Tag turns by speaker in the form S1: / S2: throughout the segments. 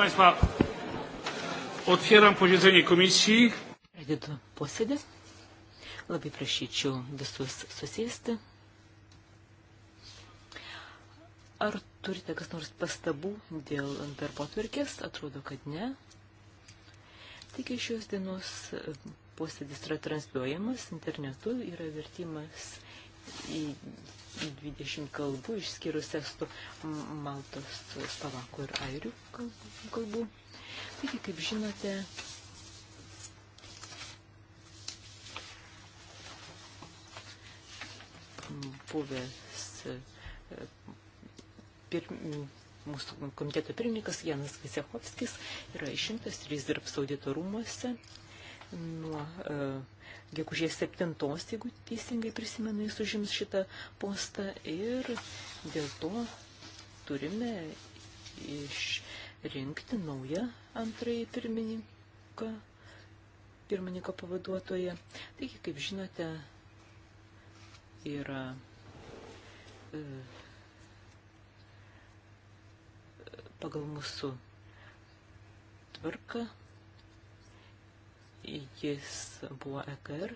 S1: Państwa,
S2: otwieram posiedzenie komisijai. Pradedu posėdį. Labai prašyčiau visus susėsti. Ar turite kas nors pastabų dėl darbo tvarkės? Atrodo, kad ne. Tik iš šios dienos posėdis yra transliuojamas internetu, yra vertimas į 20 kalbų, išskyrus estų maltos, slovakų ir airių kalbų. Taigi, kaip žinote, buvęs pir, mūsų komiteto pirmininkas Janas Vaisechovskis yra išimtas ir jis dirbs audito rūmose nuo uh, gegužės 7, jeigu teisingai prisimenu, jis užims šitą postą ir dėl to turime išrinkti naują antrąjį pirmininką, pirmininko pavaduotoją. Taigi, kaip žinote, yra e, pagal mūsų tvarką jis buvo EKR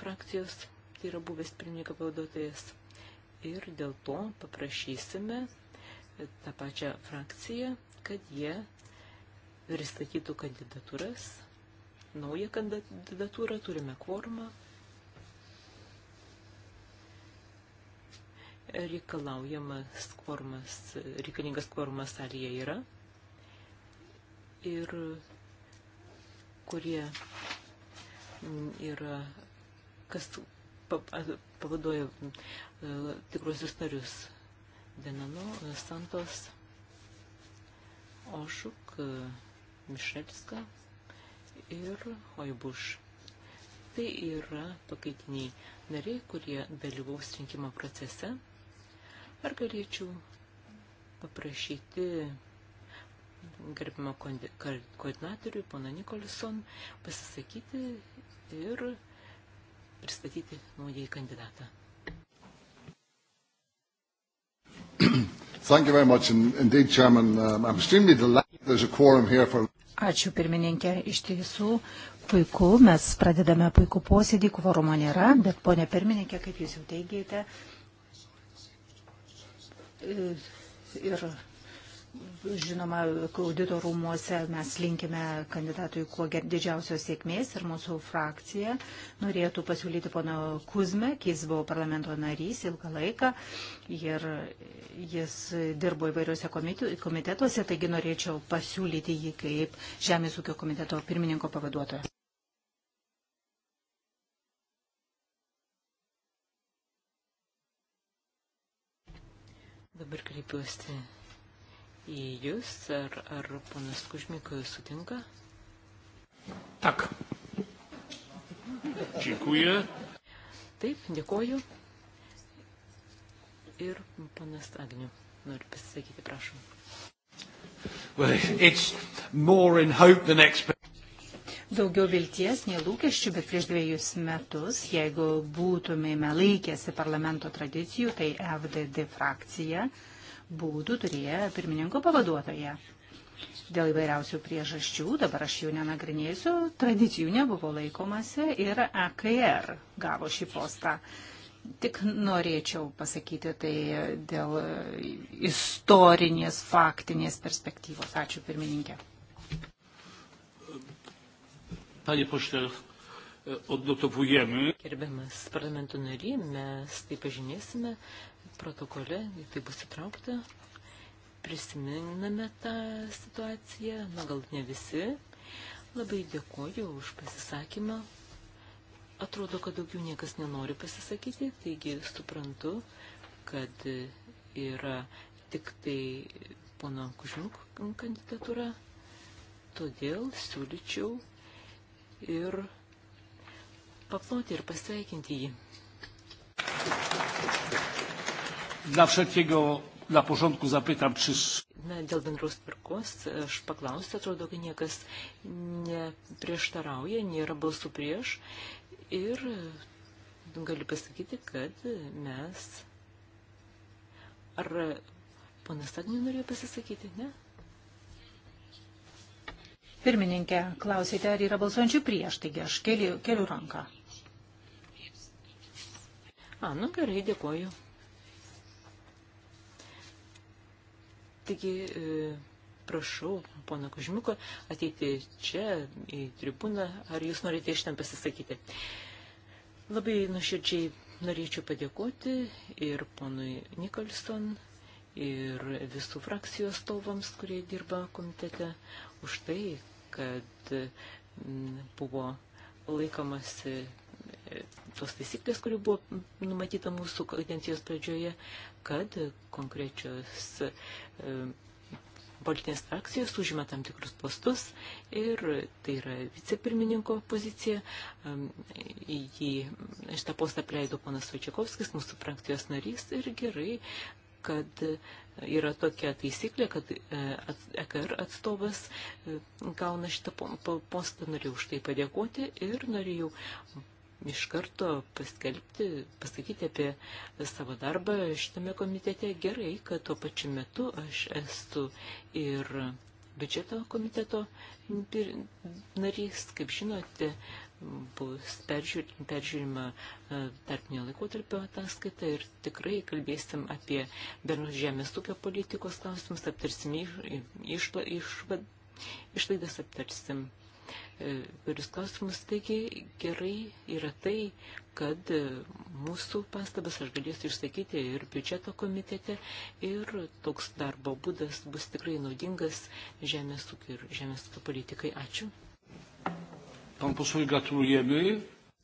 S2: frakcijos, tai yra buvęs pirmininko pavaduotojas. Ir dėl to paprašysime tą pačią frakciją, kad jie pristatytų kandidatūras. Naują kandidatūrą turime kvormą. Reikalaujamas kvormas, reikalingas kvormas salėje yra. Ir kurie mm, yra, kas pavaduoja e, tikruosius narius. Denanu, e, Santos, Ošuk, e, Mišelska ir Hoibuš. Tai yra pakaitiniai nariai, kurie dalyvaus rinkimo procese. Ar galėčiau paprašyti gerbimo koordinatoriui, pono Nikolison, pasisakyti ir pristatyti naujai kandidatą.
S1: Thank you very much indeed, Chairman. Um, I'm extremely delighted there's a quorum here for...
S3: Ačiū pirmininkė, iš tiesų puiku, mes pradedame puikų posėdį, kvorumo nėra, bet ponė pirmininkė, kaip jūs jau teigėte, ir Žinoma, audito rūmuose mes linkime kandidatui kuo didžiausios sėkmės ir mūsų frakcija norėtų pasiūlyti pono Kuzme, jis buvo parlamento narys ilgą laiką ir jis dirbo įvairiuose komitetuose, taigi norėčiau pasiūlyti jį kaip Žemės ūkio komiteto pirmininko pavaduotoją.
S2: Dabar kreipiuosi į jūs. Ar, ar ponas Kužmikai sutinka? Tak. Dėkuoju. Taip, dėkuoju. Ir panas Agniu, noriu pasisakyti, prašom. Well,
S1: it's more in hope than expectation
S3: daugiau vilties, nei lūkesčių, bet prieš dviejus metus, jeigu būtumėme laikėsi parlamento tradicijų, tai FDD frakcija būtų turėję pirmininko pavaduotoje. Dėl įvairiausių priežasčių, dabar aš jų nenagrinėsiu, tradicijų nebuvo laikomasi ir AKR gavo šį postą. Tik norėčiau pasakyti tai dėl istorinės, faktinės perspektyvos. Ačiū pirmininkė.
S1: Panie pošlė, e, odnotowujemy. Gerbiamas
S2: parlamento nary, mes tai pažymėsime, protokole, tai bus įtraukta. Prisiminame tą situaciją, na gal ne visi. Labai dėkoju už pasisakymą. Atrodo, kad daugiau niekas nenori pasisakyti, taigi suprantu, kad yra tik tai pono Kužmiuk kandidatūra. Todėl siūlyčiau ir paploti ir pasveikinti
S1: jį. Thank you. Dla wszelkiego, dla porządku zapytam, czy...
S2: Na, dėl bendros tvarkos aš paklausiu, atrodo, kad niekas neprieštarauja, nėra balsų prieš ir galiu pasakyti, kad mes... Ar
S3: ponas Agnių norėjo pasisakyti, ne? Pirmininkė, klausėte, ar yra balsuojančių prieš, taigi aš keliu, keliu ranką. A, nu gerai, dėkoju.
S2: Taigi, e, prašau, pana Kužmiuko, ateiti čia į tribūną, ar jūs norite iš ten pasisakyti. Labai nuoširdžiai norėčiau padėkoti ir ponui Nikolson, ir visų frakcijų atstovams, kurie dirba komitete, už tai, kad buvo laikomasi tos taisyklės, kuri buvo numatyta mūsų kadencijos pradžioje, kad konkrečios e, politinės frakcijos užima tam tikrus postus ir tai yra vicepirmininko pozicija. Jį šitą postą pleido ponas Vačiakovskis, mūsų frakcijos narys ir gerai, kad yra tokia taisyklė, kad EKR e atstovas e, gauna šitą postą, norėjau už tai padėkoti ir norėjau iš karto paskelbti, pasakyti apie savo darbą šitame komitete. Gerai, kad tuo pačiu metu aš esu ir biudžeto komiteto narys, kaip žinote, bus peržiūrima, peržiūrima tarpinio laikotarpio ataskaita ir tikrai kalbėsim apie bernus žemės ūkio politikos klausimus, aptarsim išlaidas, iš, iš, iš, aptarsim E, virus klausimus. Taigi gerai yra tai, kad e, mūsų pastabas aš galėsiu išsakyti ir biudžeto komitete ir toks darbo būdas bus tikrai naudingas žemės ūkio ir žemės ūkio politikai. Ačiū.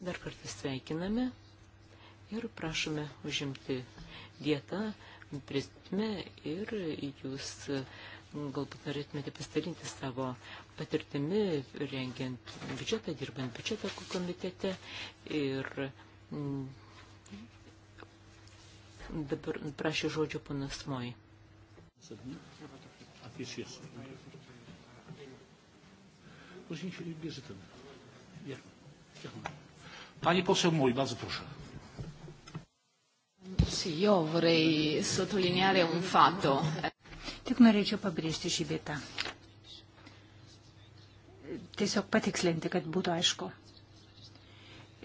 S2: Dar kartą sveikiname ir prašome užimti vietą prizme ir jūs e, galbūt norėtumėte pasidalinti savo patirtimi rengiant biudžetą, dirbant biudžeto komitete ir mm, dabar prašė žodžio panas Moj.
S1: Pani poseł Moj, bardzo proszę.
S4: Sì, io vorrei sottolineare un fatto.
S3: Tik norėčiau pabrėžti šį vietą tiesiog patikslinti, kad būtų aišku.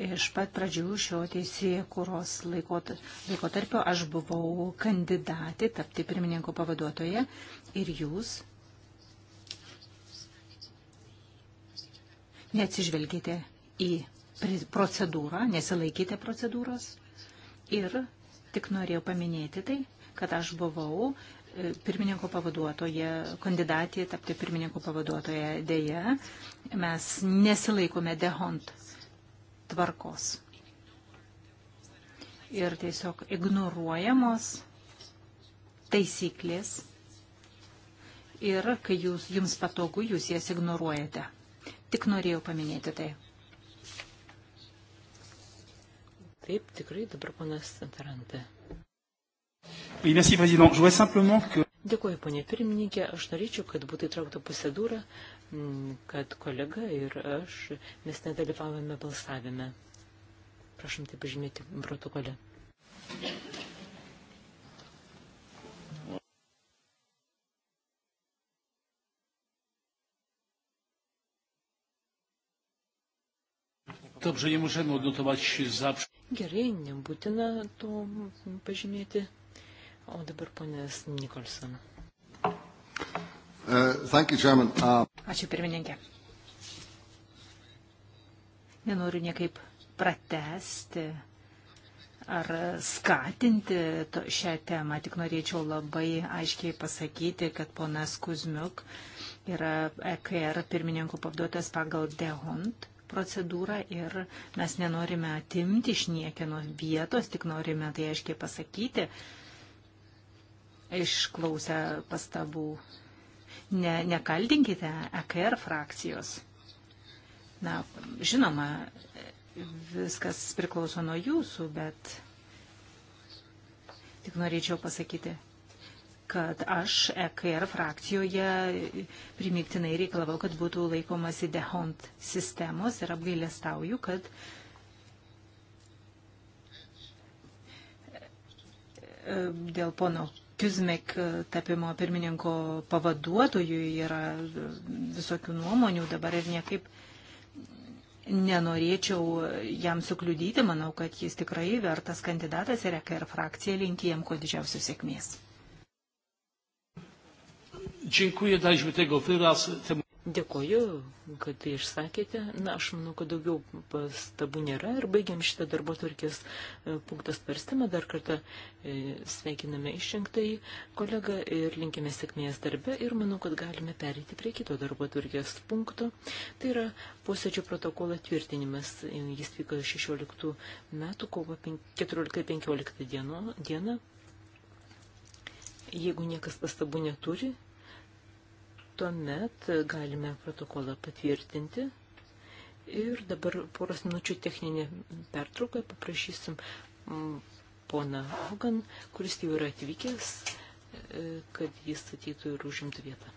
S3: Iš pat pradžių šio teisėjų kūros laikotarpio aš buvau kandidatė tapti pirmininko pavaduotoje ir jūs neatsižvelgėte į procedūrą, nesilaikėte procedūros ir tik norėjau paminėti tai, kad aš buvau pirmininko pavaduotoje, kandidatė tapti pirmininko pavaduotoje. Deja, mes nesilaikome dehont tvarkos. Ir tiesiog ignoruojamos taisyklės. Ir kai jūs, jums patogu, jūs jas ignoruojate. Tik norėjau paminėti tai. Taip, tikrai
S2: dabar panas Antarantė.
S1: Dėkuoju,
S2: ponė pirmininkė, aš norėčiau, kad būtų įtraukta procedūra, mm, kad kolega ir aš, mes nedalyvavome balsavime. Prašom tai pažymėti protokole.
S1: Dobrze, nie możemy odnotować zawsze.
S2: Gerai, nebūtina to pažymėti. O dabar ponės Nikolson.
S1: Uh, you, uh...
S3: Ačiū pirmininkė. Nenoriu niekaip pratesti ar skatinti to, šią temą, tik norėčiau labai aiškiai pasakyti, kad ponas Kuzmiuk yra EKR pirmininkų pavaduotas pagal DEHONT procedūrą ir mes nenorime atimti iš niekieno vietos, tik norime tai aiškiai pasakyti, uh, išklausę pastabų. Ne, nekaldinkite EKR frakcijos. Na, žinoma, viskas priklauso nuo jūsų, bet tik norėčiau pasakyti, kad aš EKR frakcijoje primiktinai reikalavau, kad būtų laikomasi dehont sistemos ir apgailestauju, kad dėl pono Kizmek e, tapimo pirmininko pavaduotojų yra e, visokių nuomonių dabar ir niekaip nenorėčiau jam sukliudyti. Manau, kad jis tikrai vertas kandidatas ir EKR frakcija linki jam kuo didžiausios sėkmės.
S1: Dziękuję, daliśmy tego wyraz. Temu... Dėkoju,
S2: kad tai išsakėte. Na, aš manau, kad daugiau pastabų nėra ir baigiam šitą darbo tvarkės e, punktą svarstymą. Dar kartą e, sveikiname išrinktai kolegą ir linkime sėkmės darbe ir manau, kad galime perėti prie kito darbo tvarkės punkto. Tai yra posėdžio protokolo tvirtinimas. E, jis vyko 16 metų, kovo 14-15 dieną. Jeigu niekas pastabų neturi, tuomet galime protokolą patvirtinti. Ir dabar poros minučių techninė pertrauka, paprašysim mm, poną Hogan, kuris jau yra atvykęs, e, kad jis ateitų ir užimtų vietą.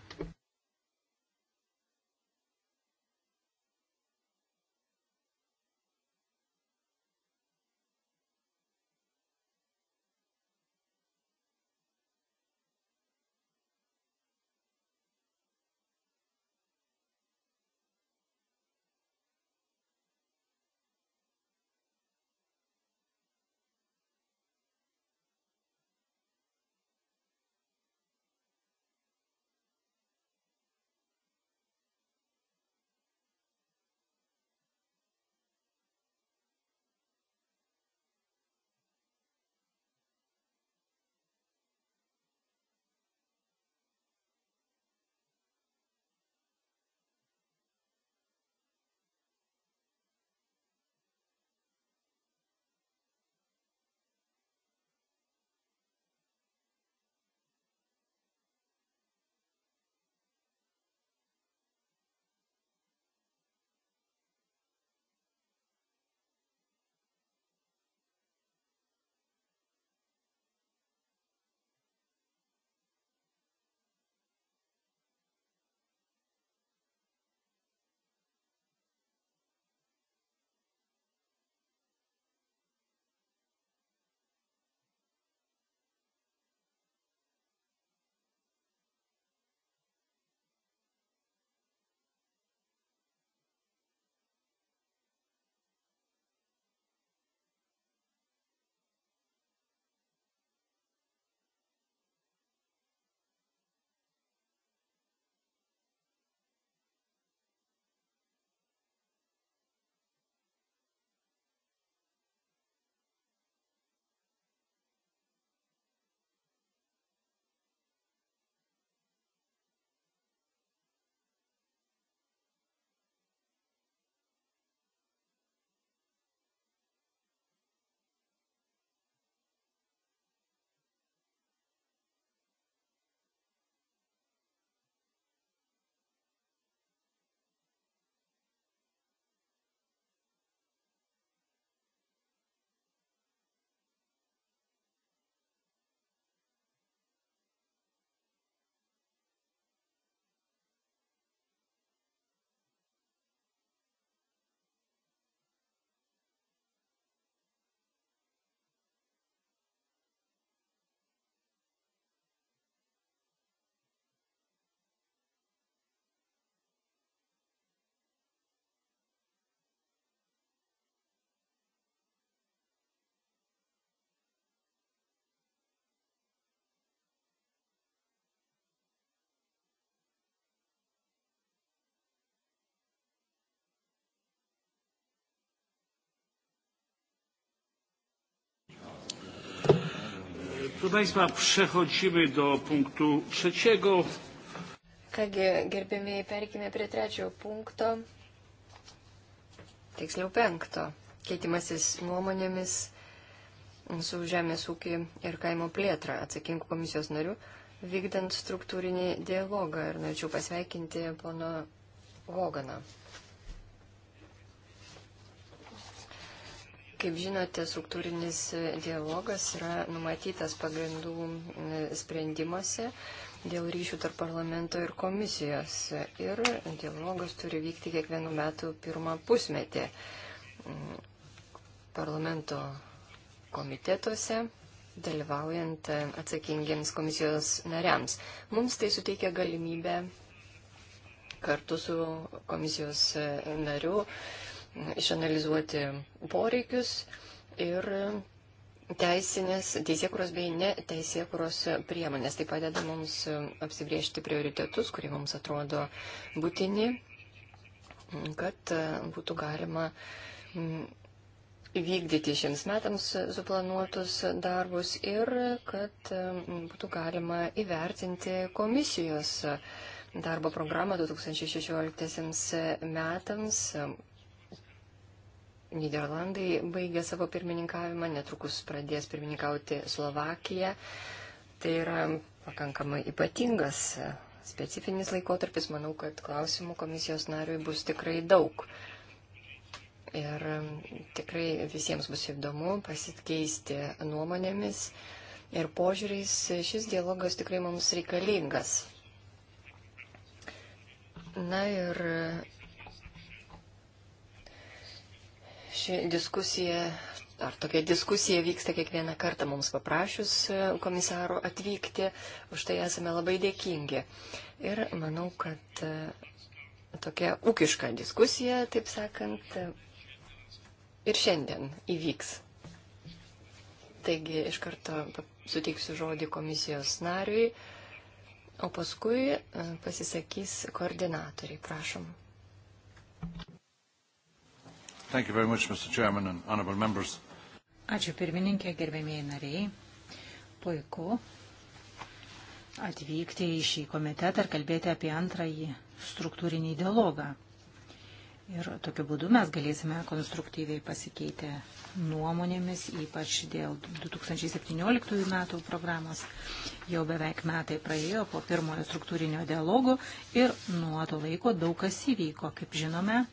S1: Proszę Państwa, przechodzimy do punktu trzeciego.
S4: Kągi, gerbėmiai, perkime prie trečiojo punkto, tiksliau penkto, keitimasis nuomonėmis su Žemės ūkio ir kaimo plėtra atsakingų komisijos narių, vykdant struktūrinį dialogą. Ir norėčiau pasveikinti pono Voganą. Kaip žinote, struktūrinis dialogas yra numatytas pagrindų e, sprendimuose dėl ryšių tarp parlamento ir komisijos. Ir dialogas turi vykti kiekvienų metų pirmą pusmetį parlamento komitetuose dalyvaujant e, atsakingiems komisijos nariams. Mums tai suteikia galimybę kartu su komisijos e, nariu išanalizuoti poreikius ir teisinės, teisėkuros bei neteisėkuros priemonės. Tai padeda mums apsibriežti prioritetus, kurie mums atrodo būtini, kad būtų galima vykdyti šiems metams suplanuotus darbus ir kad būtų galima įvertinti komisijos darbo programą 2016 metams, Niderlandai baigė savo pirmininkavimą, netrukus pradės pirmininkauti Slovakija. Tai yra pakankamai ypatingas, e, specifinis laikotarpis. Manau, kad klausimų komisijos nariui bus tikrai daug. Ir tikrai visiems bus įdomu pasitkeisti nuomonėmis ir požiūriais. Šis dialogas tikrai mums reikalingas. Na ir Ši diskusija, ar tokia diskusija vyksta kiekvieną kartą mums paprašius e, komisaro atvykti, už tai esame labai dėkingi. Ir manau, kad e, tokia ūkiška diskusija, taip sakant, e, ir šiandien įvyks. Taigi iš karto suteiksiu žodį komisijos nariui, o paskui pasisakys koordinatoriai. Prašom.
S1: Much, Chairman,
S4: Ačiū
S3: pirmininkė, gerbėmėjai nariai. Puiku atvykti į šį komitetą ir kalbėti apie antrąjį struktūrinį dialogą. Ir tokiu būdu mes galėsime konstruktyviai pasikeitę nuomonėmis, ypač dėl 2017 metų programos. Jau beveik metai praėjo po pirmojo struktūrinio dialogo ir nuo to laiko daug kas įvyko. Kaip žinome,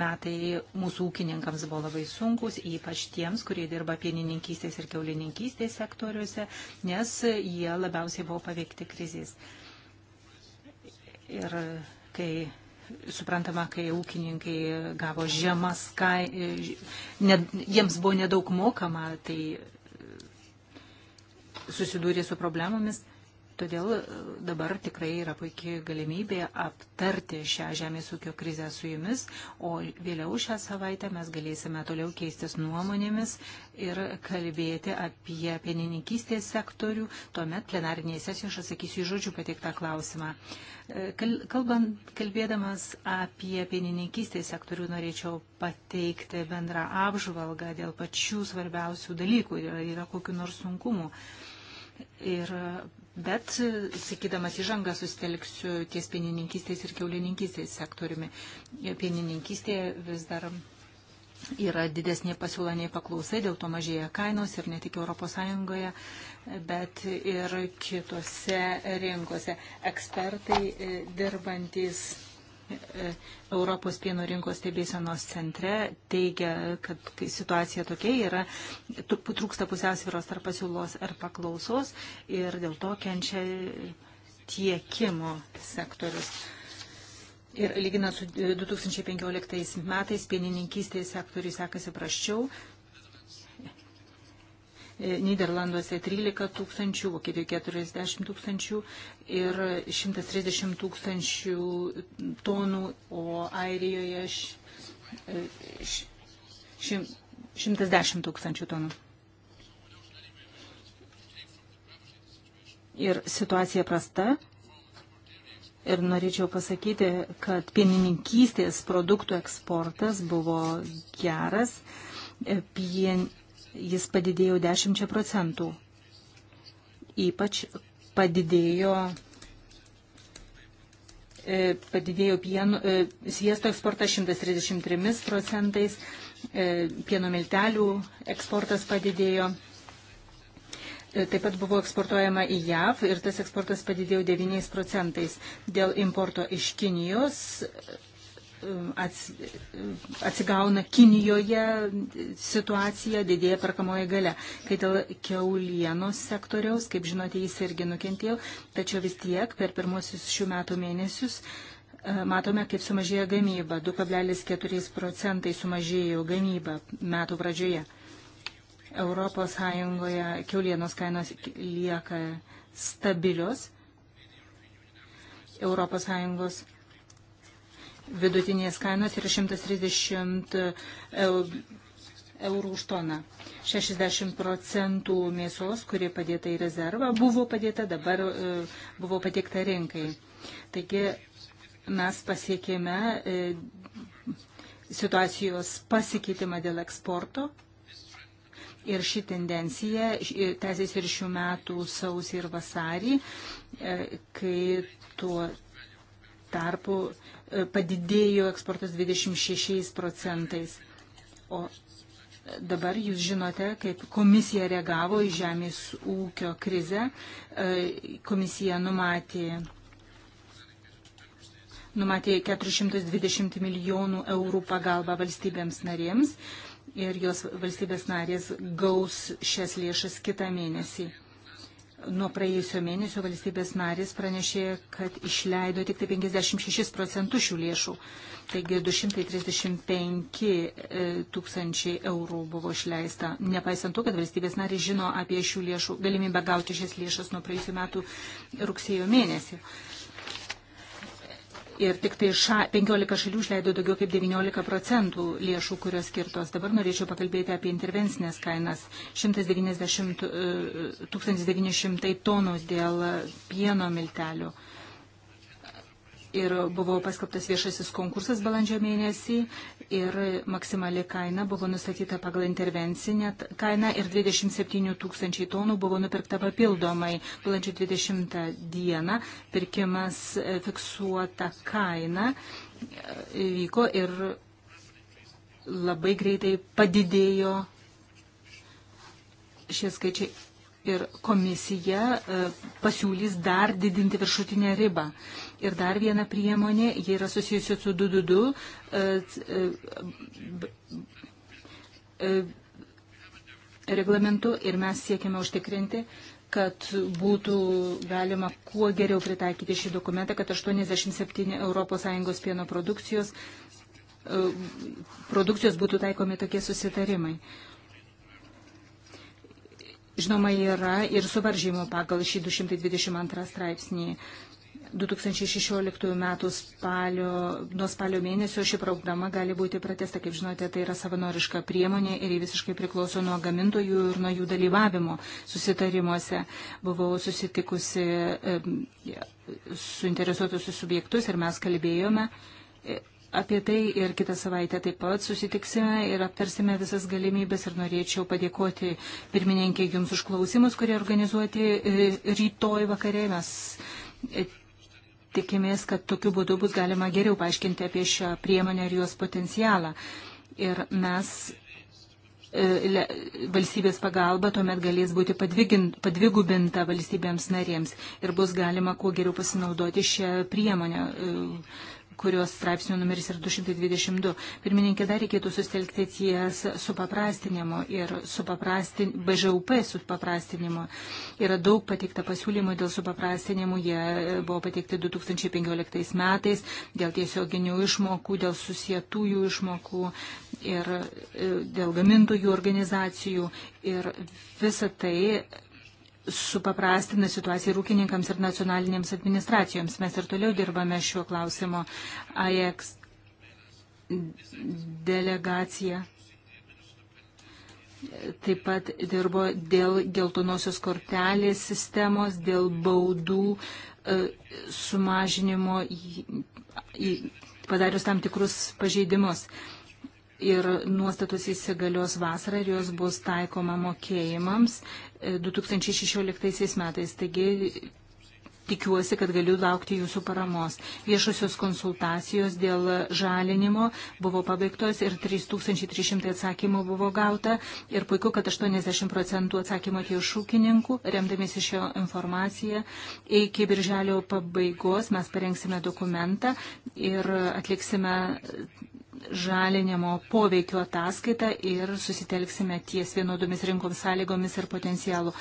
S3: Metai mūsų ūkininkams buvo labai sunkus, ypač tiems, kurie dirba pienininkystės ir keulininkystės sektoriuose, nes jie labiausiai buvo paveikti krizės. Ir kai suprantama, kai ūkininkai gavo žemas, kai, ne, jiems buvo nedaug mokama, tai susidūrė su problemomis. Todėl e, dabar tikrai yra puikiai galimybė aptarti šią žemės ūkio krizę su jumis, o vėliau šią savaitę mes galėsime toliau keistis nuomonėmis ir kalbėti apie pienininkystės sektorių. Tuomet plenarinėje sesijoje aš atsakysiu į žodžių pateiktą klausimą. E, kalbant, kalbėdamas apie pienininkystės sektorių, norėčiau pateikti bendrą apžvalgą dėl pačių svarbiausių dalykų, yra, yra kokiu nors sunkumu. Ir Bet, sakydamas įžangą, susitelksiu ties pienininkystės ir keulininkystės sektoriumi. Pienininkystė vis dar yra didesnė pasiūla nei paklausai, dėl to mažėja kainos ir ne tik ES, bet ir kitose rinkose. Ekspertai e, dirbantis E, Europos pieno rinkos stebėsenos centre teigia, kad situacija tokia yra, trūksta pusiausvyros tarp pasiūlos ar paklausos ir dėl to kenčia tiekimo sektorius. Ir lyginant su 2015 metais pienininkystės sektoriui sekasi praščiau, E, Niderlanduose 13 tūkstančių, Vokietijoje 40 tūkstančių ir 130 tūkstančių tonų, o Airijoje š,
S1: e, š,
S3: 110 tūkstančių tonų. Ir situacija prasta. Ir norėčiau pasakyti, kad pienininkystės produktų eksportas buvo geras. E, pien, jis padidėjo 10 procentų. Ypač padidėjo, e, padidėjo pieno, e, sviesto eksportas 133 procentais, e, pieno miltelių eksportas padidėjo. Taip pat buvo eksportuojama į JAV ir tas eksportas padidėjo 9 procentais. Dėl importo iš Kinijos atsigauna Kinijoje situacija, didėja perkamoji gale. Kai dėl keulienos sektoriaus, kaip žinote, jis irgi nukentėjo, tačiau vis tiek per pirmosius šių metų mėnesius e, matome, kaip sumažėjo gamyba. 2,4 procentai sumažėjo gamyba metų pradžioje. Europos Sąjungoje keulienos kainos lieka stabilios. Europos Sąjungos vidutinės kainos yra 130 eurų už toną. 60 procentų mėsos, kurie padėta į rezervą, buvo padėta, dabar e, buvo patiekta rinkai. Taigi mes pasiekėme e, situacijos pasikeitimą dėl eksporto. Ir ši tendencija tęsės ir šių metų sausį ir vasarį, e, kai tuo tarpu padidėjo eksportas 26 procentais. O dabar jūs žinote, kaip komisija reagavo į žemės ūkio krizę. E, komisija numatė, numatė 420 milijonų eurų pagalbą valstybėms narėms ir jos valstybės narės gaus šias lėšas kitą mėnesį. Nuo praėjusio mėnesio valstybės narės pranešė, kad išleido tik tai 56 procentus šių lėšų. Taigi 235 e, tūkstančiai eurų buvo išleista. Nepaisant to, kad valstybės narės žino apie šių lėšų galimybę gauti šias lėšas nuo praėjusių metų rugsėjo mėnesį ir tik tai ša, 15 šalių išleido daugiau kaip 19 procentų lėšų, kurios skirtos. Dabar norėčiau pakalbėti apie intervencinės kainas. 190, 1900 tonus dėl pieno miltelių ir buvo paskelbtas viešasis konkursas balandžio mėnesį ir maksimali kaina buvo nustatyta pagal intervencinę kainą ir 27 tūkstančiai tonų buvo nupirkta papildomai. Balandžio 20 dieną pirkimas e, fiksuota kaina e, vyko ir labai greitai padidėjo šie skaičiai ir komisija e, pasiūlys dar didinti viršutinę ribą. Ir dar viena priemonė, ji yra susijusi su 222 e, e, e, reglamentu ir mes siekiame užtikrinti, kad būtų galima kuo geriau pritaikyti šį dokumentą, kad 87 ES pieno produkcijos, produkcijos būtų taikomi tokie susitarimai. Žinoma, yra ir suvaržymų pagal šį 222 straipsnį. 2016 metų spalio, nuo spalio mėnesio ši programa gali būti pratesta. Kaip žinote, tai yra savanoriška priemonė ir jį visiškai priklauso nuo gamintojų ir nuo jų dalyvavimo susitarimuose. Buvau susitikusi suinteresuotus subjektus ir mes kalbėjome. E, apie tai ir kitą savaitę taip pat susitiksime ir aptarsime visas galimybės ir norėčiau padėkoti pirmininkė Jums už klausimus, kurie organizuoti e, rytoj vakarė. Mes e, tikimės, kad tokiu būdu bus galima geriau paaiškinti apie šią priemonę ir jos potencialą. Ir mes e, valstybės pagalba tuomet galės būti padvigubinta valstybėms narėms ir bus galima kuo geriau pasinaudoti šią priemonę e, kurios straipsnių numeris yra 222. Pirmininkė, dar reikėtų sustelkti ties supaprastinimo ir supaprastin... BŽUP supaprastinimo. Yra daug pateikta pasiūlymų dėl supaprastinimų, jie e, buvo pateikti 2015 metais, dėl tiesioginių išmokų, dėl susietųjų išmokų ir e, dėl gamintojų organizacijų. Ir visa tai supaprastina situaciją ir ūkininkams ir nacionalinėms administracijoms. Mes ir toliau dirbame šiuo klausimu. AEX delegacija taip pat dirbo dėl geltonosios kortelės sistemos, dėl baudų e, sumažinimo padarius tam tikrus pažeidimus ir nuostatos įsigalios vasarą ir jos bus taikoma mokėjimams 2016 e, metais. Taigi tikiuosi, kad galiu laukti jūsų paramos. Viešosios konsultacijos dėl žalinimo buvo pabaigtos ir 3300 atsakymų buvo gauta. Ir puiku, kad 80 procentų atsakymų atėjo iš ūkininkų, remdamiesi šio informaciją. Iki birželio pabaigos mes parengsime dokumentą ir atliksime žalinimo poveikio ataskaitą ir susitelksime ties vienodomis rinkoms sąlygomis ir potencialu.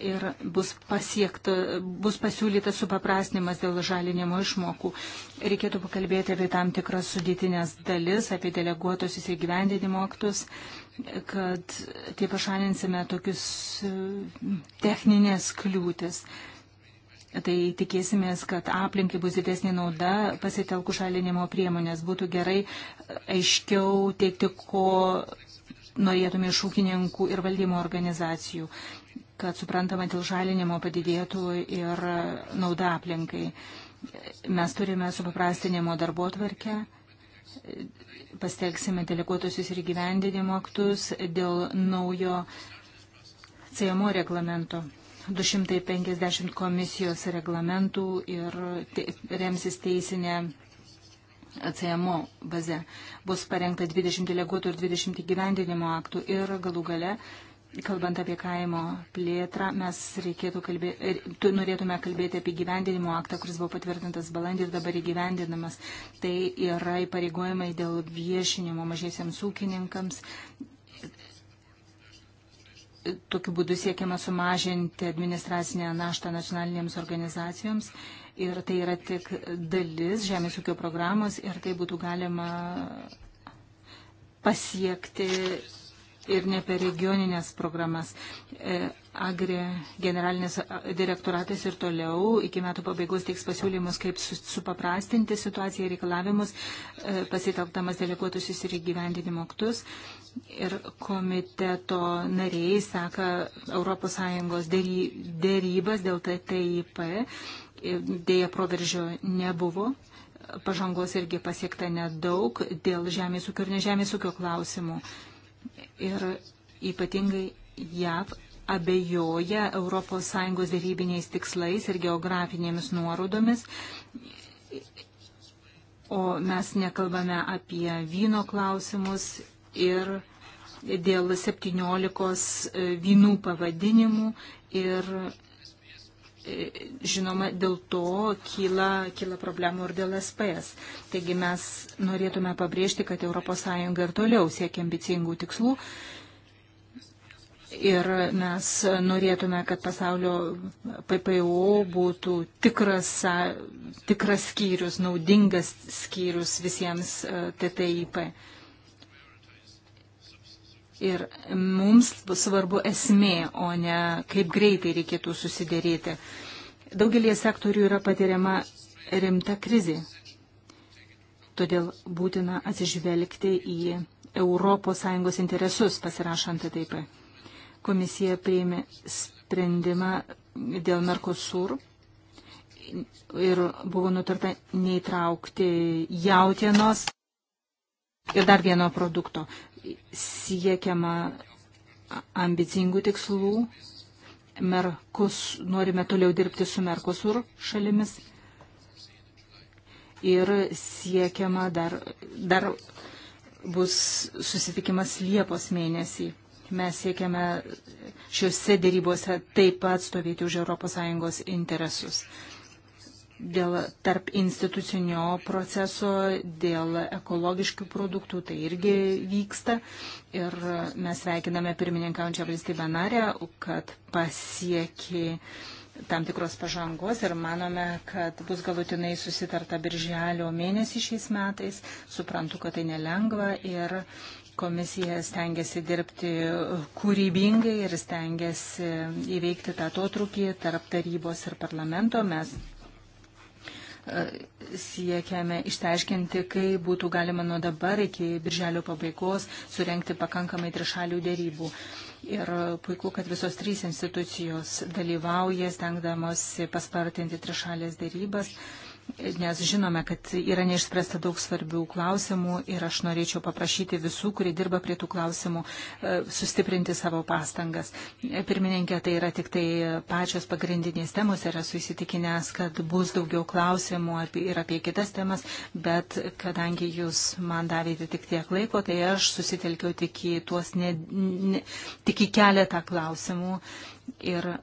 S3: Ir bus, pasiekta, bus pasiūlytas supaprastinimas dėl žalinimo išmokų. Reikėtų pakalbėti apie tam tikras sudėtinės dalis, apie deleguotosius įgyvendinimo aktus, kad taip pašalinsime tokius e, techninės kliūtis. Uh, Tai tikėsimės, kad aplinkai bus didesnė nauda pasitelkų šalinimo priemonės. Būtų gerai e, aiškiau teikti, ko norėtume iš ūkininkų ir valdymo organizacijų, kad suprantama dėl žalinimo padidėtų ir nauda aplinkai. Mes turime supaprastinimo darbo tvarkę pasteksime deleguotusius ir gyvendinimo aktus dėl naujo CMO reglamento. 250 komisijos reglamentų ir te, remsis teisinė CMO baze. Bus parengta 20 deleguotų ir 20 gyvendinimo aktų ir galų gale, kalbant apie kaimo plėtrą, mes reikėtų kalbėti, norėtume kalbėti apie gyvendinimo aktą, kuris buvo patvirtintas balandį ir dabar įgyvendinamas. Tai yra įpareigojimai dėl viešinimo mažiesiams ūkininkams Tokiu būdu siekiama sumažinti administracinę naštą nacionalinėms organizacijoms ir tai yra tik dalis žemės ūkio programos ir tai būtų galima pasiekti ir ne per regioninės programas. E, Agri generalinis direktoratas ir toliau iki metų pabaigos teiks pasiūlymus, kaip supaprastinti situaciją reikalavimus, e, pasitelktamas deleguotusius ir įgyvendinimo aktus. Ir komiteto nariai seka ES dėrybas dėl TTIP. E, dėja proveržio nebuvo. Pažangos irgi pasiekta nedaug dėl žemės ūkio ir nežemės ūkio klausimų. Ir ypatingai JAV abejoja ES dėrybiniais tikslais ir geografinėmis nuorodomis. O mes nekalbame apie vyno klausimus ir dėl 17 e, vynų pavadinimų ir e, žinoma, dėl to kyla, kyla problemų ir dėl SPS. Taigi mes norėtume pabrėžti, kad ES ir toliau siekia ambicingų tikslų Ir mes norėtume, kad pasaulio PPO būtų tikras, tikras skyrius, naudingas skyrius visiems e, TTIP. Ir mums svarbu esmė, o ne kaip greitai reikėtų susidėrėti. Daugelie sektorių yra patiriama rimta krizė. Todėl būtina atsižvelgti į ES interesus pasirašant taip. Komisija priėmė sprendimą dėl Mercosur ir buvo nutarta neįtraukti jautienos ir dar vieno produkto. Siekiama ambicingų tikslų. Merkus, norime toliau dirbti su Merkosur šalimis ir siekiama dar, dar bus susitikimas Liepos mėnesį. Mes siekiame šiuose dėrybose taip pat stovėti už ES interesus dėl tarp institucinio proceso, dėl ekologiškių produktų, tai irgi vyksta. Ir mes sveikiname pirmininkaujančią valstybę narę, kad pasiekė tam tikros pažangos ir manome, kad bus galutinai susitarta birželio mėnesį šiais metais. Suprantu, kad tai nelengva ir Komisija stengiasi dirbti kūrybingai ir stengiasi įveikti tą totrukį tarp tarybos ir parlamento. Mes e, siekiame išteiškinti, kaip būtų galima nuo dabar iki birželio pabaigos surenkti pakankamai trišalių dėrybų. Ir puiku, kad visos trys institucijos dalyvauja, stengdamosi paspartinti trišalės dėrybas nes žinome, kad yra neišspręsta daug svarbių klausimų ir aš norėčiau paprašyti visų, kurie dirba prie tų klausimų, e, sustiprinti savo pastangas. E, pirmininkė, tai yra tik tai pačios pagrindinės temos ir esu įsitikinęs, kad bus daugiau klausimų ir apie kitas temas, bet kadangi jūs man davėte tik tiek laiko, tai aš susitelkiau tik į, tuos ne, ne, tik į keletą klausimų. Ir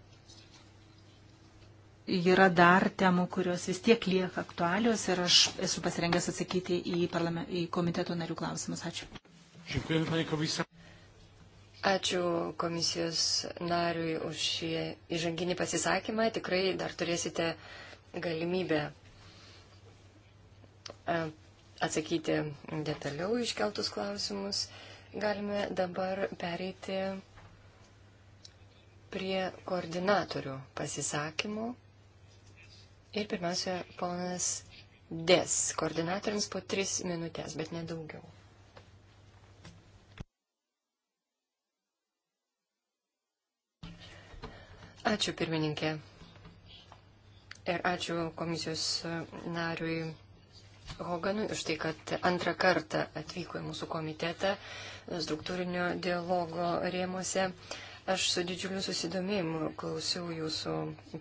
S3: yra dar temų, kurios vis tiek lieka aktualios ir aš esu pasirengęs atsakyti į, į komiteto narių klausimus. Ačiū.
S4: Ačiū komisijos nariui už šį įžanginį pasisakymą. Tikrai dar turėsite galimybę e, atsakyti detaliau iškeltus klausimus. Galime dabar pereiti prie koordinatorių pasisakymų. Ir pirmiausia, ponas Des, koordinatoriams po tris minutės, bet nedaugiau. Ačiū pirmininkė. Ir ačiū komisijos nariui Hoganui už tai, kad antrą kartą atvyko į mūsų komitetą struktūrinio dialogo rėmuose. Aš su didžiuliu susidomėjimu klausiau jūsų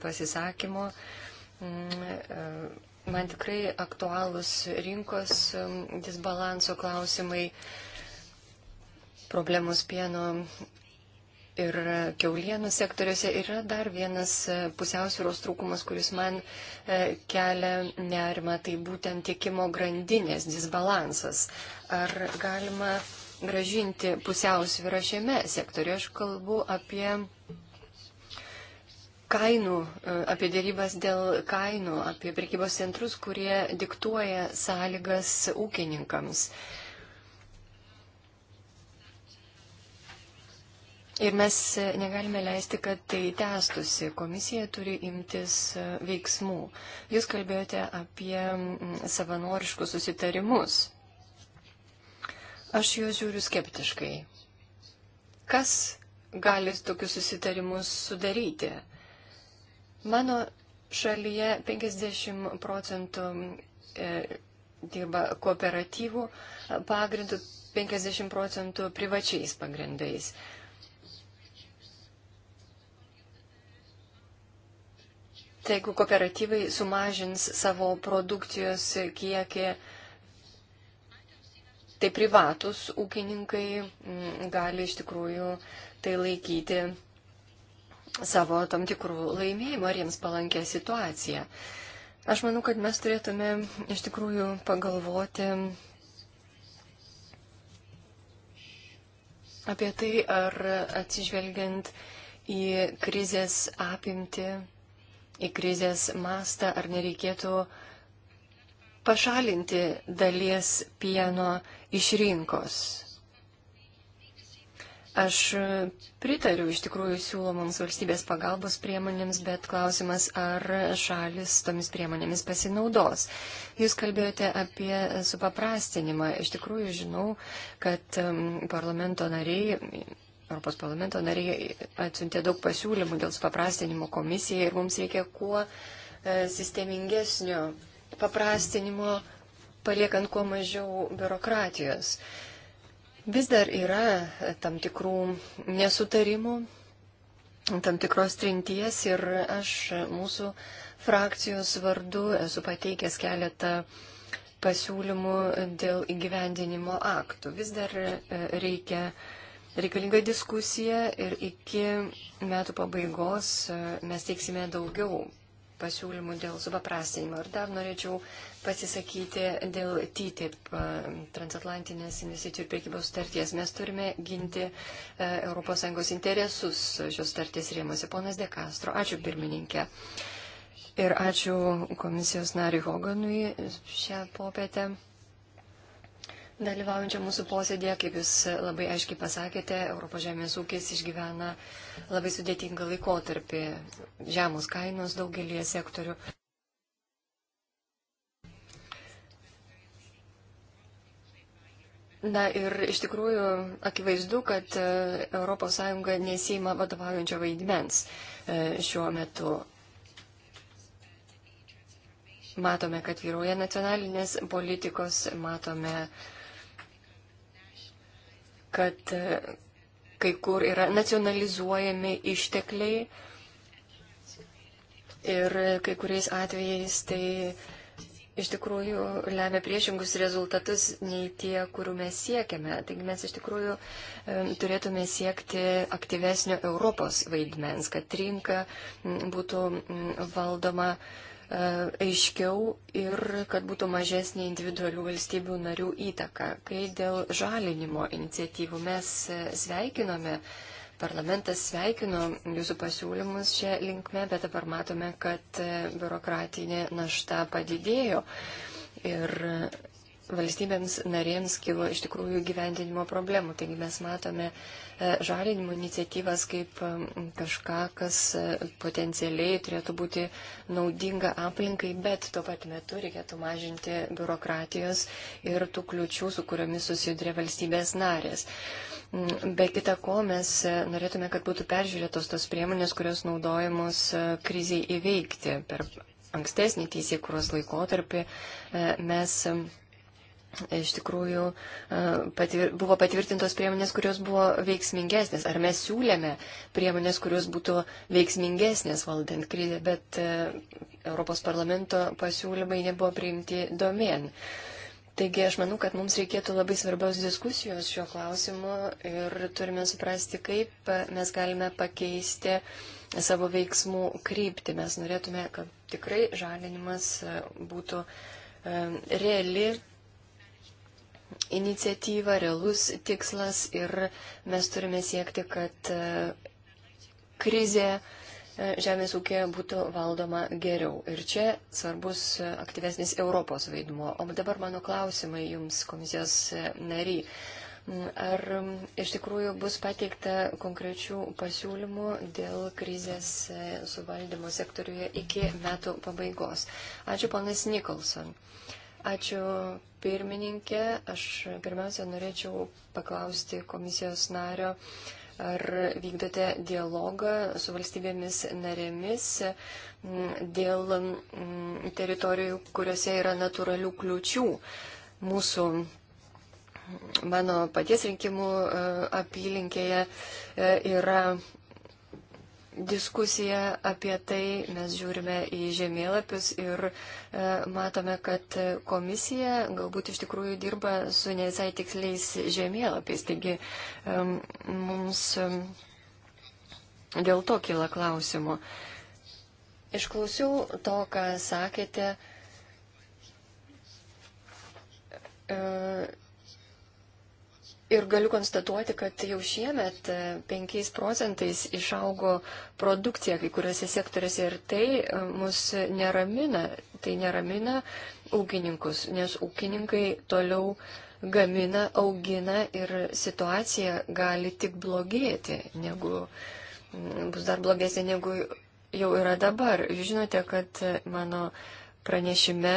S4: pasisakymo. Uh, Mm, e, man tikrai aktualūs rinkos mm, disbalanso klausimai, problemos pieno ir keulienų sektoriuose. Ir yra dar vienas e, pusiausvėros trūkumas, kuris man e, kelia nerima, tai būtent tiekimo grandinės disbalansas. Ar galima gražinti pusiausvyrą šiame sektoriuje? Aš kalbu apie kainų, e, apie dėrybas dėl kainų, apie prekybos centrus, kurie diktuoja sąlygas ūkininkams. Ir mes negalime leisti, kad tai tęstusi. Komisija turi imtis e, veiksmų. Jūs kalbėjote apie savanoriškus susitarimus. Aš juos žiūriu skeptiškai. Kas gali tokius susitarimus sudaryti? Mano šalyje 50 procentų e, dirba kooperatyvų pagrindų, 50 procentų privačiais pagrindais. Tai jeigu kooperatyvai sumažins savo produkcijos kiekį, tai privatus ūkininkai gali iš tikrųjų tai laikyti savo tam tikrų laimėjimų ar jiems palankę situaciją. Aš manau, kad mes turėtume iš tikrųjų pagalvoti apie tai, ar atsižvelgiant į krizės apimti, į krizės mastą, ar nereikėtų pašalinti dalies pieno iš rinkos. Aš pritariu iš tikrųjų siūlomoms valstybės pagalbos priemonėms, bet klausimas, ar šalis tomis priemonėmis pasinaudos. Jūs kalbėjote apie supaprastinimą. Iš tikrųjų žinau, kad um, parlamento nariai. Europos parlamento nariai atsiuntė daug pasiūlymų dėl supaprastinimo komisijai ir mums reikia kuo e, sistemingesnio paprastinimo, paliekant kuo mažiau biurokratijos. Uh, Vis dar yra tam tikrų nesutarimų, tam tikros trinties ir aš mūsų frakcijos vardu esu pateikęs keletą pasiūlymų dėl įgyvendinimo aktų. Vis dar e, reikia reikalinga diskusija ir iki metų pabaigos e, mes teiksime daugiau pasiūlymų dėl supaprastinimo. Ir dar norėčiau pasisakyti dėl TTIP, e, transatlantinės investicijų ir priekybos starties. Mes turime ginti e, ES interesus šios starties rėmose. Ponas De Castro, ačiū pirmininkė. Ir ačiū komisijos nariui Hoganui šią popietę dalyvaujančia mūsų posėdėje. Kaip Jūs labai aiškiai pasakėte, Europos žemės ūkis išgyvena labai sudėtingą laikotarpį. Žemus kainos daugelie sektorių. Na ir iš tikrųjų akivaizdu, kad ES nesima vadovaujančio vaidmens e, šiuo metu. Matome, kad vyruoja nacionalinės politikos, matome uh, kad e, kai kur yra nacionalizuojami ištekliai ir kai kuriais atvejais tai iš tikrųjų lemia priešingus rezultatus nei tie, kurių mes siekiame. Taigi mes iš tikrųjų e, turėtume siekti aktyvesnio Europos vaidmens, kad rinka būtų valdoma E, aiškiau ir kad būtų mažesnė individualių valstybių narių įtaka. Kai dėl žalinimo iniciatyvų mes sveikinome, parlamentas sveikino jūsų pasiūlymus šią linkmę, bet dabar matome, kad e, biurokratinė našta padidėjo. Ir valstybėms narėms kilo iš tikrųjų gyvendinimo problemų. Taigi mes matome e, žalinimo iniciatyvas kaip e, kažką, kas e, potencialiai turėtų būti naudinga aplinkai, bet tuo pat metu reikėtų mažinti biurokratijos ir tų kliučių, su kuriomis susiduria valstybės narės. Mm, be kita ko, mes norėtume, kad būtų peržiūrėtos tos priemonės, kurios naudojamos kriziai įveikti per ankstesnį teisėkuros laikotarpį mes iš tikrųjų e, patvir, buvo patvirtintos priemonės, kurios buvo veiksmingesnės. Ar mes siūlėme priemonės, kurios būtų veiksmingesnės valdant krizę, bet e, Europos parlamento pasiūlymai nebuvo priimti domen. Taigi aš manau, kad mums reikėtų labai svarbios diskusijos šiuo klausimu ir turime suprasti, kaip mes galime pakeisti savo veiksmų kryptį. Mes norėtume, kad tikrai žalinimas e, būtų reali iniciatyva, realus tikslas ir mes turime siekti, kad e, krizė e, žemės ūkė būtų valdoma geriau. Ir čia svarbus e, aktyvesnis Europos vaidmuo. O dabar mano klausimai jums, komisijos nariai. Mm, ar mm, iš tikrųjų bus pateikta konkrečių pasiūlymų dėl krizės suvaldymo sektoriuje iki metų pabaigos? Ačiū, panas Nikolson. Uh, Ačiū pirmininkė. Aš pirmiausia norėčiau paklausti komisijos nario, ar vykdote dialogą su valstybėmis narėmis mm, dėl mm, teritorijų, kuriuose yra natūralių kliučių mūsų mm, mano paties rinkimų e, apylinkėje e, yra diskusiją apie tai, mes žiūrime į žemėlapius ir e, matome, kad komisija galbūt iš tikrųjų dirba su ne visai tiksliais žemėlapiais. Taigi e, mums e, dėl to kyla klausimų. Išklausiau to, ką sakėte. E, Ir galiu konstatuoti, kad jau šiemet 5 e, procentais išaugo produkcija kai kuriuose sektoriuose ir tai e, mus neramina. Tai neramina ūkininkus, nes ūkininkai toliau gamina, augina ir situacija gali tik blogėti, negu bus dar blogesnė negu jau yra dabar. Žinote, kad e, mano pranešime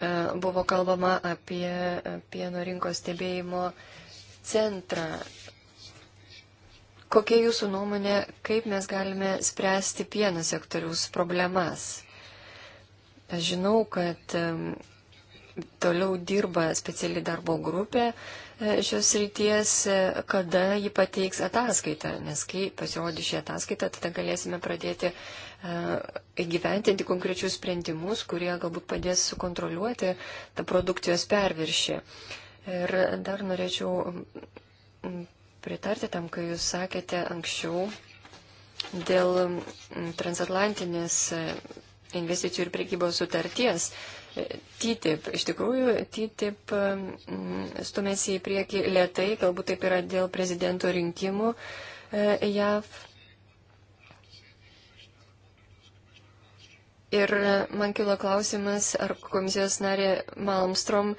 S4: E, buvo kalbama apie e, pieno rinkos stebėjimo centrą. Kokia jūsų nuomonė, kaip mes galime spręsti pieno sektoriaus problemas? Aš žinau, kad toliau dirba speciali darbo grupė, šios ryties, e, kada ji pateiks ataskaitą, nes kai pasirodys šį ataskaitą, tada galėsime pradėti e, įgyventinti konkrečius sprendimus, kurie galbūt padės sukontroliuoti tą produkcijos perviršį. Ir dar norėčiau pritarti tam, kai jūs sakėte anksčiau dėl transatlantinės e, investicijų ir priekybos sutarties. TTIP. Iš tikrųjų, TTIP mm, stumėsi į priekį lietai, galbūt taip yra dėl prezidento rinkimų e, JAV. Ir man kilo klausimas, ar komisijos narė Malmstrom e,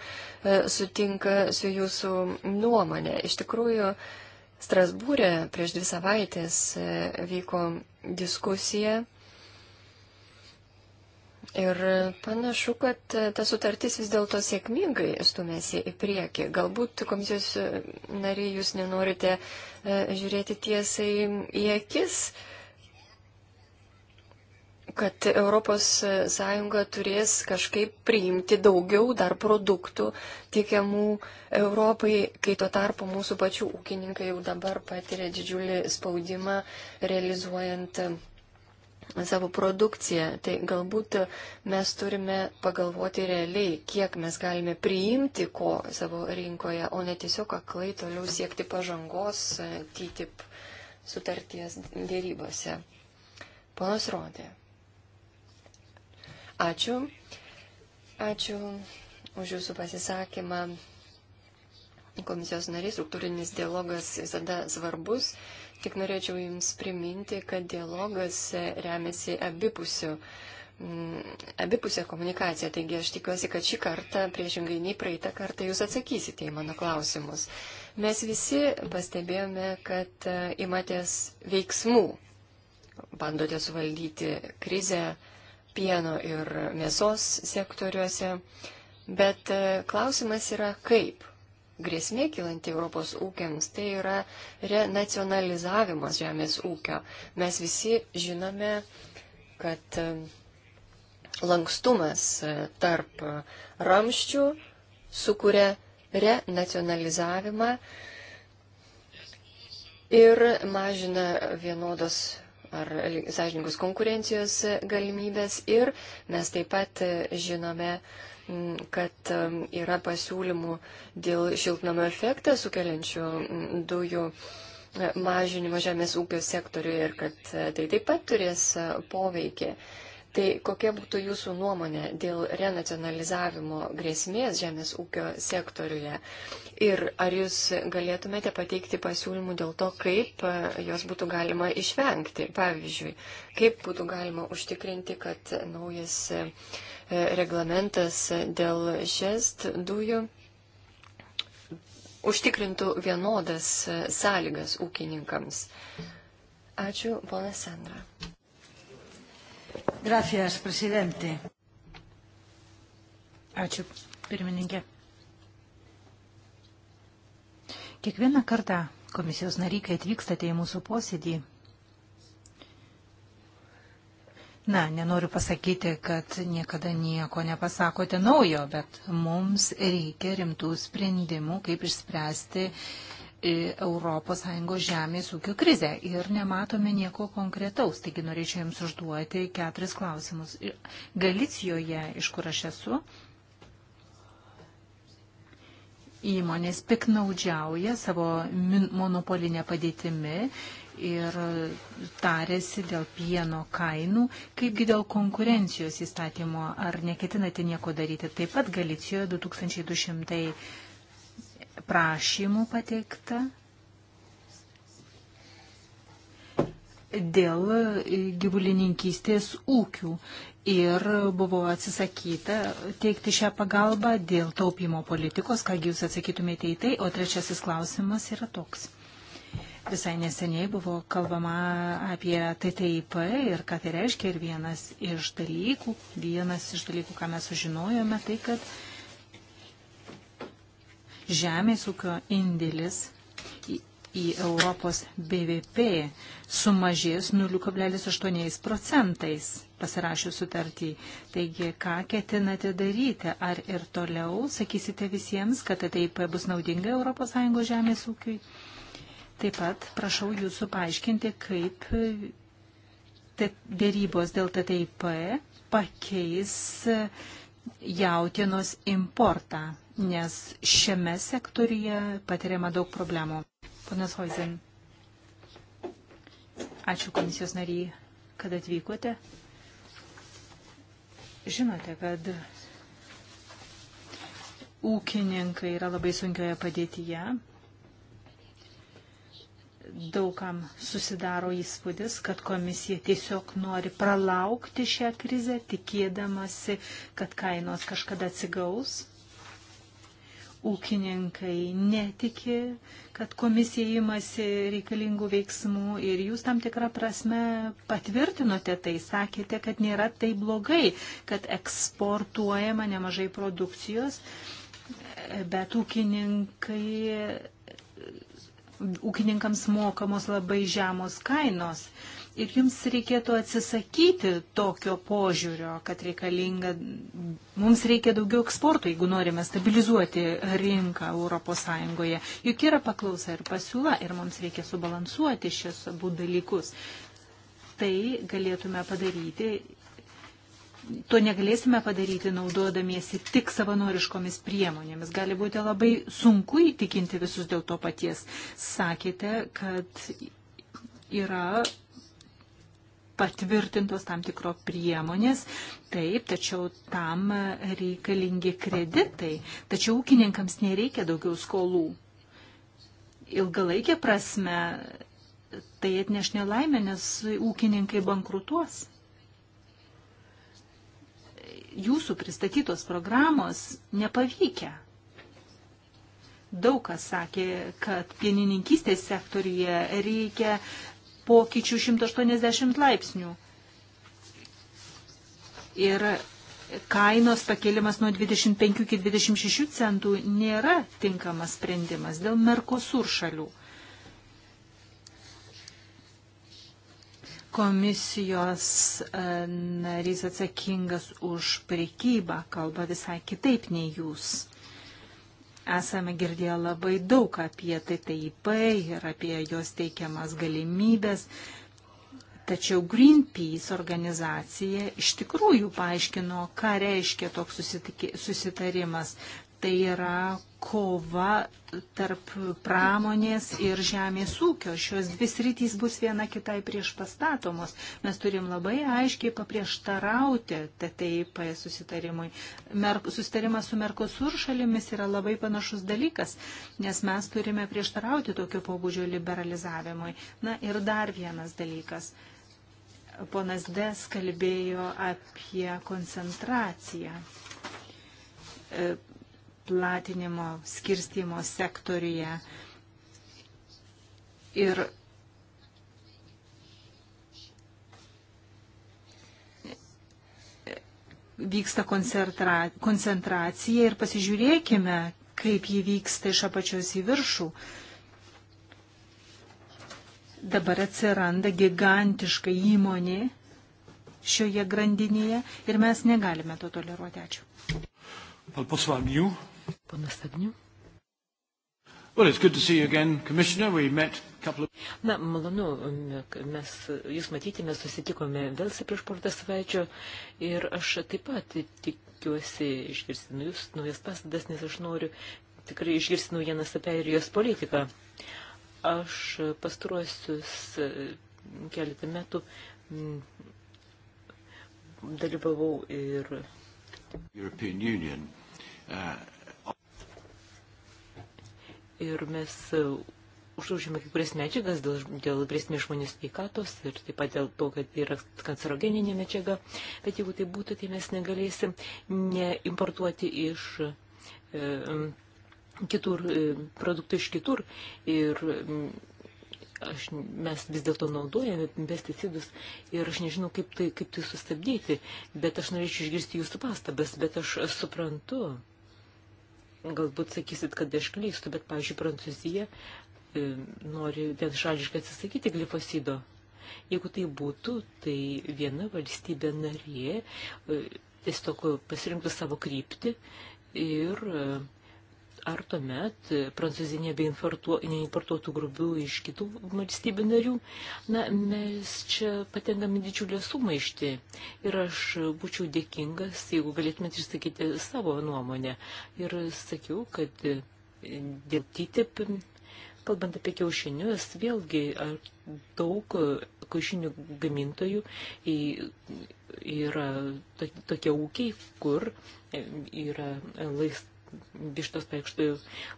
S4: sutinka su jūsų nuomonė. Iš tikrųjų, Strasbūrė prieš dvi savaitės e, vyko diskusija Ir panašu, kad ta sutartis vis dėlto sėkmingai stumėsi į priekį. Galbūt komisijos nariai jūs nenorite e, žiūrėti tiesai į akis, kad ES turės kažkaip priimti daugiau dar produktų tiekiamų Europai, kai tuo tarpu mūsų pačių ūkininkai jau dabar patiria didžiulį spaudimą realizuojant savo produkciją, tai galbūt mes turime pagalvoti realiai, kiek mes galime priimti ko savo rinkoje, o ne tiesiog aklai toliau siekti pažangos e, TTIP sutarties dėrybose. Ponas Rodė. Ačiū. Ačiū už Jūsų pasisakymą. Komisijos nariai, struktūrinis dialogas visada svarbus Tik norėčiau Jums priminti, kad dialogas remiasi abipusiu. Mm, Abipusė komunikacija, taigi aš tikiuosi, kad šį kartą, priešingai nei praeitą kartą, jūs atsakysite į mano klausimus. Mes visi pastebėjome, kad e, imatės veiksmų, bandote suvaldyti krizę pieno ir mėsos sektoriuose, bet e, klausimas yra kaip grėsmė kilanti Europos ūkiams, tai yra renacionalizavimas žemės ūkio. Mes visi žinome, kad e, lankstumas e, tarp e, ramščių sukuria renacionalizavimą ir mažina vienodos ar sąžininkos konkurencijos galimybės ir mes taip pat žinome, kad yra pasiūlymų dėl šiltnamio efektą sukeliančių mm, dujų e, mažinimo žemės ūkio sektoriuje ir kad e, tai taip pat turės e, poveikį. Tai kokia būtų jūsų nuomonė dėl renacionalizavimo grėsmės žemės ūkio sektoriuje? Ir ar jūs galėtumėte pateikti pasiūlymų dėl to, kaip jos būtų galima išvengti? Pavyzdžiui, kaip būtų galima užtikrinti, kad naujas reglamentas dėl žest dujų užtikrintų vienodas sąlygas ūkininkams. Ačiū, ponė Sandra. Gracias, prezidentė. Ačiū, pirmininkė.
S3: Kiekvieną kartą komisijos nariai, kai atvykstate į mūsų posėdį, Na, nenoriu pasakyti, kad niekada nieko nepasakote naujo, bet mums reikia rimtų sprendimų, kaip išspręsti ES žemės ūkio krizę. Ir nematome nieko konkretaus. Taigi norėčiau Jums užduoti keturis klausimus. Galicijoje, iš kur aš esu, įmonės piknaudžiauja savo monopolinę padėtimi ir tarėsi dėl pieno kainų, kaipgi dėl konkurencijos įstatymo, ar neketinate nieko daryti. Taip pat Galicijoje 2200 prašymų pateikta dėl gyvulininkystės ūkių ir buvo atsisakyta teikti šią pagalbą dėl taupimo politikos. Kągi jūs atsakytumėte į tai? O trečiasis klausimas yra toks. Visai neseniai buvo kalbama apie TTIP ir ką tai reiškia. Ir vienas iš dalykų, vienas iš dalykų, ką mes sužinojome, tai kad žemės ūkio indėlis į, į Europos BVP sumažės 0,8 procentais pasirašius sutartį. Taigi, ką ketinate daryti? Ar ir toliau sakysite visiems, kad taip bus naudinga ES žemės ūkiui? Taip pat prašau jūsų paaiškinti, kaip dėrybos dėl TTIP pakeis jautienos importą, nes šiame sektorija patiriama daug problemų. Ponas Hoizin, ačiū komisijos nariai, kad atvykote. Žinote, kad ūkininkai yra labai sunkioje padėtyje daugam susidaro įspūdis, kad komisija tiesiog nori pralaukti šią krizę, tikėdamasi, kad kainos kažkada atsigaus. Ūkininkai netiki, kad komisija įmasi reikalingų veiksmų ir jūs tam tikrą prasme patvirtinote tai, sakėte, kad nėra tai blogai, kad eksportuojama nemažai produkcijos, bet ūkininkai ūkininkams mokamos labai žemos kainos. Ir jums reikėtų atsisakyti tokio požiūrio, kad reikalinga, mums reikia daugiau eksporto, jeigu norime stabilizuoti rinką ES. Juk yra paklausa ir pasiūla ir mums reikia subalansuoti šias abu dalykus. Tai galėtume padaryti to negalėsime padaryti naudodamiesi tik savanoriškomis priemonėmis. Gali būti labai sunku įtikinti visus dėl to paties. Sakėte, kad yra patvirtintos tam tikro priemonės, taip, tačiau tam reikalingi kreditai, tačiau ūkininkams nereikia daugiau skolų. Ilgalaikė prasme tai atneš nelaimę, nes ūkininkai bankrutuos jūsų pristatytos programos nepavykę. Daug kas sakė, kad pienininkystės sektoriuje reikia pokyčių 180 laipsnių. Ir kainos pakėlimas nuo 25 iki 26 centų nėra tinkamas sprendimas dėl Merkosur šalių. komisijos e, narys atsakingas už prekybą kalba visai kitaip nei jūs. Esame girdėję labai daug apie TTIP ir apie jos teikiamas galimybės, tačiau Greenpeace organizacija iš tikrųjų paaiškino, ką reiškia toks susitarimas. Tai yra kova tarp pramonės ir žemės ūkio. Šios dvi sritys bus viena kitai prieš pastatomos. Mes turim labai aiškiai paprieštarauti TTIP susitarimui. Mer, susitarimas su Merkosur šalimis yra labai panašus dalykas, nes mes turime prieštarauti tokio pobūdžio liberalizavimui. Na ir dar vienas dalykas. Ponas Des kalbėjo apie koncentraciją e, platinimo, skirstimo sektoriuje. Ir vyksta koncentra, koncentracija ir pasižiūrėkime, kaip ji vyksta iš apačios į viršų. Dabar atsiranda gigantiška įmonė šioje grandinėje ir mes negalime to toleruoti. Ačiū.
S1: Al posłaniu. Panas Agniu. Well, it's good to see you again, Commissioner. We met a couple of...
S2: Na, malonu, um, mes, jūs matyti, mes susitikome vėl prieš portą savaičių ir aš taip pat tikiuosi išgirsti naujus, naujas pasadas, nes aš noriu tikrai išgirsti naujienas apie ir jos politiką. Aš pastaruosius e, keletą metų m, dalyvavau ir...
S3: European Union. Uh
S2: ir mes e, uždraudžiame kai kurias medžiagas dėl, dėl grėsmės žmonių sveikatos ir taip pat dėl to, kad yra kancerogeninė medžiaga, bet jeigu tai būtų, tai mes negalėsim neimportuoti iš e, kitur, e, produktų iš kitur ir e, aš, mes vis dėlto naudojame pesticidus ir aš nežinau, kaip tai, kaip tai sustabdyti, bet aš norėčiau išgirsti jūsų pastabas, bet aš suprantu Galbūt sakysit, kad aš klystu, bet, pavyzdžiui, Prancūzija e, nori vienšališkai atsisakyti glifosido. Jeigu tai būtų, tai viena valstybė narė e, tiesiog pasirinktų savo kryptį ir e, ar tuomet e, Prancūzija nebeimportuotų grubių iš kitų valstybių narių. Na, mes čia patenkame didžiulę sumaištį ir aš būčiau dėkingas, jeigu galėtumėte išsakyti savo nuomonę. Ir sakiau, kad e, dėl TTIP, kalbant apie kiaušinius, vėlgi daug e, kiaušinių gamintojų yra tokie ūkiai, kur yra laisvai vištos paikšto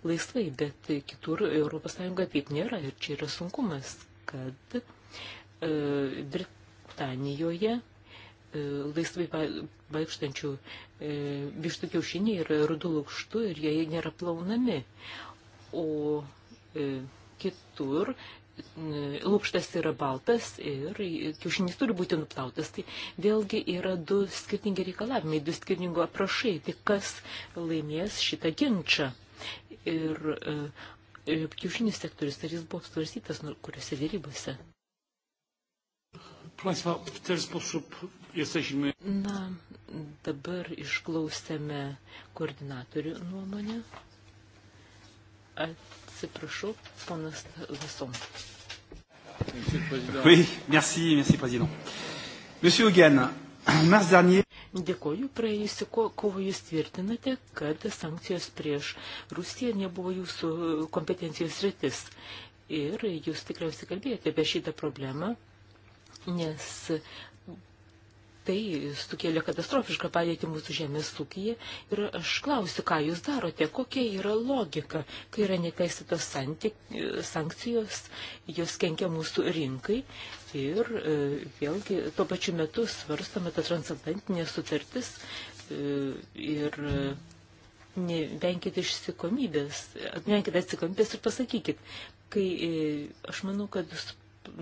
S2: laisvai, bet kitur ES taip nėra ir čia yra sunkumas, kad e, Britanijoje e, laisvai vaikštančių e, vištų kiaušiniai yra rudų lukštų ir jie nėra plaunami. O e, kitur lūpštas yra baltas ir kiaušinis turi būti nuplautas. Tai vėlgi yra du skirtingi reikalavimai, du skirtingo aprašai, tai kas laimės šitą ginčą. Ir, ir e, e, kiaušinis sektorius, ar jis buvo apsvarstytas nu, kuriuose dėrybose? Na, dabar išklausėme koordinatorių nuomonę. At Atsiprašau, ponas Lasom.
S1: Oui, merci, merci, président. Monsieur Hogan, mars dernier.
S2: Dėkoju, praėjusiu kovo jūs tvirtinate, kad sankcijos prieš Rusiją nebuvo jūsų kompetencijos rytis. Ir jūs tikriausiai kalbėjote apie šitą problemą, nes Tai sukėlė katastrofišką padėtį mūsų žemės ūkyje ir aš klausiu, ką jūs darote, kokia yra logika, kai yra neteisėtos sankcijos, jos kenkia mūsų rinkai ir e, vėlgi tuo pačiu metu svarstame tą transatlantinę sutartis e, ir e, venkit išsikomybės, atvenkit atsikomybės ir pasakykit, kai e, aš manau, kad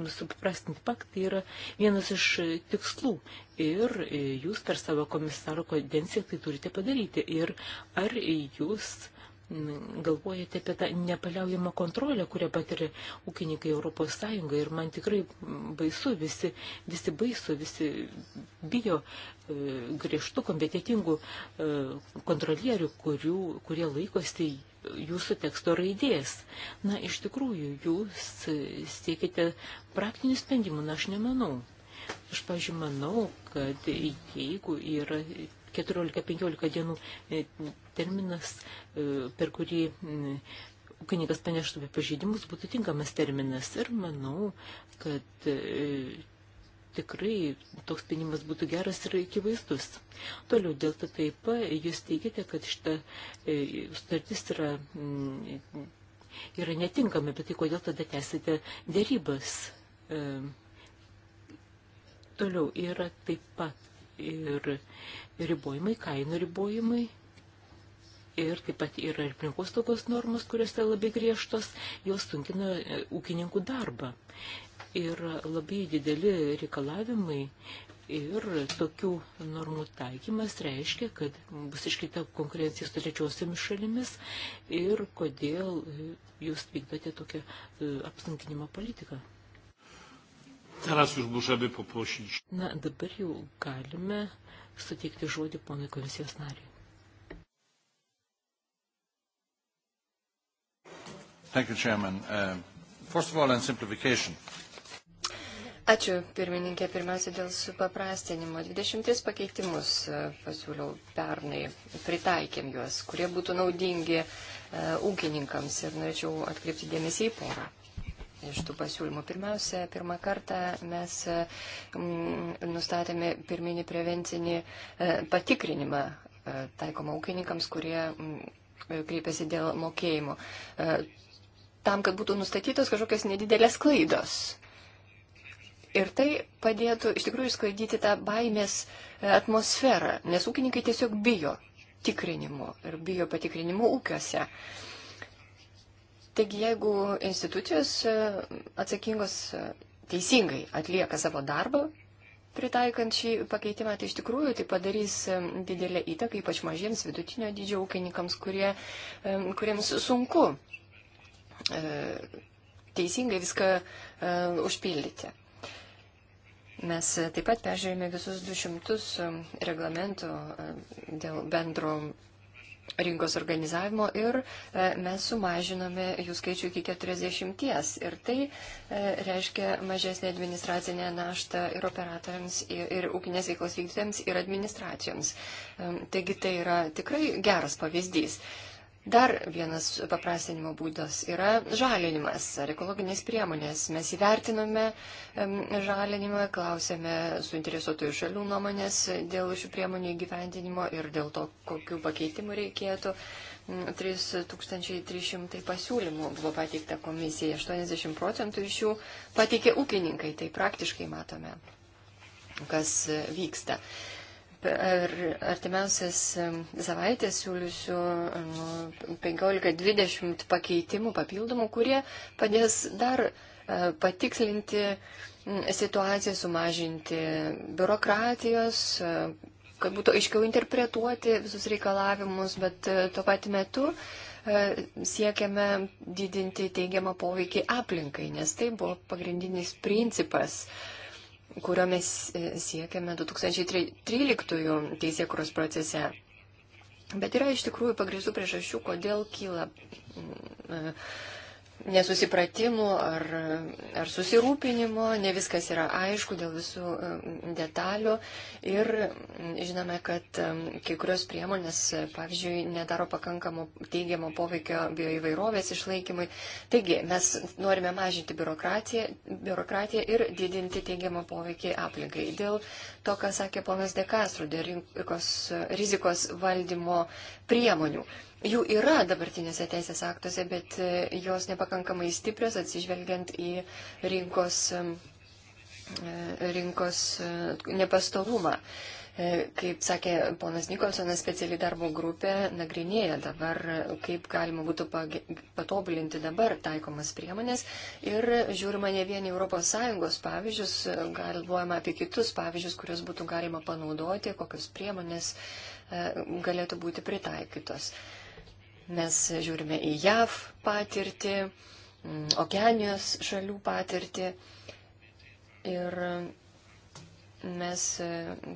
S2: suprastinti paktą yra vienas iš tikslų ir jūs per savo komisaro kodenciją tai turite padaryti. Ir ar jūs galvojate apie tą nepaliaujamą kontrolę, kurią patiria ūkininkai Europos Sąjunga ir man tikrai baisu, visi, visi baisu, visi bijo e, griežtų, kompetitingų e, kontrolierių, kurių, kurie laikosi jūsų teksto raidės. Na, iš tikrųjų, jūs siekite praktinių sprendimų, na, aš nemanau. Aš, pažiūrėjau, manau, kad jeigu yra 14-15 dienų e, terminas, e, per kurį ūkininkas paneštų apie pažeidimus, būtų tinkamas terminas. Ir manau, kad e, tikrai toks sprendimas būtų geras ir akivaizdus. Toliau dėl TTIP jūs teigite, kad šita e, sutartis yra, mm, yra netinkama, bet tai kodėl tada tęsite dėrybas? E, toliau yra taip pat ir ribojimai, kainų ribojimai. Ir taip pat yra ir aplinkosaugos normos, kuriuose labai griežtos, jos sunkina e, ūkininkų darbą yra labai dideli reikalavimai ir tokių normų taikymas reiškia, kad bus iškita konkurencija su trečiosiamis šalimis ir kodėl jūs vykdote tokią e, apsunkinimo politiką.
S1: Teraz już możemy poprosić.
S2: Na, dabar jau galime suteikti žodį ponui komisijos nariui.
S1: Thank you, Chairman. Uh, first of all, on simplification. Uh,
S4: Ačiū, pirmininkė. Pirmiausia, dėl supaprastinimo. 20 pakeitimus e, pasiūliau pernai, pritaikėm juos, kurie būtų naudingi e, ūkininkams ir norėčiau atkreipti dėmesį į porą. Iš tų pasiūlymų. Pirmiausia, pirmą kartą mes e, nustatėme pirminį prevencinį patikrinimą taikomą ūkininkams, kurie kreipiasi dėl mokėjimo. Tam, kad būtų nustatytos kažkokios nedidelės klaidos. Ir tai padėtų iš tikrųjų sklaidyti tą baimės e, atmosferą, nes ūkininkai tiesiog bijo tikrinimų ir bijo patikrinimų ūkiuose. Taigi, jeigu institucijos e, atsakingos e, teisingai atlieka savo darbą, pritaikant šį pakeitimą, tai iš tikrųjų tai padarys didelę įtaką, ypač mažiems vidutinio dydžio ūkininkams, kurie, kuriems sunku teisingai viską užpildyti. Mes taip pat peržiūrėjome visus 200 um, reglamentų um, dėl bendro rinkos organizavimo ir e, mes sumažinome jų skaičių iki 40. Ir tai e, reiškia mažesnį administracinę naštą ir operatoriams, ir, ir ūkinės veiklos vykdytėms, ir administracijoms. E, taigi tai yra tikrai geras pavyzdys. Dar vienas paprastinimo būdas yra žalinimas ar ekologinės priemonės. Mes įvertinome žalinimą, klausėme suinteresuotųjų šalių nuomonės dėl šių priemonių įgyvendinimo ir dėl to, kokių pakeitimų reikėtų. 3300 mm, pasiūlymų buvo pateikta komisijai, 80 procentų iš jų pateikė ūkininkai, tai praktiškai matome, kas vyksta per artimiausias savaitės siūlysiu 15-20 pakeitimų papildomų, kurie padės dar e, patikslinti situaciją, sumažinti biurokratijos, e, kad būtų aiškiau interpretuoti visus reikalavimus, bet e, tuo pat metu siekiame didinti teigiamą poveikį aplinkai, nes tai buvo pagrindinis principas kurio mes e, siekiame 2013 teisėkuros procese. Bet yra iš tikrųjų pagrįstų priežasčių, kodėl kyla nesusipratimų ar, ar susirūpinimo, ne viskas yra aišku dėl visų detalių ir žinome, kad kai kurios priemonės, pavyzdžiui, nedaro pakankamo teigiamo poveikio bioįvairovės išlaikymui. Taigi, mes norime mažinti biurokratiją, biurokratiją ir didinti teigiamą poveikį aplinkai. Dėl to, ką sakė ponas Dekastro, dėl rinkos, rizikos valdymo priemonių jų yra dabartiniuose teisės aktuose, bet e, jos nepakankamai stiprios atsižvelgiant į rinkos, e, rinkos e, nepastovumą. Kaip sakė ponas Nikolsonas, speciali darbo grupė nagrinėja dabar, kaip galima būtų patobulinti dabar taikomas priemonės ir žiūrima ne vien ES pavyzdžius, galvojama apie kitus pavyzdžius, kuriuos būtų galima panaudoti, kokios priemonės galėtų būti pritaikytos. Mes žiūrime į JAV patirtį, Okeanijos šalių patirtį ir mes e,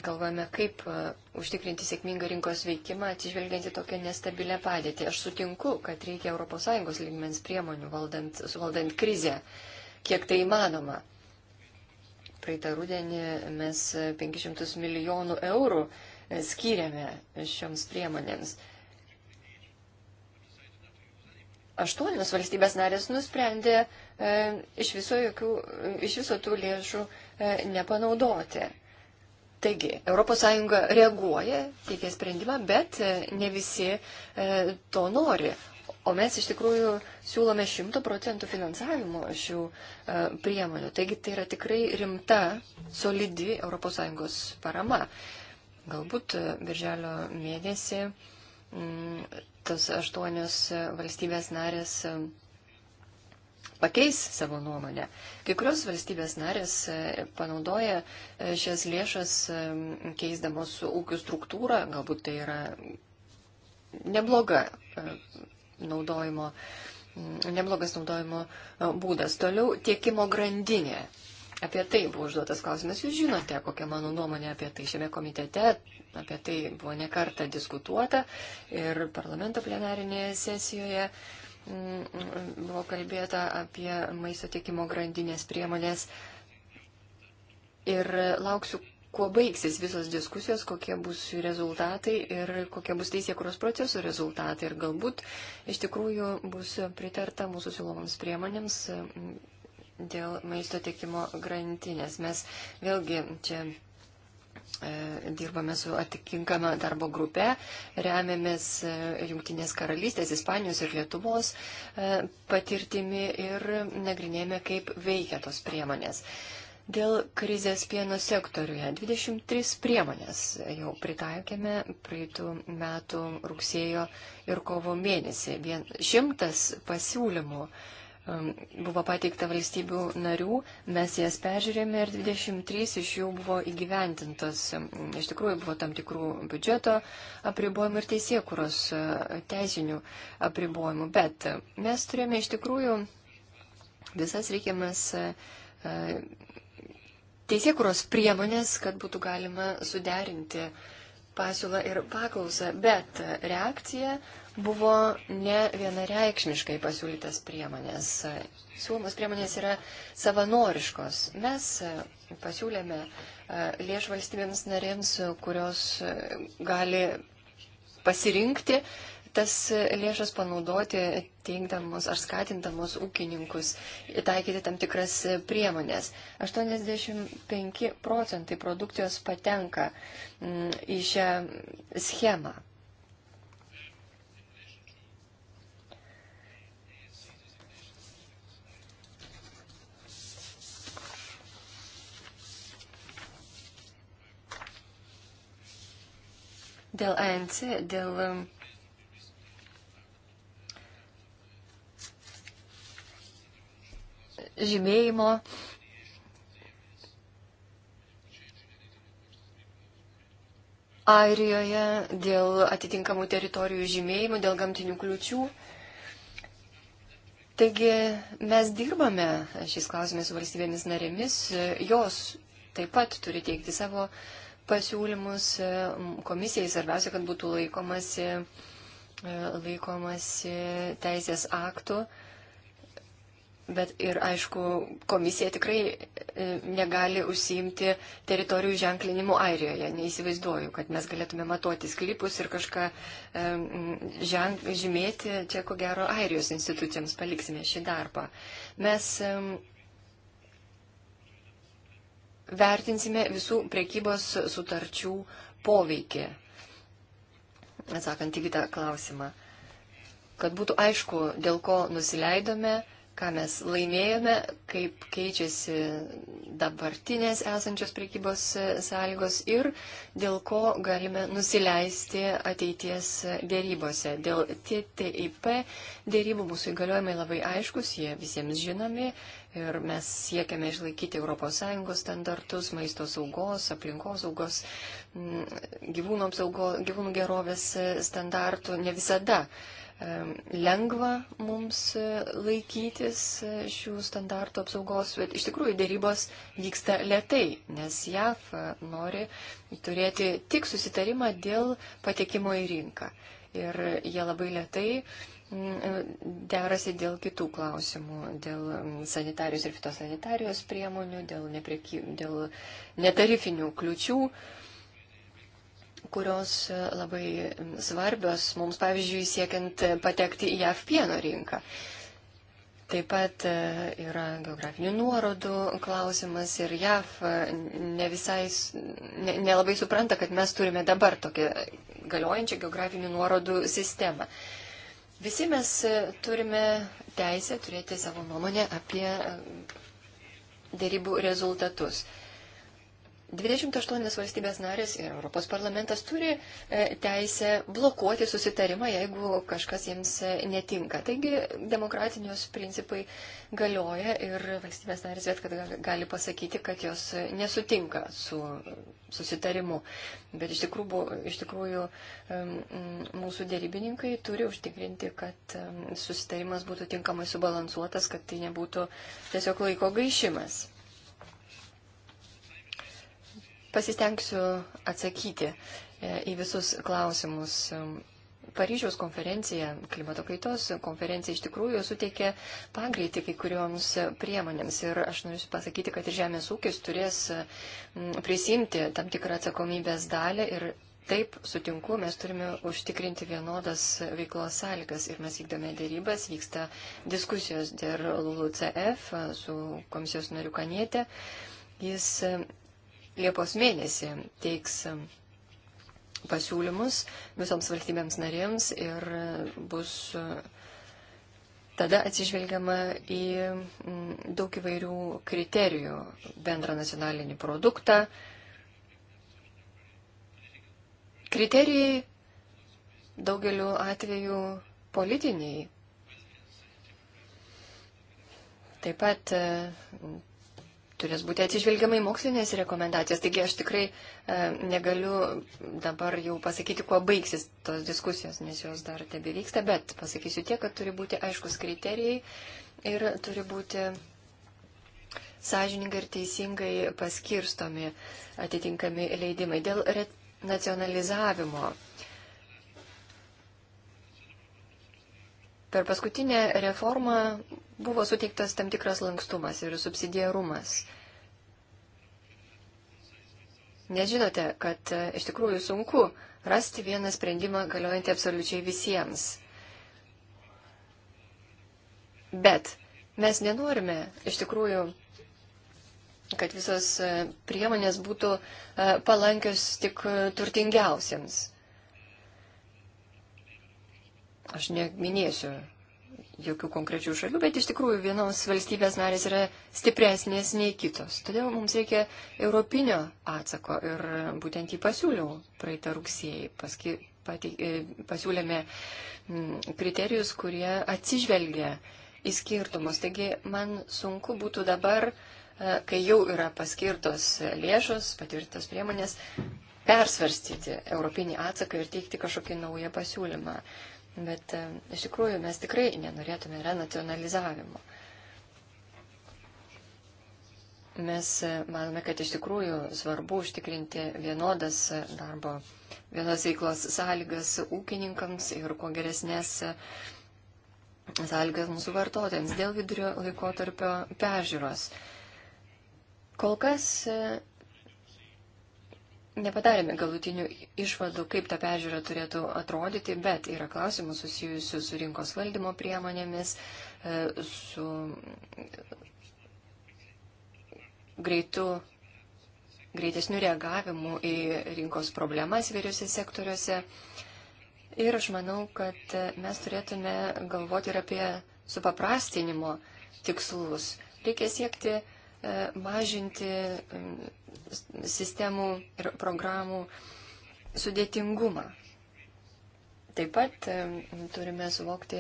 S4: galvojame, kaip e, užtikrinti sėkmingą rinkos veikimą, atsižvelgiant į tokią nestabilę padėtį. Aš sutinku, kad reikia ES lygmens priemonių valdant, suvaldant krizę, kiek tai įmanoma. Praeitą rudenį mes 500 e, milijonų eurų skiriame šioms priemonėms aštuonios valstybės narės nusprendė e, iš, viso jokių, iš viso tų lėšų e, nepanaudoti. Taigi, ES reaguoja, teikia sprendimą, bet e, ne visi e, to nori. O mes iš tikrųjų siūlome 100 procentų finansavimo šių e, priemonių. Taigi tai yra tikrai rimta, solidi ES parama. Galbūt e, birželio mėnesį m, tos aštuonios valstybės narės e, pakeis savo nuomonę. Kai kurios valstybės narės e, panaudoja e, šias lėšas keisdamos ūkių struktūrą, galbūt tai yra nebloga naudojimo, neblogas naudojimo būdas. Toliau tiekimo grandinė. Apie tai buvo užduotas klausimas. Jūs žinote, kokia mano nuomonė apie tai šiame komitete. Apie tai buvo nekarta diskutuota ir parlamento plenarinėje sesijoje mm, mm, buvo kalbėta apie maisto tiekimo grandinės priemonės. Ir lauksiu, kuo baigsis visos diskusijos, kokie bus jų rezultatai ir kokie bus teisėkuros procesų rezultatai. Ir galbūt iš tikrųjų bus pritarta mūsų siūlomoms priemonėms dėl maisto tiekimo grandinės. Mes vėlgi čia e, dirbame su atitinkama darbo grupė, remiamės e, Junktinės karalystės, Ispanijos ir Lietuvos e, patirtimi ir nagrinėjame, kaip veikia tos priemonės. Dėl krizės pieno sektoriuje 23 priemonės jau pritaikėme praeitų metų rugsėjo ir kovo mėnesį. Vien šimtas pasiūlymų uh, Um, buvo pateikta valstybių narių, mes jas peržiūrėjome ir 23 iš jų buvo įgyventintos. Um, iš tikrųjų buvo tam tikrų biudžeto apribojimų ir teisėkuros uh, teisinių apribojimų, bet uh, mes turėjome iš tikrųjų visas reikiamas uh, teisėkuros priemonės, kad būtų galima suderinti pasiūlą ir paklausą, bet reakcija buvo ne vienareikšmiškai pasiūlytas priemonės. Siūlomos priemonės yra savanoriškos. Mes e, pasiūlėme e, lėšų valstybėms narėms, e, kurios gali pasirinkti tas lėšas panaudoti, teikdamos ar skatindamos ūkininkus taikyti tam tikras priemonės. 85 procentai produkcijos patenka į šią schemą. dėl ANC, dėl um, žymėjimo. Airijoje dėl atitinkamų teritorijų žymėjimų, dėl gamtinių kliučių. Taigi mes dirbame šiais klausimais su valstybėmis narėmis, jos taip pat turi teikti savo uh, pasiūlymus e, komisijai. Svarbiausia, kad būtų laikomasi, e, laikomasi teisės aktų. Bet ir aišku, komisija tikrai e, negali užsiimti teritorijų ženklinimu Airijoje. Neįsivaizduoju, kad mes galėtume matuoti sklypus ir kažką ženk, žymėti. Čia ko gero Airijos institucijams paliksime šį darbą. Mes vertinsime visų prekybos sutarčių poveikį. Atsakant į kitą klausimą. Kad būtų aišku, dėl ko nusileidome ką mes laimėjome, kaip keičiasi dabartinės esančios prekybos sąlygos ir dėl ko galime nusileisti ateities dėrybose. Dėl TTIP dėrybų mūsų įgaliojimai labai aiškus, jie visiems žinomi ir mes siekiame išlaikyti ES standartus, maisto saugos, aplinkos saugos, mm, gyvūnų, apsaugo, gyvūnų gerovės standartų ne visada lengva mums e, laikytis e, šių standartų apsaugos, bet iš tikrųjų dėrybos vyksta lietai, nes JAF e, nori turėti tik susitarimą dėl patekimo į rinką. Ir jie labai lietai derasi dėl kitų klausimų, dėl sanitarijos ir fitosanitarijos priemonių, dėl, nepreky, dėl netarifinių kliučių. Uh, kurios e, labai svarbios mums, pavyzdžiui, siekiant patekti į JAV pieno rinką. Taip pat e, yra geografinių nuorodų klausimas ir JAV e, ne visai, ne, nelabai supranta, kad mes turime dabar tokią galiojančią geografinių nuorodų sistemą. Visi mes turime teisę turėti savo nuomonę apie dėrybų rezultatus. 28 valstybės narės ir Europos parlamentas turi e, teisę blokuoti susitarimą, jeigu kažkas jiems e, netinka. Taigi demokratinius principai galioja ir valstybės narės bet kada gali pasakyti, kad jos e, nesutinka su susitarimu. Bet iš tikrųjų, iš tikrųjų mūsų dėrybininkai turi užtikrinti, kad susitarimas būtų tinkamai subalansuotas, kad tai nebūtų tiesiog laiko gaišimas. Pasistengsiu atsakyti e, į visus klausimus. Paryžiaus konferencija, klimato kaitos konferencija iš tikrųjų suteikė pagreitį kai kurioms priemonėms. Ir aš noriu pasakyti, kad ir žemės ūkis turės prisimti tam tikrą atsakomybės dalį. Ir taip sutinku, mes turime užtikrinti vienodas veiklos sąlygas. Ir mes vykdome dėrybas, vyksta diskusijos dėl LULUCF su komisijos nariu Kanietė. Jis Liepos mėnesį teiks pasiūlymus visoms valstybėms narėms ir bus tada atsižvelgiama į mm, daug įvairių kriterijų bendrą nacionalinį produktą. Kriterijai daugeliu atveju politiniai. Taip pat mm, turės būti atsižvelgiamai mokslinės rekomendacijos. Taigi aš tikrai e, negaliu dabar jau pasakyti, kuo baigsis tos diskusijos, nes jos dar tebe vyksta, bet pasakysiu tiek, kad turi būti aiškus kriterijai ir turi būti sąžiningai ir teisingai paskirstomi atitinkami leidimai. Dėl nacionalizavimo Per paskutinę reformą buvo suteiktas tam tikras lankstumas ir subsidiarumas. Nežinote, kad e, iš tikrųjų sunku rasti vieną sprendimą galiojantį absoliučiai visiems. Bet mes nenorime iš tikrųjų kad visos e, priemonės būtų e, palankios tik turtingiausiams. Aš neminėsiu jokių konkrečių šalių, bet iš tikrųjų vienos valstybės narės yra stipresnės nei kitos. Todėl mums reikia europinio atsako ir būtent jį pasiūliau praeitą rugsėjį. Paski, pati, e, pasiūlėme mm, kriterijus, kurie atsižvelgia į skirtumus. Taigi man sunku būtų dabar, e, kai jau yra paskirtos lėšos, patvirtintos priemonės, persvarstyti europinį atsaką ir teikti kažkokį naują pasiūlymą. Bet e, iš tikrųjų mes tikrai nenorėtume renacionalizavimo. Mes e, manome, kad iš tikrųjų svarbu užtikrinti vienodas darbo, vienos veiklos sąlygas ūkininkams ir kuo geresnės e, sąlygas mūsų vartotojams dėl vidurio laikotarpio pežiūros. Kol kas nepadarėme galutinių išvadų, kaip ta peržiūra turėtų atrodyti, bet yra klausimų susijusių su rinkos valdymo priemonėmis, e, su greitu, greitesniu reagavimu į rinkos problemas vėriuose sektoriuose. Ir aš manau, kad mes turėtume galvoti ir apie supaprastinimo tikslus. Reikia siekti e, mažinti sistemų ir programų sudėtingumą. Taip pat turime suvokti,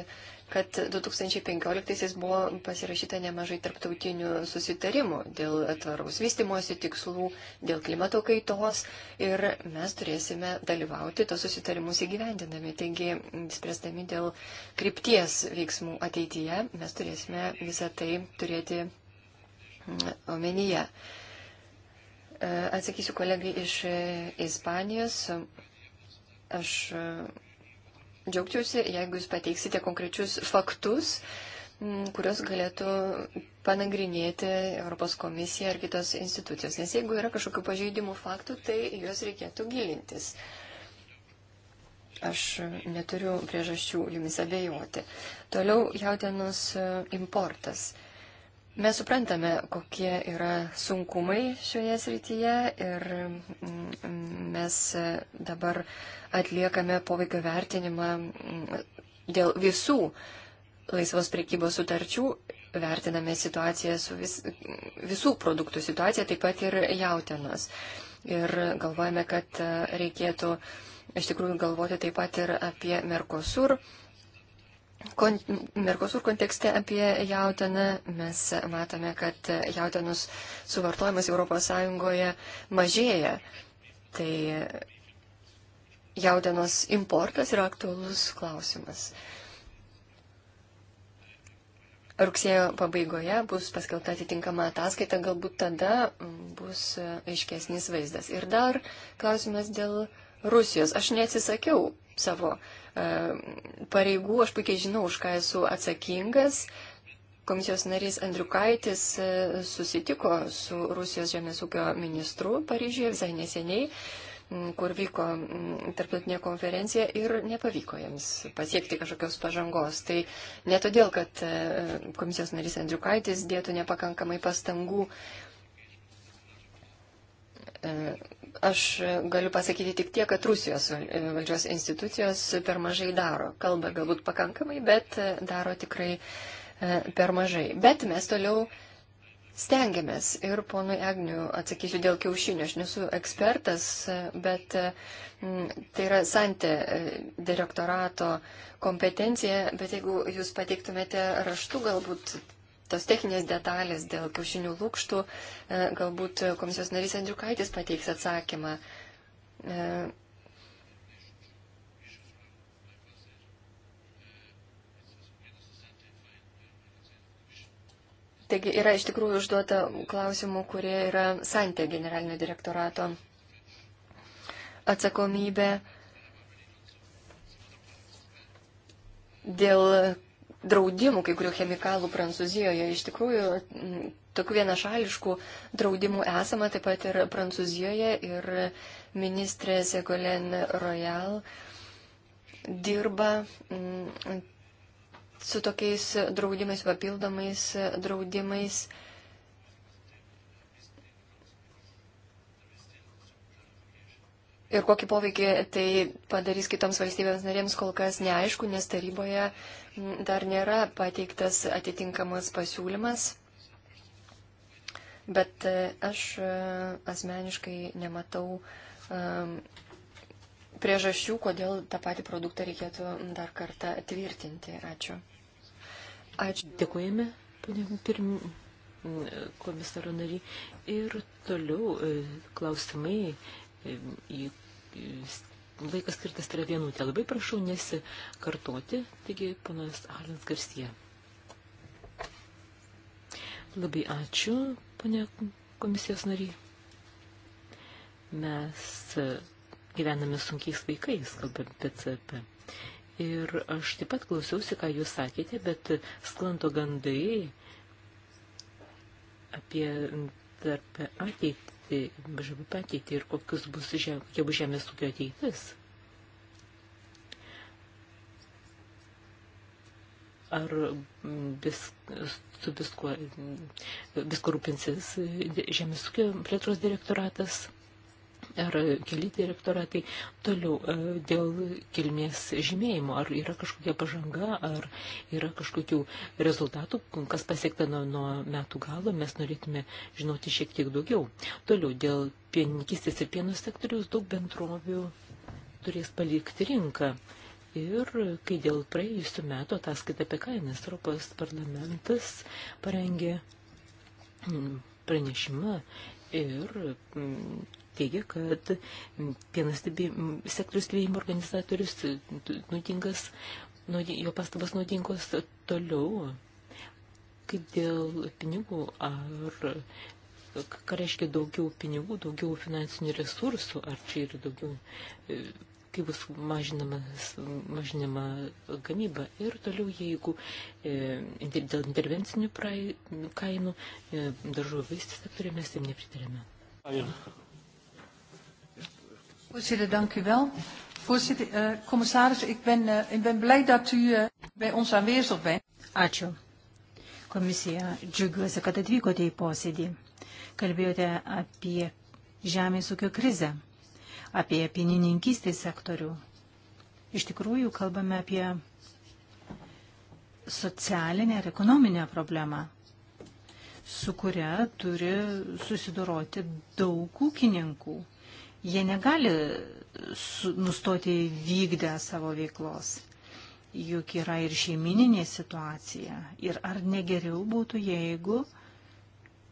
S4: kad 2015 buvo pasirašyta nemažai tarptautinių susitarimų dėl tvaraus vystimosi tikslų, dėl klimato kaitos ir mes turėsime dalyvauti tos susitarimus įgyvendinami. Taigi, spręsdami dėl krypties veiksmų ateityje, mes turėsime visą tai turėti mm, omenyje. Um, E, atsakysiu kolegai iš e, Ispanijos. Aš e, džiaugčiausi, jeigu jūs pateiksite konkrečius faktus, kurios galėtų panagrinėti Europos komisija ar kitos institucijos. Nes jeigu yra kažkokių pažeidimų faktų, tai juos reikėtų gilintis. Aš neturiu priežasčių jumis abejoti. Toliau jautienos importas. Uh, Mes suprantame, kokie yra sunkumai šioje srityje ir mm, mes dabar atliekame poveikio vertinimą mm, dėl visų laisvos priekybos sutarčių, vertiname situaciją su vis, visų produktų situacija, taip pat ir jautienos. Ir galvojame, kad reikėtų iš tikrųjų galvoti taip pat ir apie Merkosur kon Merkosur kontekste apie jautieną mes matome, kad jautienos suvartojimas ES mažėja. Tai jautienos importas yra aktualus klausimas. Rugsėjo pabaigoje bus paskelbta atitinkama ataskaita, galbūt tada bus aiškesnis vaizdas. Ir dar klausimas dėl Rusijos. Aš neatsisakiau savo uh, E, pareigų, aš puikiai žinau, už ką esu atsakingas. Komisijos narys Andriukaitis e, susitiko su Rusijos žemės ūkio ministru Paryžiuje visai neseniai, kur vyko tarptautinė konferencija ir nepavyko jiems pasiekti kažkokios pažangos. Tai ne todėl, kad e, komisijos narys Andriukaitis dėtų nepakankamai pastangų Aš galiu pasakyti tik tiek, kad Rusijos valdžios institucijos per mažai daro. Kalba galbūt pakankamai, bet e, daro tikrai e, per mažai. Bet mes toliau stengiamės. Ir ponui Agniu atsakysiu dėl kiaušinio. Aš nesu ekspertas, e, bet tai yra santė direktorato kompetencija. Bet jeigu jūs pateiktumėte raštu, galbūt tos techninės detalės dėl kiaušinių lūkštų, e, galbūt komisijos narys Andriukaitis pateiks atsakymą. E, Taigi yra iš tikrųjų užduota klausimų, kurie yra santė generalinio direktorato atsakomybė dėl draudimų kai kurių chemikalų Prancūzijoje. Iš tikrųjų, tokių vienašališkų draudimų esama taip pat ir Prancūzijoje ir ministrė Zegolen Royal dirba su tokiais draudimais, papildomais draudimais. Mm, Ir kokį poveikį tai padarys kitoms valstybėms narėms kol kas neaišku, nes taryboje dar nėra pateiktas atitinkamas pasiūlymas. Bet e, aš e, asmeniškai nematau e, priežasčių, kodėl tą patį produktą reikėtų dar kartą tvirtinti. Ačiū.
S2: Ačiū. Dėkujame,
S4: panė pirm...
S2: komisaro nariai. Ir toliau klausimai į Laikas skirtas yra vienutė. Labai prašau nesikartoti. Taigi, ponas Alins Garsie. Labai ačiū, ponė komisijos nariai. Mes gyvename sunkiais laikais, kalbant apie CP. Ir aš taip pat klausiausi, ką jūs sakėte, bet sklando gandai apie tarp ateitį BŽVP ateitį ir kokius bus, kokia bus žemės ūkio ateitis. Ar vis, su visko, visko rūpinsis žemės ūkio plėtros direktoratas? ar keli direktoratai. Toliau, e, dėl kilmės žymėjimo, ar yra kažkokia pažanga, ar yra kažkokių rezultatų, kas pasiekta nuo, nuo metų galo, mes norėtume žinoti šiek tiek daugiau. Toliau, dėl pieninkistės ir pieno sektoriaus daug bendrovių turės palikti rinką. Ir kai dėl praėjusių metų ataskaita apie kainas Europos parlamentas parengė mm, pranešimą ir mm, teigia, kad vienas sektorius stebėjimo organizatorius nutingas, jo pastabas nutingos toliau, kaip dėl pinigų ar ką reiškia daugiau pinigų, daugiau finansinių resursų, ar čia yra daugiau, e, kaip bus mažinama gamyba. Ir toliau, jeigu e, dėl intervencinių prai, kainų e, daržovių vaistų sektoriuje mes jam nepritarėme. Aja.
S4: Voorzitter, dank u wel. Voorzitter, uh, commissaris, ik ben, uh, ik ben blij dat u uh, bij ons aanwezig bent.
S3: Ačiū. Komisija, džiugiuosi, kad atvykote į posėdį. Kalbėjote apie žemės ūkio krizę, apie pienininkystės sektorių. Iš tikrųjų, kalbame apie socialinę ir ekonominę problemą, su kuria turi susidoroti daug ūkininkų. Jie negali nustoti vykdę savo veiklos. Juk yra ir šeimininė situacija. Ir ar negeriau būtų, jeigu uh,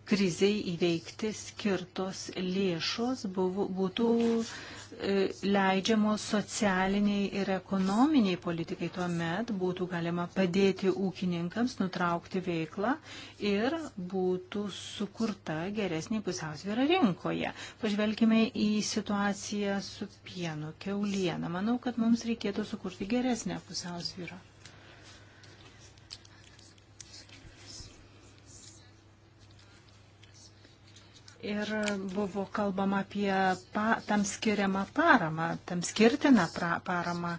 S3: kriziai įveikti skirtos lėšos buvo, būtų e, leidžiamos socialiniai ir ekonominiai politikai. Tuomet būtų galima padėti ūkininkams nutraukti veiklą ir būtų sukurta geresnė pusiausvėra rinkoje. Pažvelkime į situaciją su pienu, keuliena. Manau, kad mums reikėtų sukurti geresnę pusiausvyrą. Ir buvo kalbama apie pa, tam skiriamą paramą, tam skirtiną pra, paramą.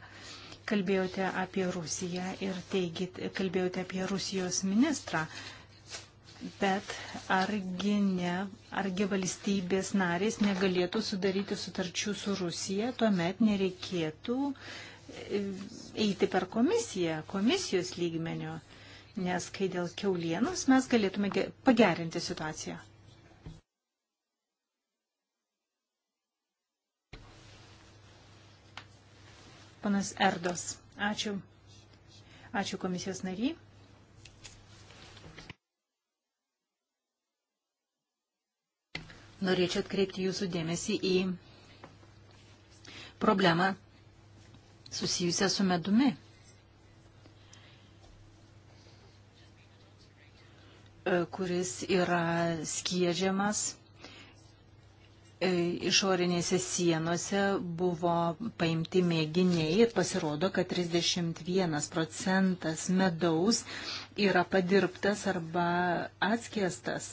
S3: Kalbėjote apie Rusiją ir teigit, kalbėjote apie Rusijos ministrą. Bet argi ne, argi valstybės narės negalėtų sudaryti sutarčių su Rusija, tuomet nereikėtų e, eiti per komisiją, komisijos lygmenio. Nes kai dėl keulienos mes galėtume pagerinti situaciją. Panas Erdos. Ačiū. Ačiū komisijos nariai. Norėčiau atkreipti jūsų dėmesį į problemą susijusią su medumi. kuris yra skiedžiamas E, išorinėse sienose buvo paimti mėginiai ir pasirodo, kad 31 procentas medaus yra padirbtas arba atskiestas.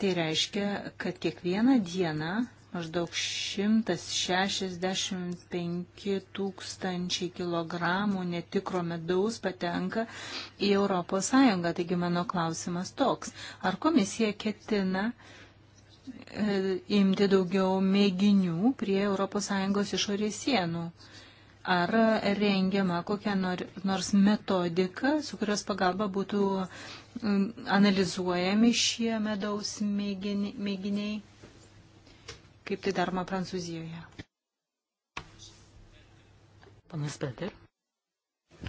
S3: Tai reiškia, kad kiekvieną dieną maždaug 165 tūkstančiai kilogramų netikro medaus patenka į ES. Taigi mano klausimas toks. Ar komisija ketina uh, E, imti daugiau mėginių prie ES išorės sienų? Ar rengiama kokia nors metodika, su kurios pagalba būtų analizuojami šie medaus mėginiai, kaip tai daroma Prancūzijoje?
S1: Panas Peter.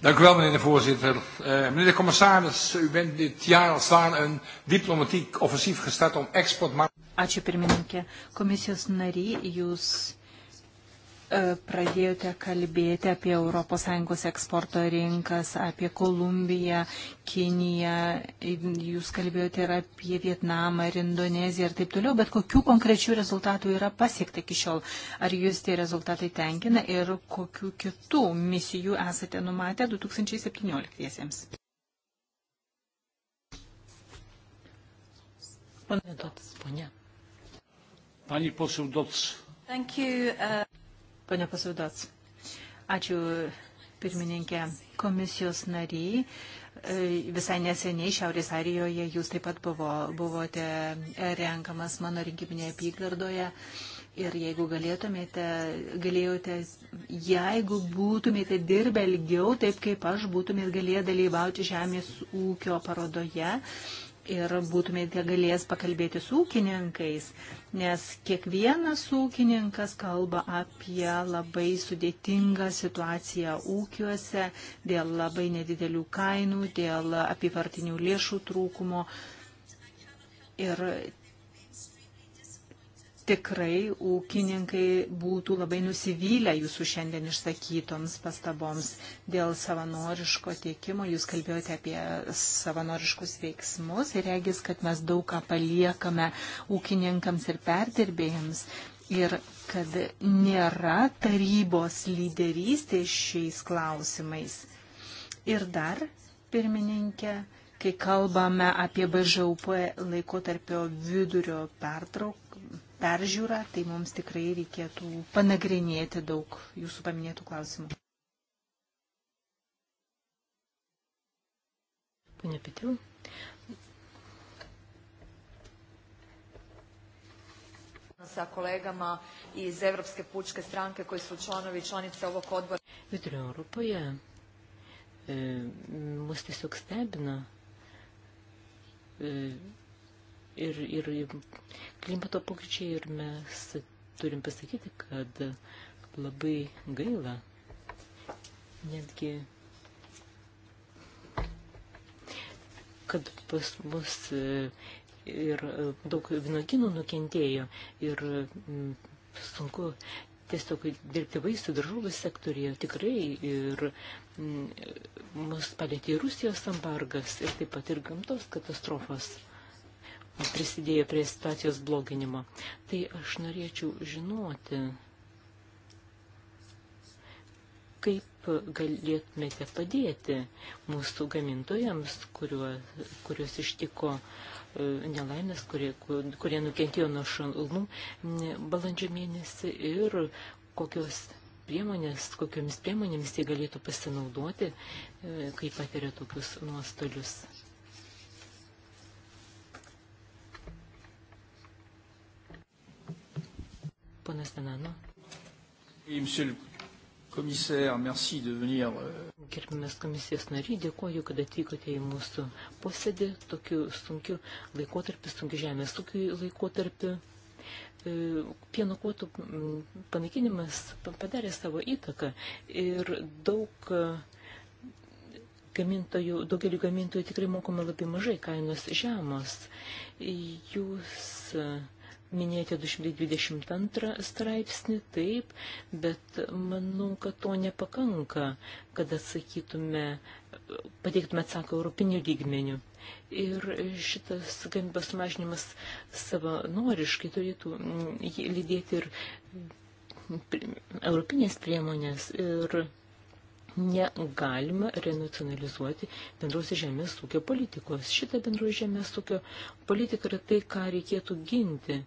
S1: Dank u wel, meneer de voorzitter. Uh, meneer de commissaris, u bent dit jaar als het ware een diplomatiek offensief gestart om export
S3: Ačiū pirmininkė. Komisijos nariai, jūs e, pradėjote kalbėti apie ES eksporto rinkas, apie Kolumbiją, Kiniją, jūs kalbėjote ir apie Vietnamą, ir Indoneziją ir taip toliau, bet kokių konkrečių rezultatų yra pasiekta iki šiol? Ar jūs tie rezultatai tenkina ir kokių kitų misijų esate numatę 2017-iesiems? Pamėdotas, ponia.
S1: Pani poseł Dots.
S3: Uh, Pane Pasaudots, ačiū pirmininkė komisijos nariai. E, visai neseniai Šiaurės Arijoje jūs taip pat buvo, buvote renkamas mano rinkiminėje apygardoje. Ir jeigu galėtumėte, galėjote, jeigu būtumėte dirbę ilgiau, taip kaip aš, būtumėte galėję dalyvauti žemės ūkio parodoje ir būtumėte galėjęs pakalbėti su ūkininkais nes kiekvienas ūkininkas kalba apie labai sudėtingą situaciją ūkiuose dėl labai nedidelių kainų, dėl apivartinių lėšų trūkumo. Ir tikrai ūkininkai būtų labai nusivylę jūsų šiandien išsakytoms pastaboms dėl savanoriško tiekimo. Jūs kalbėjote apie savanoriškus veiksmus ir regis, kad mes daug ką paliekame ūkininkams ir perdirbėjams. Ir kad nėra tarybos lyderystės šiais klausimais. Ir dar, pirmininkė, kai kalbame apie BŽUP laikotarpio vidurio pertrauką, peržiūrą, tai mums tikrai reikėtų panagrinėti daug jūsų paminėtų klausimų. Pane Pitil.
S4: sa kolegama iz Evropske pučke stranke koji su članovi članice ovog odbora.
S2: Vidurio Europoje e, mus tiesiog stebina e, ir, ir klimato pokyčiai ir mes turim pasakyti, kad labai gaila netgi kad pas mus e, ir e, daug vynoginų nukentėjo ir sunku tiesiog dirbti vaisių daržovų sektorija tikrai ir mus palėtė Rusijos embargas ir taip pat ir gamtos katastrofos prisidėjo prie situacijos bloginimo. Tai aš norėčiau žinoti, kaip galėtumėte padėti mūsų gamintojams, kuriuo, kuriuos ištiko e, nelaimės, kurie, kurie nukentėjo nuo šalnų balandžio mėnesį ir kokios priemonės, kokiamis priemonėmis jie galėtų pasinaudoti, e, kai patiria tokius nuostolius. Ponas Tenano. Euh, Gerbiamas komisijos nariai, dėkuoju, kad atvykote į mūsų posėdį tokiu sunkiu laikotarpiu, sunkiu žemės ūkiu laikotarpiu. E, pieno kvotų panaikinimas padarė savo įtaką ir daug e, gamintojų, daugeliu gamintojų tikrai mokama labai mažai, kainos žemos. Jūs minėjote 222 straipsnį, taip, bet manau, kad to nepakanka, kad atsakytume, pateiktume atsaką europinių lygmenių. Ir šitas gamybos mažinimas savanoriškai turėtų mm, lydėti ir europinės priemonės. Ir negalima renacionalizuoti bendros žemės ūkio politikos. Šita bendros žemės ūkio politika yra tai, ką reikėtų ginti,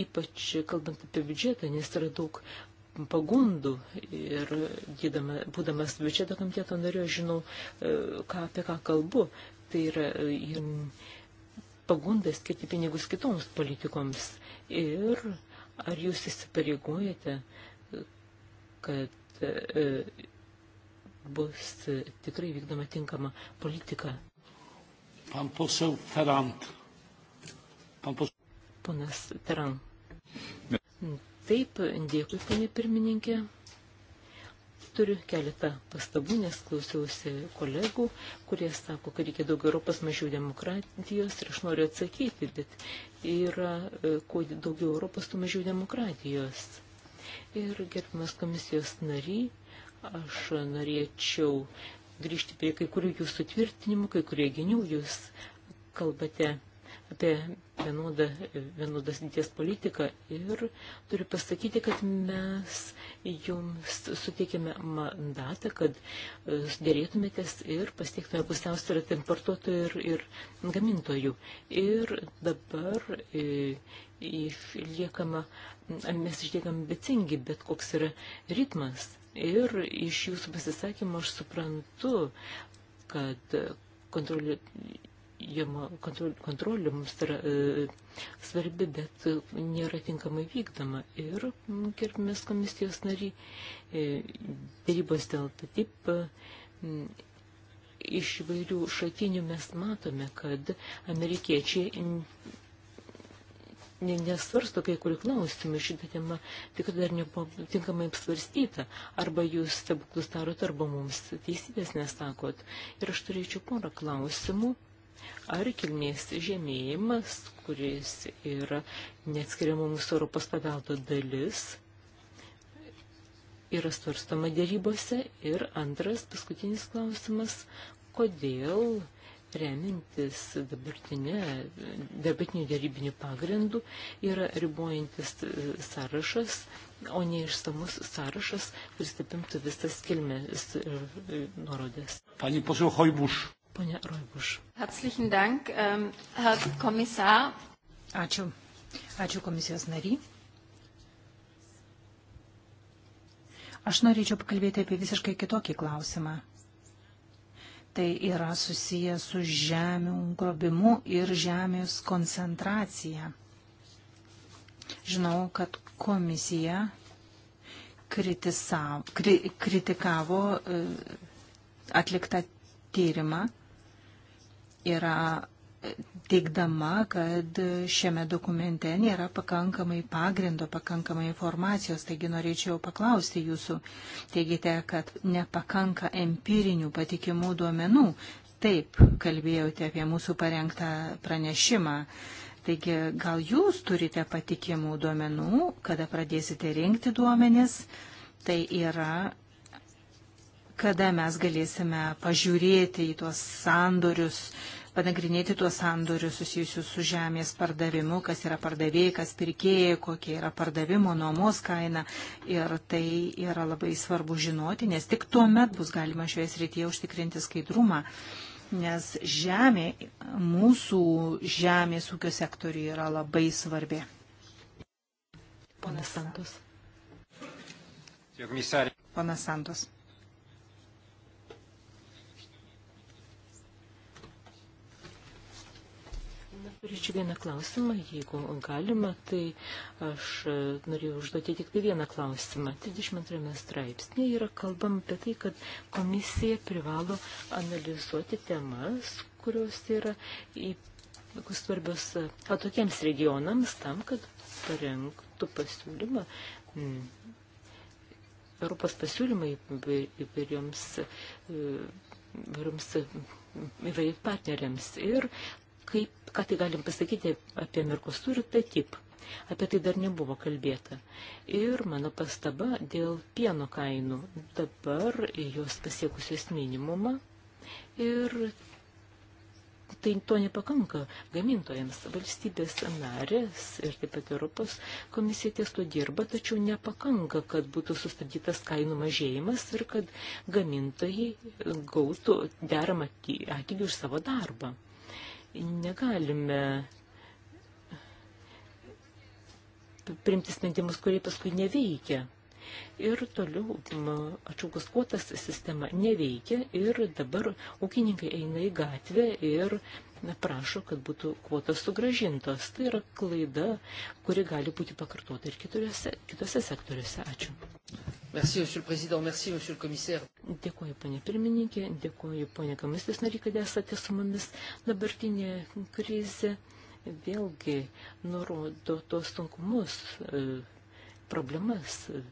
S2: ypač kalbant apie biudžetą, nes yra daug pagundų ir gydama, būdamas biudžeto komiteto nariu, žinau, e, ką, apie ką kalbu. Tai yra e, pagunda skirti pinigus kitoms politikoms. Ir ar jūs įsipareigojate, kad e, bus tikrai vykdoma tinkama politika.
S1: Pan posel Ferrand. Pan posel...
S2: Ponas Teran. Taip, dėkui, ponė pirmininkė. Turiu keletą pastabų, nes klausiausi kolegų, kurie sako, kad reikia daug Europos, mažiau demokratijos ir aš noriu atsakyti, bet yra e, kuo daugiau Europos, tuo mažiau demokratijos. Ir gerbimas komisijos nariai Aš norėčiau grįžti prie kai kurių jūsų tvirtinimų, kai kurie genių jūs kalbate apie vienodą, vienodas dėties politiką ir turiu pasakyti, kad mes jums suteikėme mandatą, kad e, dėrėtumėtės ir pasiektume pusiausvyrą tarp importuotojų ir, ir gamintojų. Ir dabar e, išliekama, mes išliekam ambicingi, bet koks yra ritmas. Ir iš jūsų pasisakymo aš suprantu, kad kontrolė kontrolė, kontrolė mums yra e, svarbi, bet nėra tinkamai vykdoma. Ir gerbimės komisijos nariai, e, dėrybos dėl taip, e, iš vairių šaltinių mes matome, kad amerikiečiai nesvarsto kai kurių klausimų. Šitą temą tikrai dar nebuvo tinkamai apsvarstyta. Arba jūs stebuklus darot, arba mums teisybės nesakot. Ir aš turėčiau porą klausimų. Ar kilmės žemėjimas, kuris yra neatskiriama mūsų Europos paveldo dalis, yra svarstama dėrybose? Ir antras, paskutinis klausimas, kodėl remintis dabartiniu dėrybiniu pagrindu yra ribojantis e, sąrašas, o ne išsamus sąrašas, kuris apimtų visas kilmės e, e, nuorodės.
S1: Pani posėl Hoibuš. Pane Roibuš.
S4: Herzlichen Dank, ähm, Herr Kommissar.
S1: Ačiū.
S3: Ačiū komisijos nariai. Aš norėčiau pakalbėti apie visiškai kitokį klausimą tai yra susiję su žemių grobimu ir žemės koncentracija. Žinau, kad komisija kritisavo, kri, kritikavo e, atliktą tyrimą. Yra teikdama, kad šiame dokumente nėra pakankamai pagrindo, pakankamai informacijos, taigi norėčiau paklausti jūsų. Teigite, kad nepakanka empirinių patikimų duomenų. Taip, kalbėjote apie mūsų parengtą pranešimą. Taigi, gal jūs turite patikimų duomenų, kada pradėsite rinkti duomenis? Tai yra kada mes galėsime pažiūrėti į tuos sandorius, uh, panagrinėti tuos sandorius susijusius su žemės pardavimu, kas yra pardavėjai, kas pirkėjai, kokia yra pardavimo nuomos kaina. Ir tai yra labai svarbu žinoti, nes tik tuo met bus galima šioje srityje užtikrinti skaidrumą. Nes žemė, mūsų žemės ūkio sektoriui yra labai svarbi. Ponas Santos. Ponas Santos.
S2: Turėčiau vieną klausimą, jeigu galima, tai aš e, norėjau užduoti tik tai vieną klausimą. 32 straipsnėje yra kalbama apie tai, kad komisija privalo analizuoti temas, kurios yra į, svarbios e, atokiems regionams tam, kad parengtų pasiūlymą. Mm, Europos pasiūlymai įvairioms įvairioms e, partneriams ir kaip ką tai galim pasakyti apie Mirkosur ir tai taip. Apie tai dar nebuvo kalbėta. Ir mano pastaba dėl pieno kainų. Dabar jos pasiekusios minimumą ir tai to nepakanka gamintojams. Valstybės narės ir taip pat Europos komisija ties to dirba, tačiau nepakanka, kad būtų sustabdytas kainų mažėjimas ir kad gamintojai gautų deramą atlygį už savo darbą negalime priimti sprendimus, kurie paskui neveikia. Ir toliau atšaukus kuotas sistema neveikia ir dabar ūkininkai eina į gatvę ir prašo, kad būtų kuotas sugražintos. Tai yra klaida, kuri gali būti pakartota ir kitose, kitose sektoriuose. Ačiū. Merci, monsieur le président, merci, monsieur le commissaire. Dėkuoju, ponė pirmininkė, dėkuoju, ponė komisijos nariai, kad esate su mumis. Dabartinė krizė vėlgi nurodo tos sunkumus, e, problemas, e,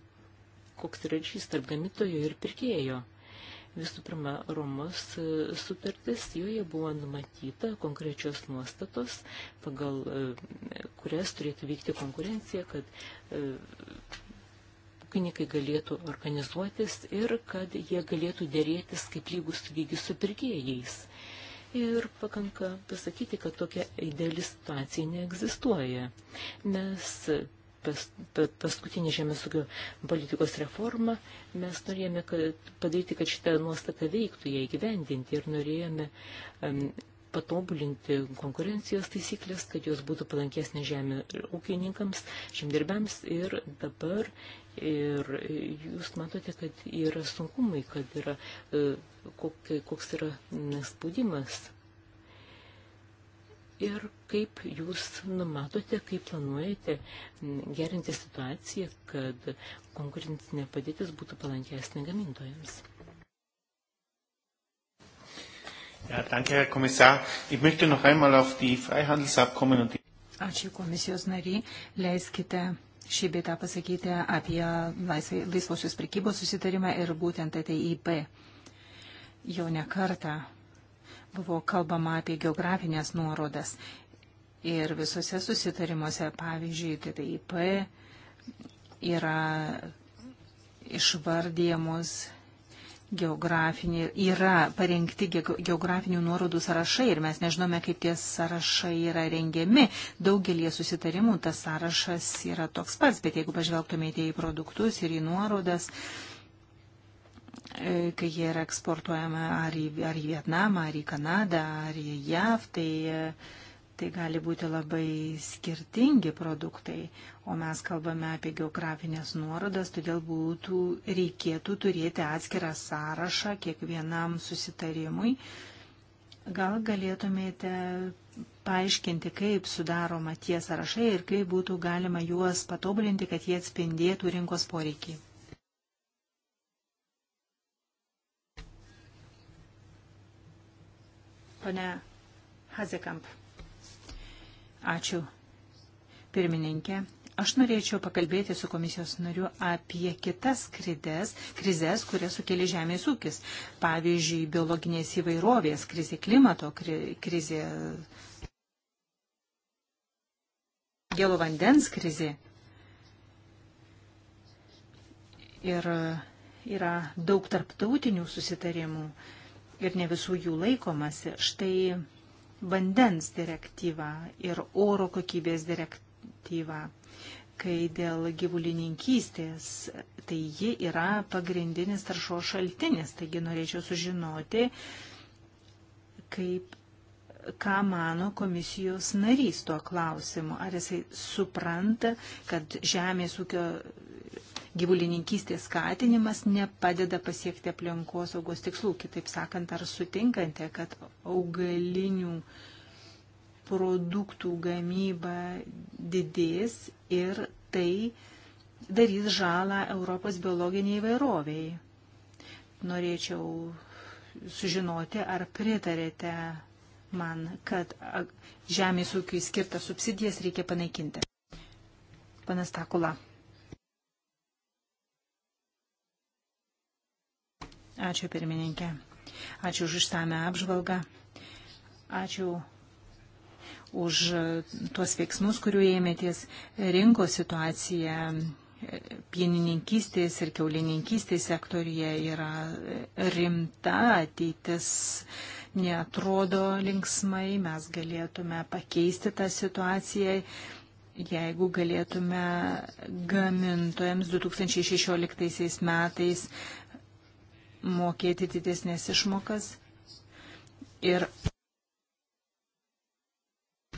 S2: koks yra ryšys tarp gamintojo ir pirkėjo. Visų pirma, Romos e, sutartis, joje buvo numatyta konkrečios nuostatos, pagal kurias turėtų vykti konkurencija, kad ūkininkai galėtų organizuotis ir kad jie galėtų dėrėtis kaip lygus lygius su pirkėjais. Ir pakanka pasakyti, kad tokia ideali situacija neegzistuoja. Mes pas, paskutinį žemės ūkio politikos reformą mes norėjome kad, padaryti, kad šitą nuostatą veiktų, ją įgyvendinti ir norėjome um, patobulinti konkurencijos taisyklės, kad jos būtų palankesnės žemė ūkininkams, žemdirbiams ir dabar Ir jūs matote, kad yra sunkumai, kad yra, e, koks yra spaudimas. Ir kaip jūs numatote, kaip planuojate gerinti situaciją, kad konkurencinė padėtis būtų palankesnė gamintojams.
S1: Ja, danke, Herr Kommissar. Ich möchte noch einmal auf die Freihandelsabkommen und die
S3: Ačiū komisijos nariai. Leiskite šį beitą pasakyti apie laisvai, laisvosios prekybos susitarimą ir būtent ATIP. Jau nekarta buvo kalbama apie geografinės nuorodas ir visose susitarimuose, pavyzdžiui, TTIP yra išvardyjamos geografinį, yra parengti geografinių nuorodų sąrašai ir mes nežinome, kaip tie sąrašai yra rengiami. Daugelie susitarimų tas sąrašas yra toks pats, bet jeigu pažvelgtumėte į produktus ir į nuorodas, e, kai jie yra eksportuojama ar į, ar į Vietnamą, ar į Kanadą, ar į JAV, tai e, Tai gali būti labai skirtingi produktai, o mes kalbame apie geografinės nuorodas, todėl būtų, reikėtų turėti atskirą sąrašą kiekvienam susitarimui. Gal galėtumėte paaiškinti, kaip sudaroma tie sąrašai ir kaip būtų galima juos patobulinti, kad jie atspindėtų rinkos poreikį. Pane Hazekamp. Ačiū. Pirmininkė, aš norėčiau pakalbėti su komisijos nariu apie kitas krizės, krizės kurias sukėlė žemės ūkis. Pavyzdžiui, biologinės įvairovės krizė, klimato krizė, gėlo vandens krizė. Ir yra daug tarptautinių susitarimų ir ne visų jų laikomasi. Štai vandens direktyvą ir oro kokybės direktyvą. Kai dėl gyvulininkystės, tai ji yra pagrindinis taršos šaltinis. Taigi norėčiau sužinoti, kaip ką mano komisijos narys tuo klausimu. Ar jisai supranta, kad žemės ūkio gyvulininkystės skatinimas nepadeda pasiekti aplinkosaugos tikslų. Kitaip sakant, ar sutinkate, kad augalinių produktų gamyba didės ir tai darys žalą Europos biologiniai įvairoviai. Norėčiau sužinoti, ar pritarėte man, kad žemės ūkiui skirtą subsidijas reikia panaikinti. Panas Takula. Ačiū pirmininkė. Ačiū už išsame apžvalgą. Ačiū už tuos veiksmus, kurių ėmėtės rinkos situacija pienininkystės ir keulininkystės sektorija yra rimta, ateitis netrodo linksmai, mes galėtume pakeisti tą situaciją, jeigu galėtume gamintojams 2016 metais mokėti didesnės išmokas ir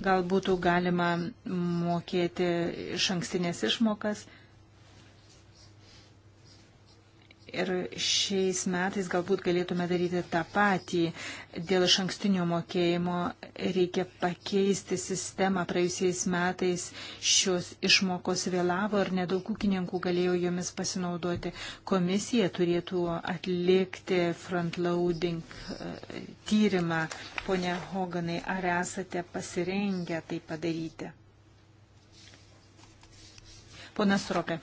S3: gal būtų galima mokėti iš ankstinės išmokas Ir šiais metais galbūt galėtume daryti tą patį. Dėl iš ankstinio mokėjimo reikia pakeisti sistemą. Praėjusiais metais šios išmokos vėlavo ir nedaug ūkininkų galėjo jomis pasinaudoti. Komisija turėtų atlikti frontloading e, tyrimą. Pone Hoganai, ar esate pasirengę tai padaryti? Ponas Ropė.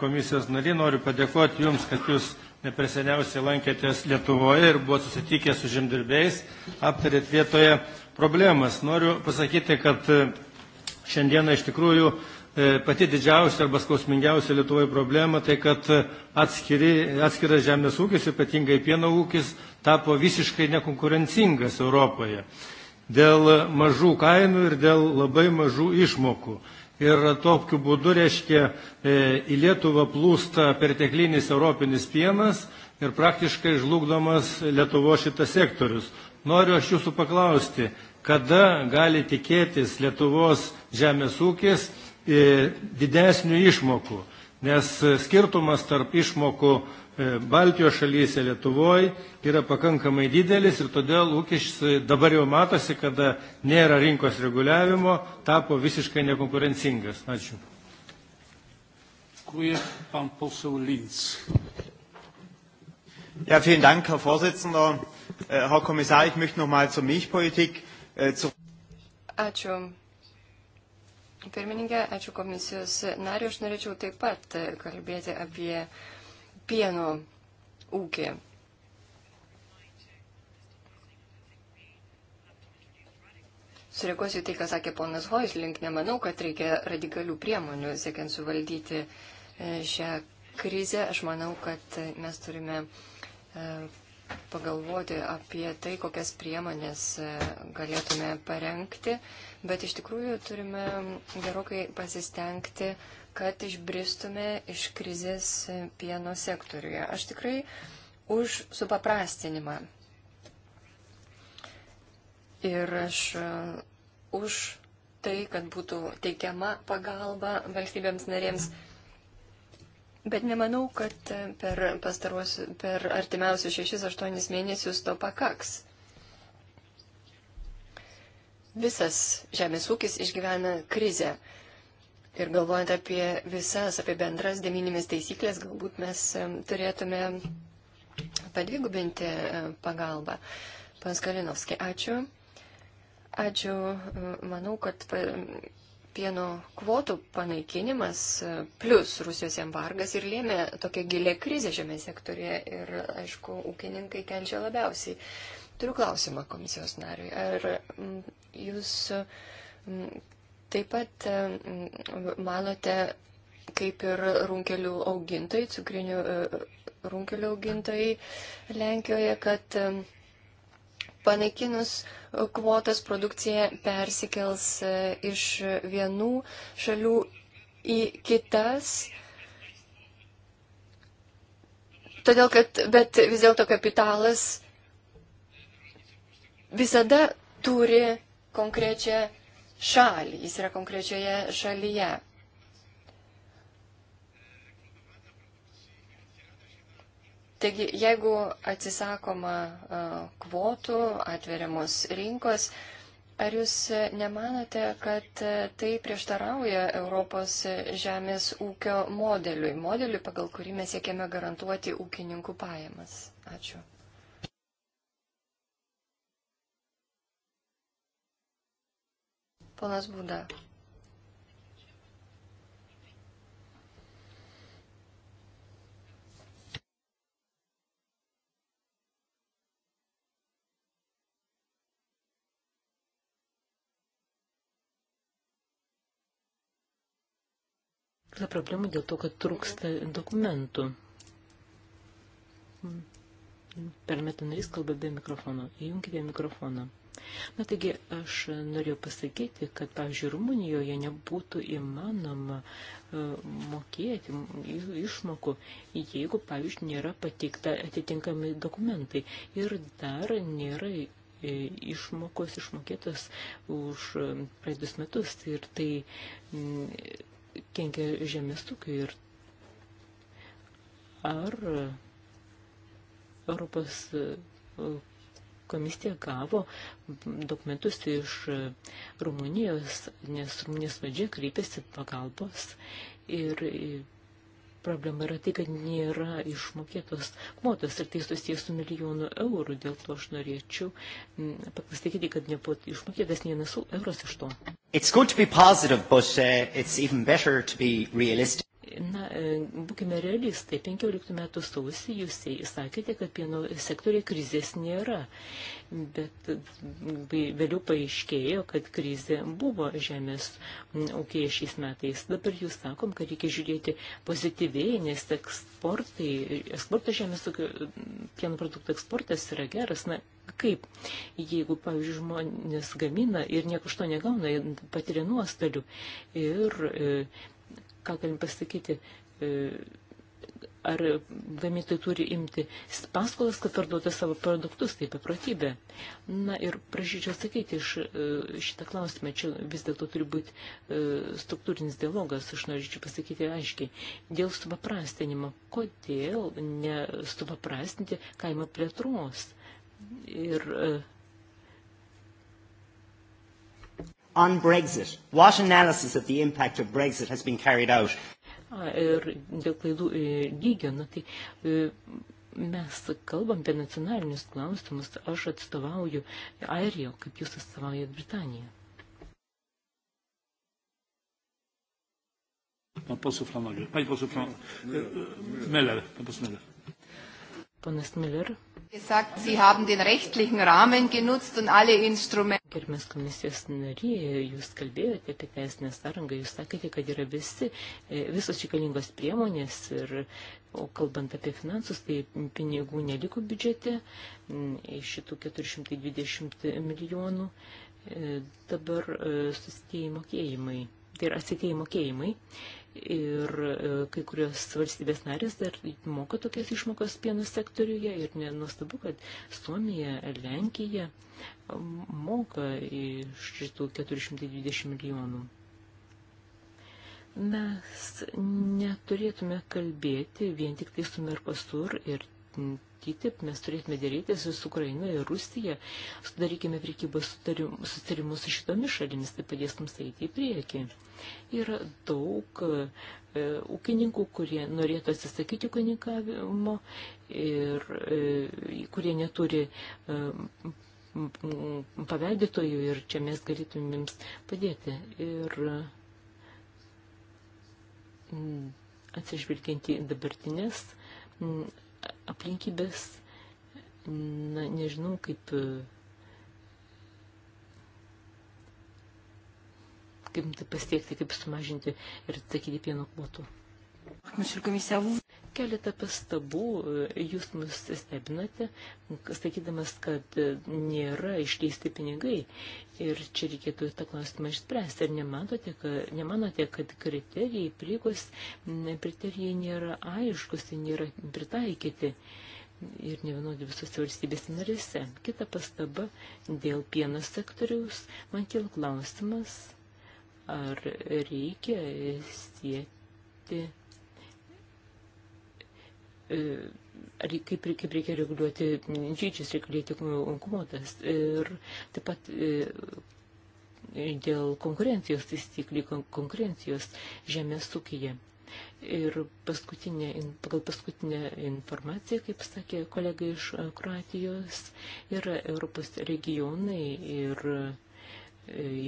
S1: Komisijos nariai, noriu padėkoti Jums, kad Jūs nepreseniausiai lankėtės Lietuvoje ir buvo susitikę su žemdirbėjais, aptarėt vietoje problemas. Noriu pasakyti, kad e, šiandieną iš tikrųjų e, pati didžiausia arba skausmingiausia Lietuvoje problema tai, kad e, atskiri, atskiras žemės ūkis, ypatingai pieno ūkis, tapo visiškai nekonkurencingas Europoje dėl mažų kainų ir dėl labai mažų išmokų. Ir tokiu būdu, reiškia, e, į Lietuvą plūsta perteklinis europinis pienas ir praktiškai žlugdomas Lietuvo šitas sektorius. Noriu aš jūsų paklausti, kada gali tikėtis Lietuvos žemės ūkis e, didesnių išmokų, nes skirtumas tarp išmokų E, Baltijos šalyse Lietuvoje yra pakankamai didelis ir todėl lūkesčiai e, dabar jau matosi, kada nėra rinkos reguliavimo, tapo visiškai nekonkurencingas. Ačiū. Ja, vielen Dank, Herr Vorsitzender. Äh, Herr Kommissar, ich möchte noch mal zur Milchpolitik äh, zu.
S4: Ačiū. Pirmininkė, ačiū komisijos nariu. Aš norėčiau taip pat äh, kalbėti apie uh, pieno ūkį. Sureaguosiu tai, ką sakė ponas Hoislink, nemanau, kad reikia radikalių priemonių, siekiant suvaldyti e, šią krizę. Aš manau, kad mes turime e, pagalvoti apie tai, kokias priemonės e, galėtume parengti, bet iš tikrųjų turime gerokai pasistengti kad išbristume iš krizės pieno sektoriuje. Aš tikrai už supaprastinimą. Ir aš uh, už tai, kad būtų teikiama pagalba valstybėms narėms. Bet nemanau, kad uh, per, pastaruos, per artimiausius 6-8 mėnesius to pakaks. Visas žemės ūkis išgyvena krizę. Ir galvojant apie visas, apie bendras devynimis taisyklės, galbūt mes turėtume padvigubinti e, pagalbą. Pans Kalinovski, ačiū. Ačiū. E, manau, kad e, pieno kvotų panaikinimas plus Rusijos embargas ir lėmė tokia gilė krizė šiame sektorėje ir, aišku, ūkininkai kenčia labiausiai. Turiu klausimą komisijos nariui. Ar jūs Taip pat manote, kaip ir runkelių augintojai, cukrinių e, runkelių augintojai Lenkijoje, kad panaikinus kvotas produkcija persikels e, iš vienų šalių į kitas. Todėl, kad, bet vis dėlto kapitalas visada turi konkrečią šalį, jis yra konkrečioje šalyje. Taigi, jeigu atsisakoma kvotų, atveriamos rinkos, ar jūs nemanote, kad tai prieštarauja Europos žemės ūkio modeliui, modeliui, pagal kurį mes siekiame garantuoti ūkininkų pajamas? Ačiū. Ponas Būda.
S2: Yra problemų dėl to, kad trūksta dokumentų. Per metanais kalba be mikrofono. Įjunkite mikrofoną. Na taigi, aš norėjau pasakyti, kad, pavyzdžiui, Rumunijoje nebūtų įmanoma e, mokėti išmokų, jeigu, pavyzdžiui, nėra pateikta atitinkami dokumentai ir dar nėra e, išmokos išmokėtos už praeitus metus ir tai mm, kenkia žemės tūkiui ir ar Europos e, komisija gavo dokumentus iš Rumunijos, nes Rumunijos valdžia kreipėsi pagalbos ir problema yra tai, kad nėra išmokėtos kvotos ir tai susijęs su milijonu eurų, dėl to aš norėčiau pasakyti, kad nebuvo išmokėtas nei vienas euros iš to.
S4: It's good to be positive, but uh, it's even
S1: better to be realistic.
S2: Na, e, būkime realistai, 15 metų sausį jūs sakėte, kad pieno sektorė krizės nėra, bet vėliau paaiškėjo, kad krizė buvo žemės ūkėje šiais metais. Dabar jūs sakom, kad reikia žiūrėti pozityviai, nes eksportai, eksportas žemės ūkio, pieno produktų eksportas yra geras. Na, kaip, jeigu, pavyzdžiui, žmonės gamina ir nieko iš to negauna, patiria nuostolių ir e, ką galim pasakyti, e, ar gamintojai turi imti paskolas, kad parduotų savo produktus, tai paprotybė. Na ir prašyčiau atsakyti iš e, šitą klausimą, čia vis dėlto turi būti e, struktūrinis dialogas, aš norėčiau pasakyti aiškiai, dėl supaprastinimo, kodėl nesupaprastinti kaimo plėtros ir uh,
S1: on Brexit? What analysis of the impact of Brexit has been carried out?
S2: Ir dėl klaidų e, lygio, na tai e, mes kalbam apie nacionalinius klausimus, aš atstovauju Airiją, kaip jūs atstovaujat Britaniją.
S1: Pan poseł Flanagan. Pani poseł Flanagan. E, Miller. Pan poseł Miller.
S2: Pan jest Miller.
S4: Gesagt, Sie haben den rechtlichen Rahmen genutzt und alle
S2: Instrumente. Gerbiamas komisijos nariai, jūs kalbėjote apie teisinę sąrangą, jūs sakėte, kad yra visi, e, visos reikalingos priemonės ir, o kalbant apie finansus, tai pinigų neliko biudžete iš šitų 420 milijonų e, dabar e, susitėjai mokėjimai, tai yra atsitėjai mokėjimai ir e, kai kurios valstybės narės dar moka tokias išmokas pieno sektoriuje ir nenustabu, kad Suomija, Lenkija moka iš šitų 420 milijonų. Mes neturėtume kalbėti vien tik tai su Merkosur ir TTIP, mes turėtume dėrėtis su Ukraina ir Rusija, sudarykime prekybos sutarimus su šitomis šalimis, tai padės mums eiti į priekį. Yra daug e, ūkininkų, kurie norėtų atsisakyti ūkininkavimo ir e, kurie neturi e, paveldėtojų ir čia mes galėtume jums padėti. Ir atsižvelgiant į dabartinės aplinkybės, na, nežinau, kaip, kaip tai pasiekti, kaip sumažinti ir atsakyti pieno kvotų keletą pastabų. E, jūs mus stebinate, sakydamas, kad e, nėra išleisti pinigai. Ir čia reikėtų tą klausimą išspręsti. Ar nematote, kad, nemanote, kad kriterijai, prieigos kriterijai nėra aiškus, tai nėra pritaikyti? ir nevienodi visose valstybėse narėse. Kita pastaba dėl pieno sektoriaus. Man kilo klausimas, ar reikia sieti E, kaip, kaip reikia reguliuoti dydžius, reguliuoti kvotas ir taip pat e, dėl konkurencijos taisyklių, konkurencijos žemės ūkyje. Ir paskutinė, pagal paskutinę informaciją, kaip sakė kolega iš e, Kroatijos, yra Europos regionai ir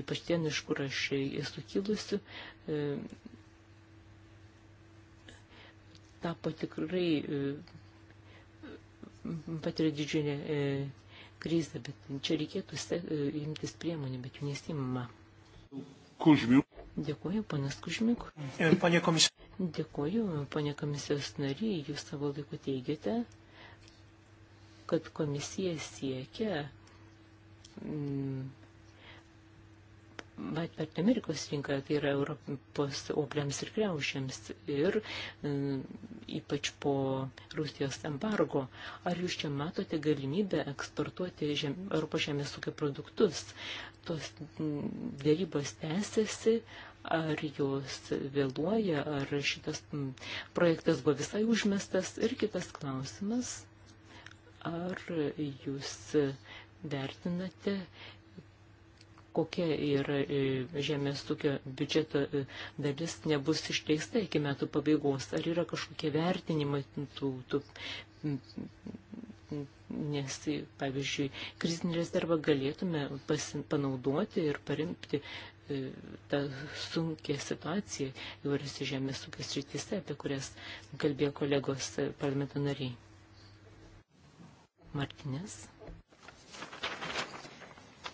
S2: ypač ten, iš kur aš esu kilusiu, tapo tikrai e, patiria didžiulę e, krizę, bet čia reikėtų e, imtis priemonių, bet jų nesimama. Kužmių. Dėkuoju, panas Kužmiuk. Pane komisijos. Dėkuoju, pane komisijos nariai, jūs savo laiku teigiate, kad komisija siekia mm, atverti Amerikos rinką, tai yra Europos obliams ir kreušiams ir mm, ypač po Rusijos embargo. Ar jūs čia matote galimybę eksportuoti žem, Europos žemės ūkio produktus? Tos mm, dėrybos tęsiasi, ar jos vėluoja, ar šitas mm, projektas buvo visai užmestas. Ir kitas klausimas, ar jūs vertinate kokia yra e, žemės ūkio biudžeto e, dalis nebus išteista iki metų pabaigos. Ar yra kažkokie vertinimai tų, tų nes, pavyzdžiui, krizinį rezervą galėtume panaudoti ir parimti e, tą sunkę situaciją įvairiose žemės ūkio srityse, apie kurias kalbėjo kolegos parlamento nariai. Martinės.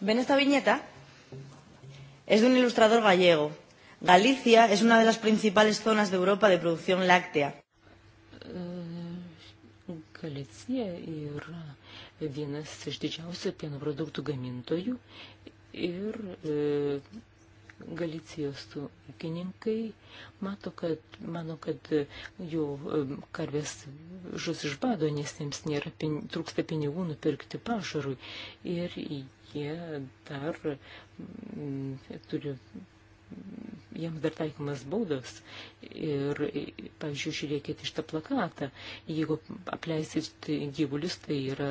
S3: ¿Ven esta viñeta? es de un ilustrador gallego. Galicia es una de las principales zonas de Europa de producción láctea.
S2: Galicija yra vienas iš didžiausių pieno produktų gamintojų ir e, Galicijos ūkininkai mato, kad, mano, kad jų karvės žus iš bado, nes jiems nėra, pin, trūksta pinigų nupirkti pašarui ir jie dar mm, turi jiems dar taikomas baudas. Ir, pavyzdžiui, žiūrėkit iš tą plakatą. Jeigu apleisit gyvulius, tai yra,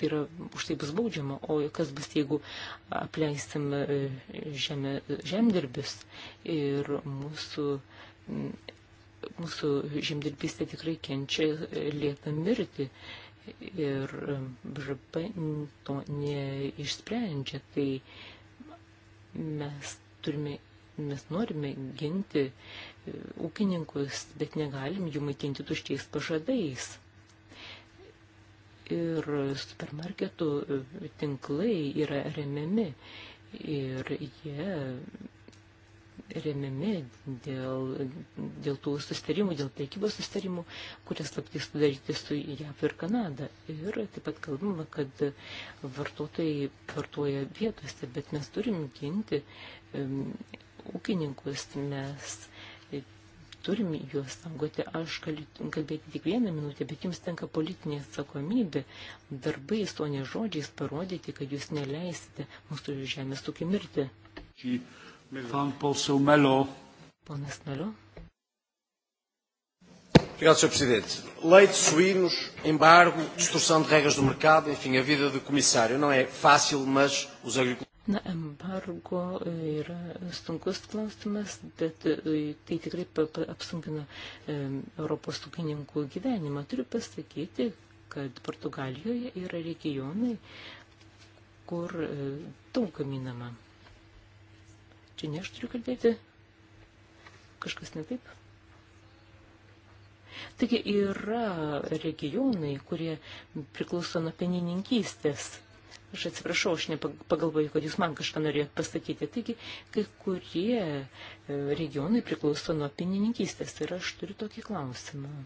S2: tai yra už tai bus baudžiama. O kas bus, jeigu apleisim e, žemė, žemdirbis ir mūsų. Mūsų žemdirbystė tikrai kenčia e, lėtą mirtį ir BŽP to neišsprendžia, tai mes turime, mes norime ginti e, ūkininkus, bet negalim jų maitinti tuščiais pažadais. Ir supermarketų e, tinklai yra remiami ir jie remiami dėl, dėl tų sustarimų, dėl priekybos sustarimų, kurie slaptai sudaryti su JAV ir Kanada. Ir taip pat kalbama, kad vartotojai vartoja vietose, bet mes turim ginti um, ūkininkus, mes turim juos saugoti. Aš galiu kalbėti tik vieną minutę, bet jums tenka politinė atsakomybė darbais, o ne žodžiais parodyti, kad jūs neleisite mūsų žemės tokį mirti.
S1: Čia Pan poseł Melo.
S2: Ponas Melo.
S1: Obrigado, Sr. Presidente. Leite, suínos, embargo, distorção de regras do mercado, enfim, a vida do comissário não é fácil, mas os agricultores.
S2: Na, embargo yra sunkus klausimas, bet tai tikrai apsunkina Europos ūkininkų gyvenimą. Turiu pasakyti, kad Portugalijoje yra e regionai, kur eh, daug gaminama Čia ne aš turiu kalbėti. Kažkas ne taip. Taigi yra regionai, kurie priklauso nuo penininkystės. Aš atsiprašau, aš nepagalvoju, kad jūs man kažką norėjot pasakyti. Taigi, kai kurie e, regionai priklauso nuo penininkystės ir aš turiu tokį klausimą.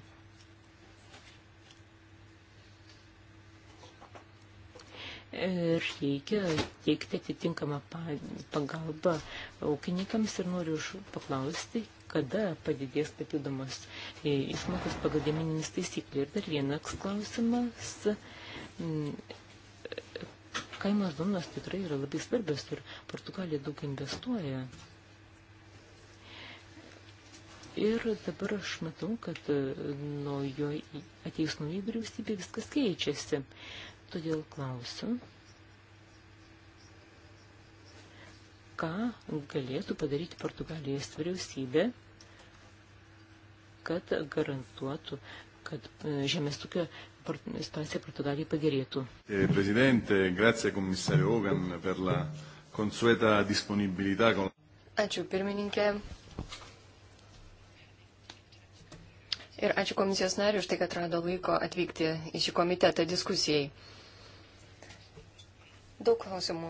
S2: reikia teikti atitinkamą pagalbą ūkininkams ir noriu paklausti, kada padidės papildomos e, išmokos pagal dėmeninis taisyklį. Ir dar vienas klausimas. Mm, kaimo zonos tikrai yra labai svarbios ir Portugalija daug investuoja. Ir dabar aš matau, kad e, naujo, ateis nauja vyriausybė, viskas keičiasi. Todėl klausim, ką galėtų padaryti Portugalijos vyriausybė, kad garantuotų, kad e, žemės ūkio situacija Portugalijai pagerėtų.
S1: Eh, Prezidente, grazie komisario Hogan per la consueta disponibilità.
S4: Ačiū pirmininkė. Ir ačiū komisijos nariu už tai, kad rado laiko atvykti į šį komitetą diskusijai. Daug klausimų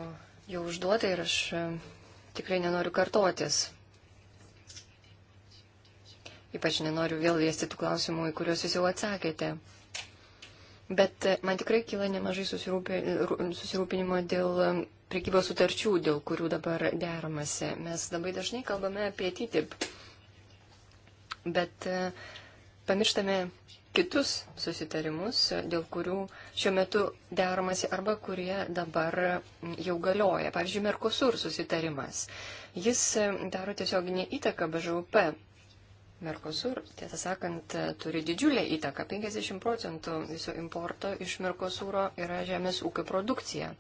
S4: jau užduota ir aš e, tikrai nenoriu kartotis. Ypač nenoriu vėl liesti tų klausimų, į kuriuos jūs jau atsakėte. Bet e, man tikrai kyla nemažai susirūpinimo dėl e, prekybos sutarčių, dėl kurių dabar deramasi. Mes labai dažnai kalbame apie TTIP, bet pamirštame kitus susitarimus, dėl kurių šiuo metu deramasi arba kurie dabar jau galioja. Pavyzdžiui, Merkosur susitarimas. Jis daro tiesioginį įtaką BŽUP. Merkosur, tiesą sakant, turi didžiulę įtaką. 50 procentų viso importo iš Merkosūro yra žemės ūkio produkcija.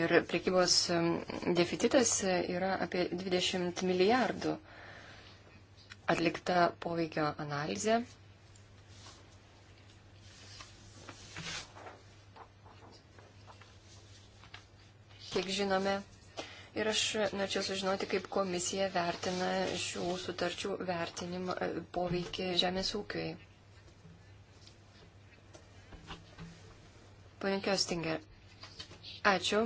S4: Ir priekybos deficitas yra apie 20 milijardų atlikta poveikio analizė. Kiek žinome, ir aš norėčiau sužinoti, kaip komisija vertina šių sutarčių vertinimą e, poveikį žemės ūkiui. Pane Kjostinger, ačiū.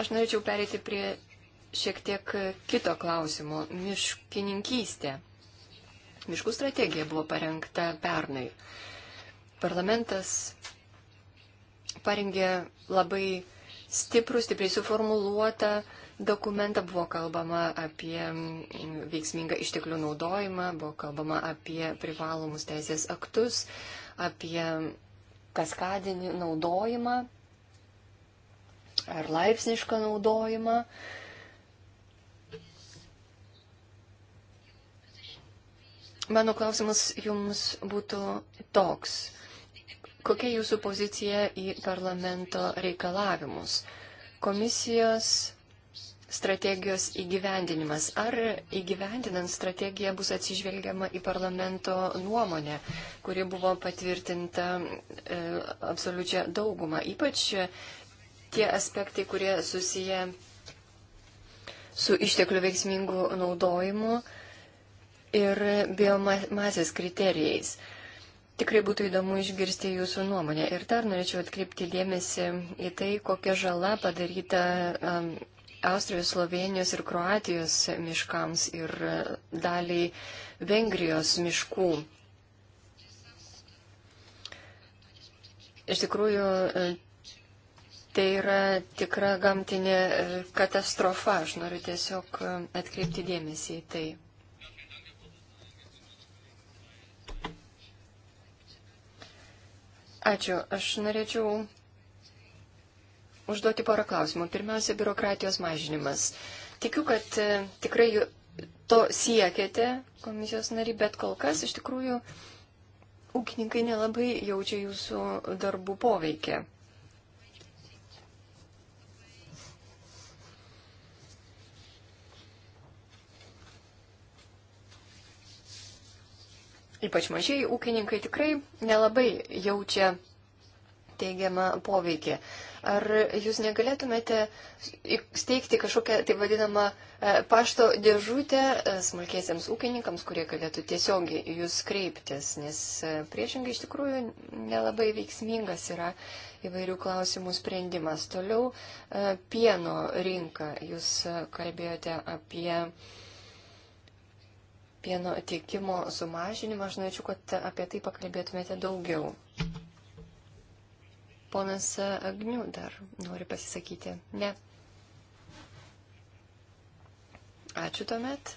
S4: Aš norėčiau pereiti prie šiek tiek kito klausimo. Miškininkystė. Miškų strategija buvo parengta pernai. Parlamentas parengė labai stiprų, stipriai suformuluotą dokumentą. Buvo kalbama apie veiksmingą išteklių naudojimą, buvo kalbama apie privalomus teisės aktus, apie kaskadinį naudojimą ar laipsnišką naudojimą. Uh, Mano klausimas jums būtų toks. Kokia jūsų pozicija į parlamento reikalavimus? Komisijos strategijos įgyvendinimas. Ar įgyvendinant strategiją bus atsižvelgiama į parlamento nuomonę, kuri buvo patvirtinta e, absoliučia dauguma, ypač tie aspektai, kurie susiję su išteklių veiksmingų naudojimu, e, ir biomasės kriterijais. Tikrai būtų įdomu išgirsti jūsų nuomonę. Ir dar norėčiau atkreipti dėmesį į tai, kokia žala padaryta um, Austrijos, Slovenijos ir Kroatijos miškams ir uh, daliai Vengrijos miškų. Iš tikrųjų, uh, tai yra tikra gamtinė uh, katastrofa. Aš noriu tiesiog atkreipti dėmesį į tai. Ačiū. Aš norėčiau užduoti porą klausimų. Pirmiausia, biurokratijos mažinimas. Tikiu, kad e, tikrai to siekėte, komisijos nari, bet kol kas iš tikrųjų ūkininkai nelabai jaučia jūsų darbų poveikį. ypač mažiai ūkininkai, tikrai nelabai jaučia teigiamą poveikį. Ar jūs negalėtumėte steigti kažkokią, tai vadinamą, e, pašto dėžutę e, smulkėsiams ūkininkams, kurie galėtų tiesiogiai jūs kreiptis, nes e, priešingai iš tikrųjų nelabai veiksmingas yra įvairių klausimų sprendimas. Toliau pieno rinka. Jūs kalbėjote apie pieno tiekimo sumažinimą, aš norėčiau, kad apie tai pakalbėtumėte daugiau. Ponas Agnių dar nori pasisakyti. Ne. Ačiū tuomet.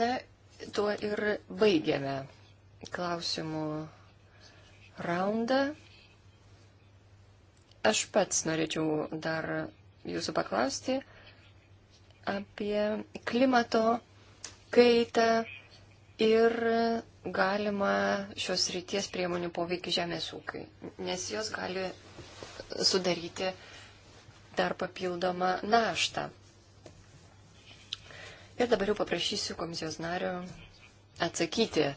S4: Na, tuo ir baigiame klausimų raundą. Aš pats norėčiau dar jūsų paklausti, apie klimato kaitą ir galima šios ryties priemonių poveikį žemės ūkiui, nes jos gali sudaryti dar papildomą naštą. Ir dabar jau paprašysiu komisijos nario atsakyti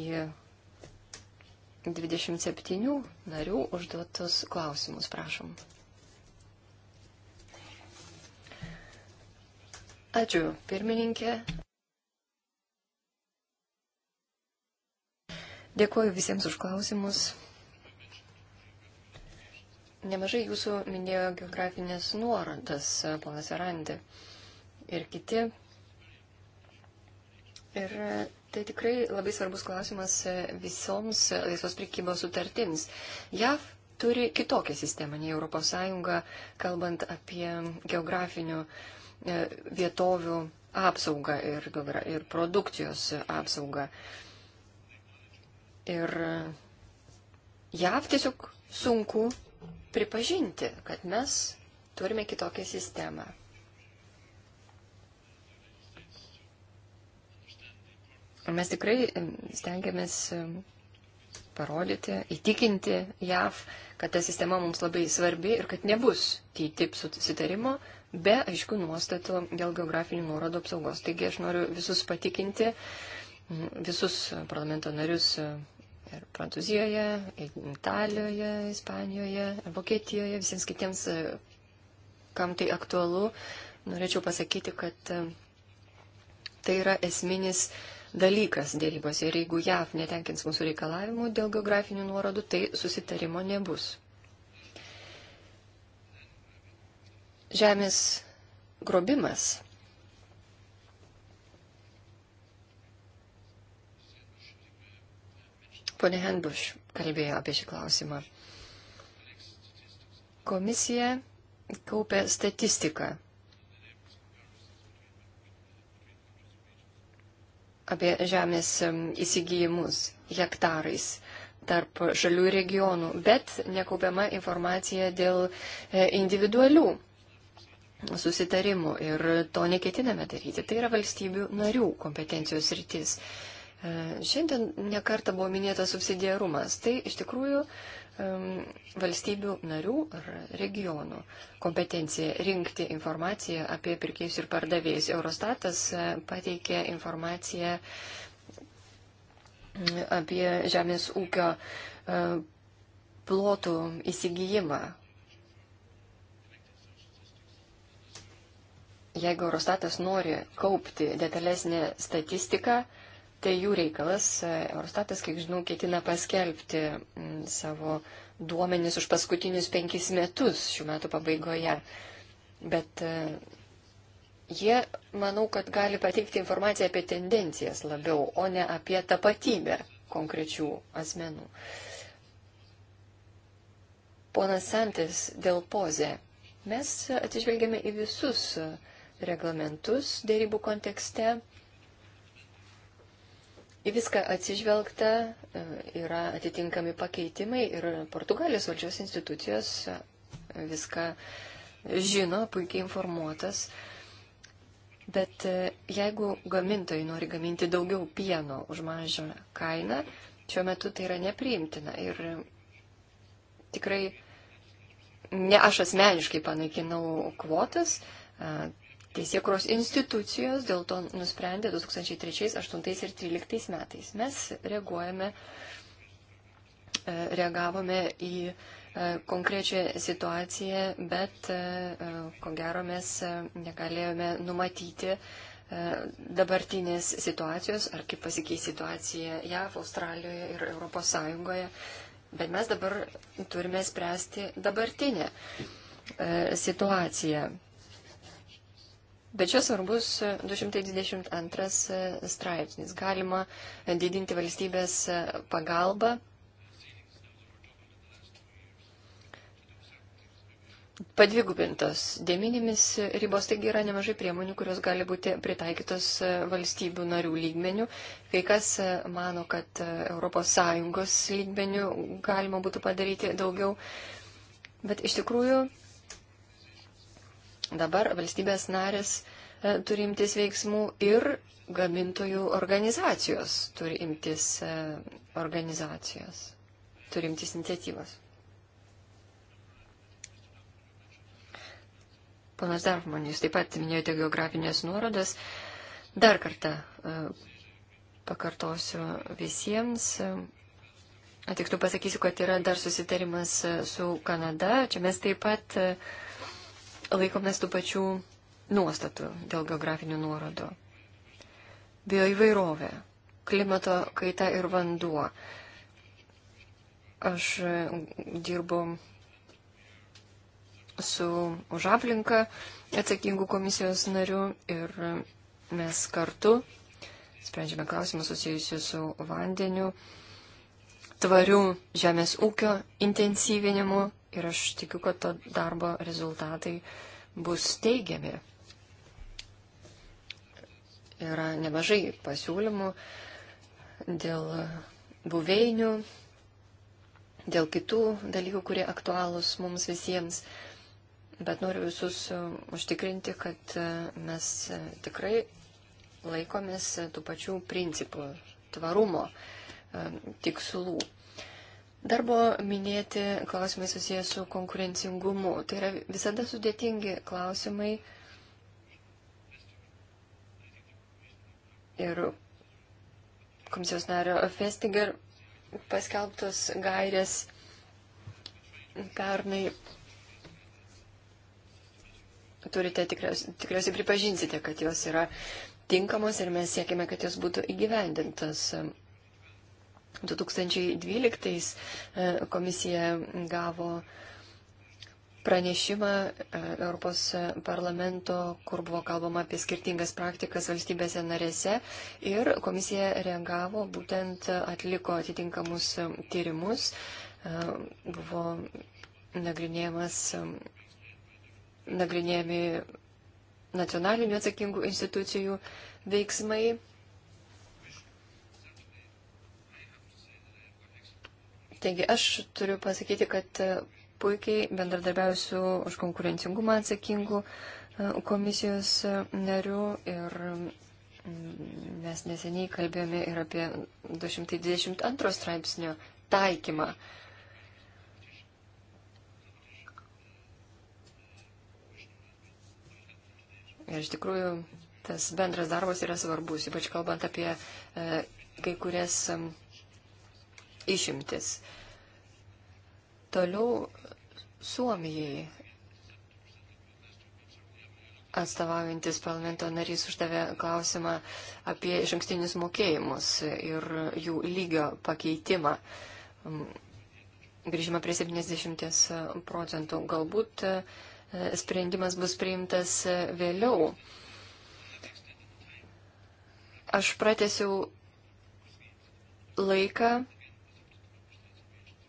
S4: į 27 narių užduotus klausimus. Prašom. Ačiū, pirmininkė. Dėkuoju visiems už klausimus. Nemažai jūsų minėjo geografinės nuorodas, ponas Erandi ir kiti. Ir tai tikrai labai svarbus klausimas visoms laisvos prikybos sutartims. JAV turi kitokią sistemą nei ES, kalbant apie geografinių uh, E, vietovių apsaugą ir, ir produkcijos apsaugą. Ir jav tiesiog sunku pripažinti, kad mes turime kitokią sistemą. Mes tikrai stengiamės parodyti, įtikinti JAV, kad ta sistema mums labai svarbi ir kad nebus TTIP susitarimo, be aiškių nuostatų dėl geografinių nuorodų apsaugos. Taigi aš noriu visus patikinti, visus parlamento narius ir Prancūzijoje, ir Italijoje, Ispanijoje, Vokietijoje, visiems kitiems, kam tai aktualu, norėčiau pasakyti, kad tai yra esminis dalykas dėrybose. Ir jeigu JAV netenkins mūsų reikalavimų dėl geografinių nuorodų, tai susitarimo nebus. žemės grobimas Pone Henbuš kalbėjo apie šį klausimą. Komisija kaupė statistiką apie žemės įsigijimus hektarais tarp šalių regionų, bet nekaupiama informacija dėl e, individualių susitarimų ir to neketiname daryti. Tai yra valstybių narių kompetencijos rytis. E, šiandien nekarta buvo minėtas subsidiarumas. Tai iš tikrųjų valstybių narių ar regionų kompetencija rinkti informaciją apie pirkėjus ir pardavėjus. Eurostatas e, pateikė informaciją apie žemės ūkio e, plotų įsigijimą Jeigu Eurostatas nori kaupti detalesnę statistiką, tai jų reikalas. E, Eurostatas, kiek žinau, ketina paskelbti mm, savo duomenis už paskutinius penkis metus šių metų pabaigoje. Bet e, jie, manau, kad gali pateikti informaciją apie tendencijas labiau, o ne apie tapatybę konkrečių asmenų. Ponas Santis dėl pozė. Mes atižvelgiame į visus reglamentus dėrybų kontekste. Į viską atsižvelgta e, yra atitinkami pakeitimai ir Portugalijos valdžios institucijos e, viską žino, puikiai informuotas. Bet e, jeigu gamintojai nori gaminti daugiau pieno už mažą kainą, šiuo metu tai yra nepriimtina. Ir tikrai ne aš asmeniškai panaikinau kvotas, teisėkros institucijos dėl to nusprendė 2003, 2008 ir 2013 metais. Mes reaguojame, e, reagavome į e, konkrečią situaciją, bet e, ko gero mes negalėjome numatyti dabartinės situacijos ar kaip pasikeis situacija JAV, Australijoje ir Europos Sąjungoje. Bet mes dabar turime spręsti dabartinę situaciją. Bet čia svarbus 222 e, straipsnis. Galima didinti valstybės e, pagalbą. Padvigubintos dėminimis ribos, taigi yra nemažai priemonių, kurios gali būti pritaikytos e, valstybių narių lygmenių. Kai kas mano, kad ES lygmenių galima būtų padaryti daugiau, bet iš tikrųjų Dabar valstybės narės e, turi imtis veiksmų ir gamintojų organizacijos turi imtis e, organizacijos, turi imtis iniciatyvos. Panas Darfman, jūs taip pat minėjote geografinės nuorodas. Dar kartą e, pakartosiu visiems. Tik tu pasakysiu, kad yra dar susitarimas su Kanada. Čia mes taip pat uh, laikomės tų pačių nuostatų dėl geografinių nuorodų. Bioįvairovė, klimato kaita ir vanduo. Aš dirbu su už aplinką atsakingų komisijos nariu ir mes kartu sprendžiame klausimus susijusius su vandeniu, tvariu žemės ūkio intensyvinimu, ir aš tikiu, kad to darbo rezultatai bus teigiami. Yra nemažai pasiūlymų dėl buveinių, dėl kitų dalykų, kurie aktualūs mums visiems. Bet noriu visus e, užtikrinti, kad e, mes e, tikrai laikomės tų pačių principų tvarumo tikslų. Dar buvo minėti klausimai susijęs su konkurencingumu. Tai yra visada sudėtingi klausimai. Ir komisijos nario Festiger paskelbtos gairės pernai turite tikriausiai, tikriausiai pripažinsite, kad jos yra tinkamos ir mes siekime, kad jos būtų įgyvendintas. 2012 e, komisija gavo pranešimą e, Europos parlamento, kur buvo kalbama apie skirtingas praktikas valstybėse narėse ir komisija reagavo, būtent atliko atitinkamus tyrimus, e, buvo nagrinėjamas, nagrinėjami nacionalinių atsakingų institucijų veiksmai Taigi aš turiu pasakyti, kad e, puikiai bendradarbiauju su už konkurencingumą atsakingu e, komisijos e, nariu ir mm, mes neseniai kalbėjome ir apie 222 straipsnio taikymą. Ir iš tikrųjų tas bendras darbas yra svarbus, ypač kalbant apie e, kai kurias. E, išimtis. Toliau Suomijai atstovaujantis parlamento narys uždavė klausimą apie žingsninius mokėjimus ir jų lygio pakeitimą. Mm, grįžimą prie 70 procentų. Galbūt e, sprendimas bus priimtas e, vėliau. Aš pratesiu laiką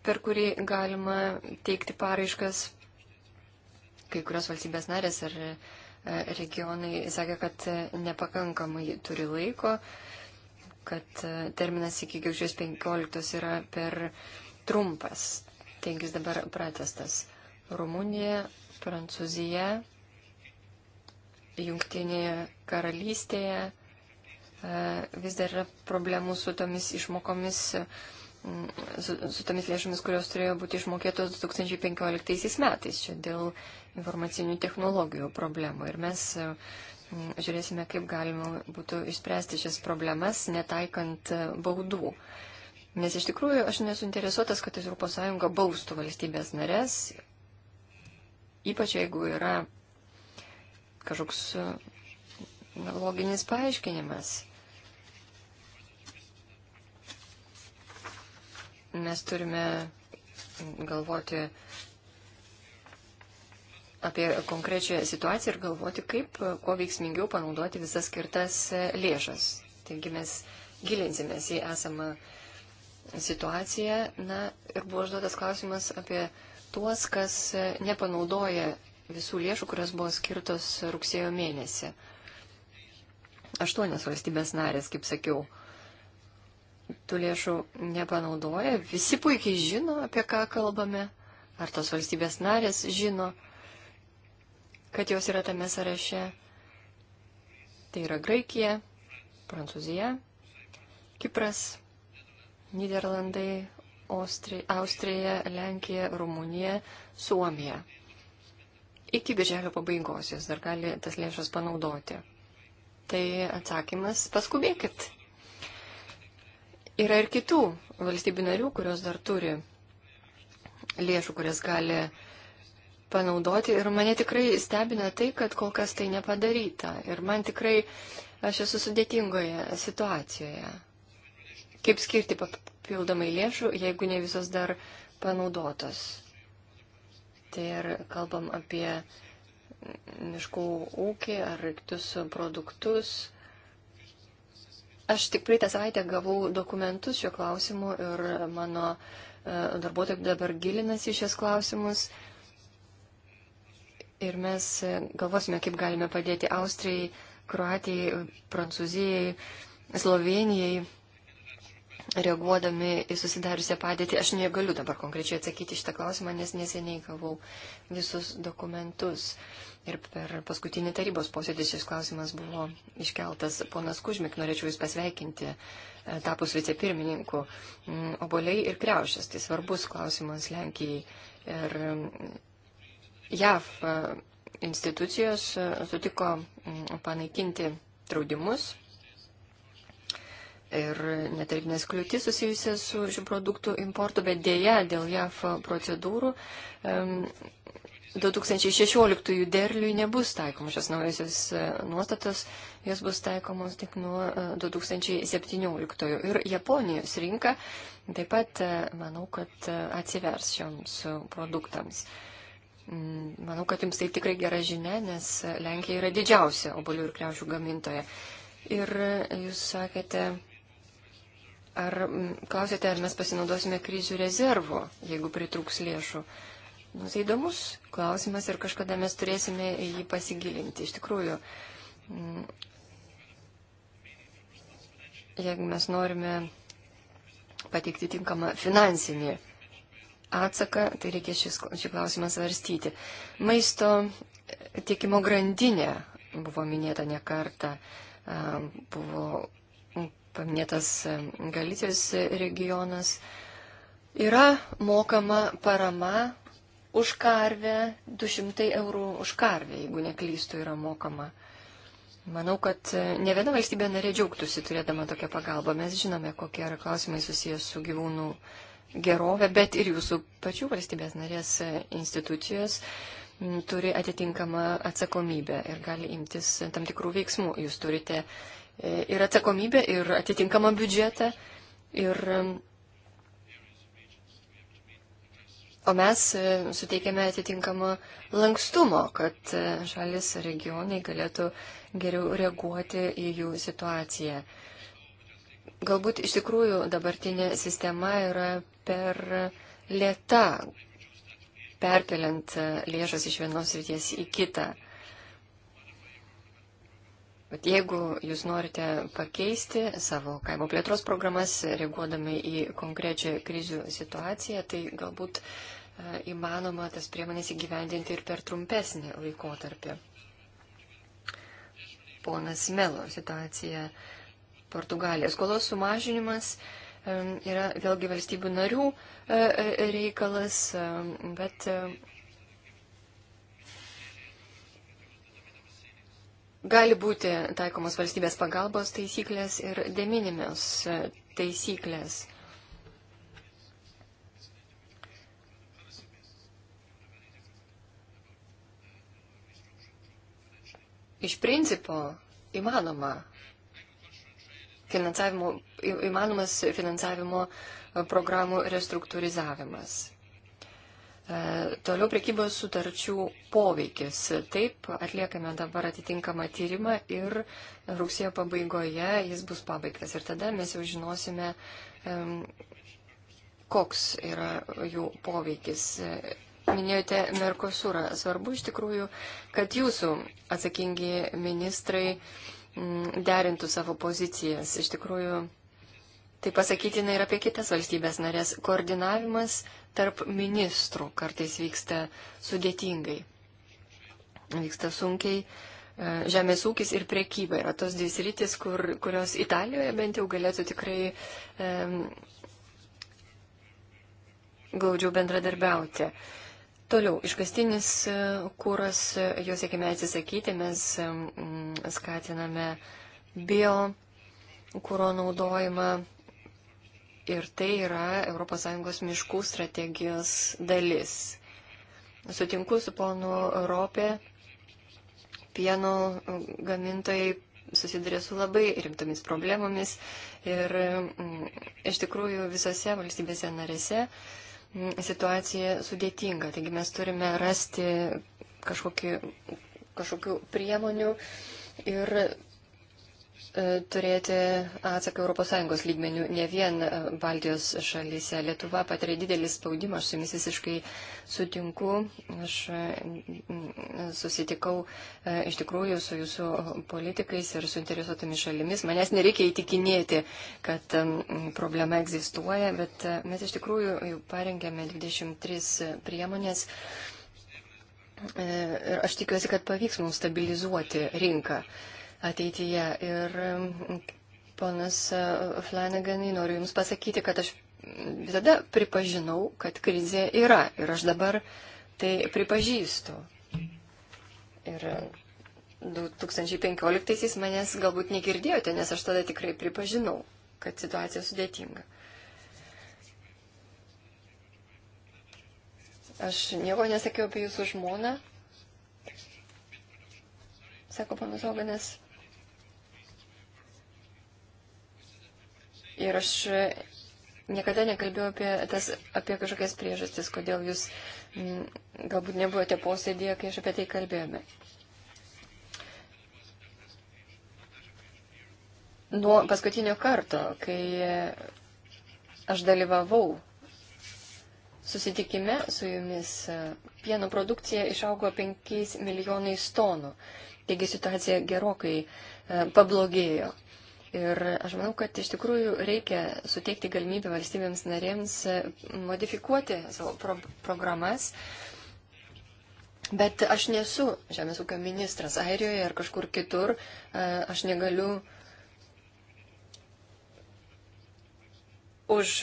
S4: per kurį galima teikti paraiškas. Kai kurios valstybės narės ar e, regionai sakė, kad e, nepakankamai turi laiko, kad e, terminas iki gegužės 15 yra per trumpas. Tenkis dabar pratestas. Rumunija, Prancūzija, Junktinėje karalystėje vis dar yra problemų su tomis išmokomis Mm, su, su tomis lėšomis, kurios turėjo būti išmokėtos 2015 metais, čia dėl informacinių technologijų problemų. Ir mes mm, žiūrėsime, kaip galima būtų išspręsti šias problemas, netaikant e, baudų. Nes iš tikrųjų aš nesu interesuotas, kad ES baustų valstybės narės, ypač jeigu yra kažkoks e, loginis paaiškinimas. mes turime galvoti apie konkrečią situaciją ir galvoti, kaip kuo veiksmingiau panaudoti visas skirtas lėšas. Taigi mes gilinsimės į esamą situaciją. Na ir buvo užduotas klausimas apie tuos, kas nepanaudoja visų lėšų, kurios buvo skirtos rugsėjo mėnesį. Aštuonios valstybės narės, kaip sakiau, tų lėšų nepanaudoja. Visi puikiai žino, apie ką kalbame. Ar tos valstybės narės žino, kad jos yra tame sąraše. Tai yra Graikija, Prancūzija, Kipras, Niderlandai, Austri, Austrija, Lenkija, Rumunija, Suomija. Iki birželio pabaigos jos dar gali tas lėšas panaudoti. Tai atsakymas - paskubėkit. Yra ir kitų valstybių narių, kurios dar turi lėšų, kurias gali panaudoti. Ir mane tikrai stebina tai, kad kol kas tai nepadaryta. Ir man tikrai aš esu sudėtingoje situacijoje. Kaip skirti papildomai lėšų, jeigu ne visos dar panaudotos. Tai ir kalbam apie miškų ūkį ar kitus produktus Aš tik praeitą savaitę gavau dokumentus šiuo klausimu ir mano e, darbuotojai dabar gilinasi šias klausimus. Ir mes e, galvosime, kaip galime padėti Austrijai, Kroatijai, Prancūzijai, Slovenijai, reaguodami į susidariusią padėtį. Aš negaliu dabar konkrečiai atsakyti šitą klausimą, nes neseniai gavau visus dokumentus. Ir per paskutinį tarybos posėdį šis klausimas buvo iškeltas. Ponas Kužmik, norėčiau Jūs pasveikinti e, tapus vicepirmininku. Mm, oboliai ir kreušės, tai svarbus klausimas Lenkijai. Ir mm, JAV e, institucijos e, sutiko mm, panaikinti draudimus ir netarpinės kliūtis susijusias su šių produktų importu, bet dėja dėl JAF procedūrų 2016 derliui nebus taikomos šios naujosios e, nuostatos, jos bus taikomos tik nuo 2017. E, ir Japonijos rinka taip pat, e, manau, kad atsivers šioms produktams. Mm, manau, kad jums tai tikrai gera žinia, nes Lenkija yra didžiausia obolių ir kliaušių gamintoja. Ir jūs sakėte, ar klausėte, ar mes pasinaudosime krizių rezervo, jeigu pritrūks lėšų. Uh, Nu, tai įdomus klausimas ir kažkada mes turėsime jį pasigilinti. Iš tikrųjų, jeigu mes norime pateikti tinkamą finansinį atsaką, tai reikia šis, šį klausimą svarstyti. Maisto tiekimo grandinė buvo minėta ne kartą, buvo paminėtas Galicijos regionas. Yra mokama parama už karvę, 200 eurų už karvę, jeigu neklystu, yra mokama. Manau, kad e, ne viena valstybė narė džiaugtųsi turėdama tokią pagalbą. Mes žinome, kokie yra klausimai susijęs su gyvūnų gerovė, bet ir jūsų pačių valstybės narės e, institucijos turi atitinkamą atsakomybę ir gali imtis tam tikrų veiksmų. Jūs turite e, ir atsakomybę, ir atitinkamą biudžetą, ir O mes e, suteikėme atitinkamą lankstumo, kad e, šalis regionai galėtų geriau reaguoti į jų situaciją. Galbūt iš tikrųjų dabartinė sistema yra per lėta, perkeliant e, lėšas iš vienos ryties į kitą. Bet jeigu jūs norite pakeisti savo kaimo plėtros programas, reaguodami į konkrečią krizių situaciją, tai galbūt uh, įmanoma tas priemonės įgyvendinti ir per trumpesnį laikotarpį. Ponas Melo situacija Portugalija. Skolos sumažinimas yra vėlgi valstybių narių e, e, reikalas, bet gali būti taikomas valstybės pagalbos taisyklės ir deminimės e, taisyklės. iš principo įmanoma finansavimo, įmanomas finansavimo e, programų restruktūrizavimas. E, toliau prekybos sutarčių poveikis. Taip, atliekame dabar atitinkamą tyrimą ir rugsėjo pabaigoje jis bus pabaigtas. Ir tada mes jau žinosime, koks yra jų poveikis minėjote Merkosurą. Svarbu iš tikrųjų, kad jūsų atsakingi ministrai mm, derintų savo pozicijas. Iš tikrųjų, tai pasakytina ir apie kitas valstybės narės. Koordinavimas tarp ministrų kartais vyksta sudėtingai. Vyksta sunkiai. E, žemės ūkis ir priekyba yra tos dvi sritis, kur, kurios Italijoje bent jau galėtų tikrai um, e, glaudžiau bendradarbiauti. Uh, Toliau, iškastinis e, kūras, e, jo siekime atsisakyti, mes mm, skatiname bio kūro naudojimą ir tai yra ES miškų strategijos dalis. Sutinku su ponu Europė, pieno e, gamintojai susiduria su labai rimtomis problemomis ir mm, iš tikrųjų visose valstybėse narėse uh, situacija sudėtinga. Taigi mes turime rasti kažkokį, kažkokių priemonių ir E, turėti atsaką ES lygmenių, ne vien e, Baltijos šalyse. Lietuva patiria didelį spaudimą, aš su jumis visiškai sutinku. Aš e, susitikau iš tikrųjų su jūsų politikais ir suinteresuotomis šalimis. Manęs nereikia įtikinėti, kad problema egzistuoja, bet mes iš tikrųjų jau parengėme 23 priemonės. Ir aš tikiuosi, kad pavyks mums stabilizuoti rinką. Uh, ateityje. Ir ponas e, Flanaganai, noriu Jums pasakyti, kad aš visada pripažinau, kad krizė yra ir aš dabar tai pripažįstu. Ir 2015-aisiais manęs galbūt negirdėjote, nes aš tada tikrai pripažinau, kad situacija sudėtinga. Aš nieko nesakiau apie jūsų žmoną, sako panas Oganas. Ir aš e, niekada nekalbėjau apie, tas, apie kažkokias priežastis, kodėl jūs m, galbūt nebuvote posėdėje, kai aš apie tai kalbėjome. Nuo paskutinio karto, kai aš dalyvavau susitikime su jumis, e, pieno produkcija išaugo 5 milijonais tonų. Taigi situacija gerokai e, pablogėjo. Ir aš manau, kad iš tikrųjų reikia suteikti galimybę valstybėms narėms e, modifikuoti savo pro programas. Bet aš nesu žemės ūkio ministras Airijoje ar kažkur kitur. E, aš negaliu už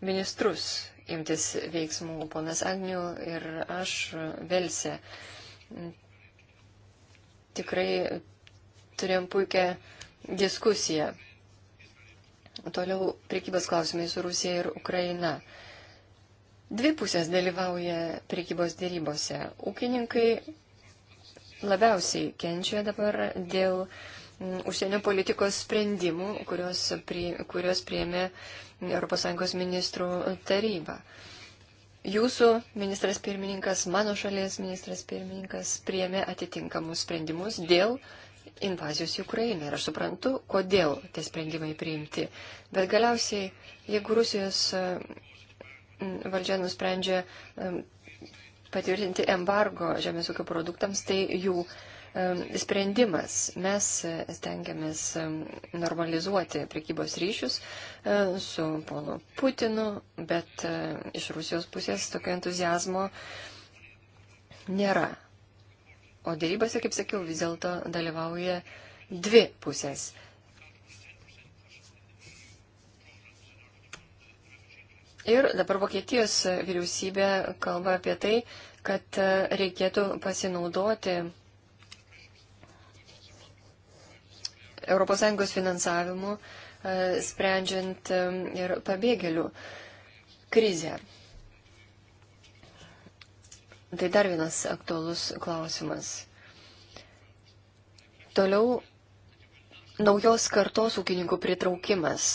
S4: ministrus imtis veiksmų. Ponas Agnių ir aš Velsė tikrai turėjom puikią diskusiją. Toliau priekybos klausimai su Rusija ir Ukraina. Dvi pusės dalyvauja priekybos dėrybose. Ūkininkai labiausiai kenčia dabar dėl mm, užsienio politikos sprendimų, kurios, prie, kurios priėmė ES ministrų taryba. Jūsų ministras pirmininkas, mano šalies ministras pirmininkas priėmė atitinkamus sprendimus dėl invazijos į Ukrainą. Ir aš suprantu, kodėl tie sprendimai priimti. Bet galiausiai, jeigu Rusijos valdžia nusprendžia patvirtinti embargo žemės ūkio produktams, tai jų sprendimas. Mes stengiamės normalizuoti prekybos ryšius e, su polu Putinu, bet e, iš Rusijos pusės tokio entuzijazmo nėra. O dėrybose, kaip sakiau, vis dėlto dalyvauja dvi pusės. Ir dabar Vokietijos vyriausybė kalba apie tai, kad reikėtų pasinaudoti ES finansavimu, e, sprendžiant e, ir pabėgėlių krizę. Tai dar vienas aktualus klausimas. Toliau naujos kartos ūkininkų pritraukimas.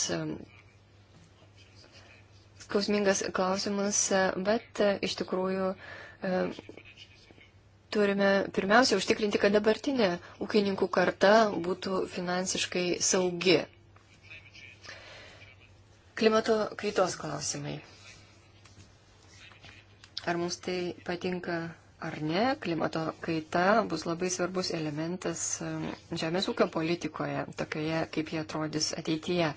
S4: Skausmingas klausimas, bet iš tikrųjų e, turime pirmiausia užtikrinti, kad dabartinė ūkininkų karta būtų finansiškai saugi. Klimato kaitos klausimai. Ar mums tai patinka ar ne, klimato kaita bus labai svarbus elementas um, žemės ūkio politikoje, tokioje, kaip jie atrodys ateityje.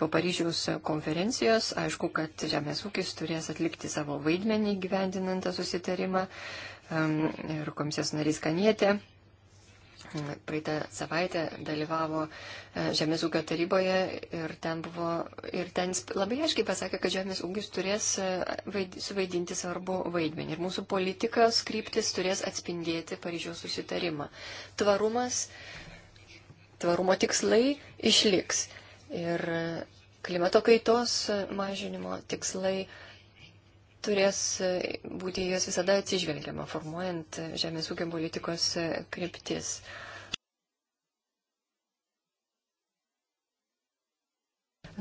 S4: Po Paryžiaus konferencijos, aišku, kad žemės ūkis turės atlikti savo vaidmenį gyvendinant tą susitarimą. Um, ir komisijos narys Kanietė praeitą savaitę dalyvavo e, Žemės ūkio taryboje ir ten, buvo, ir ten labai aiškiai pasakė, kad Žemės ūkis turės e, vaid, suvaidinti svarbu vaidmenį ir mūsų politikos kryptis turės atspindėti Paryžiaus susitarimą. Tvarumas, tvarumo tikslai išliks ir e, klimato kaitos mažinimo tikslai turės e, būti jos visada atsižvelgiama, formuojant e, žemės ūkio politikos e, kryptis.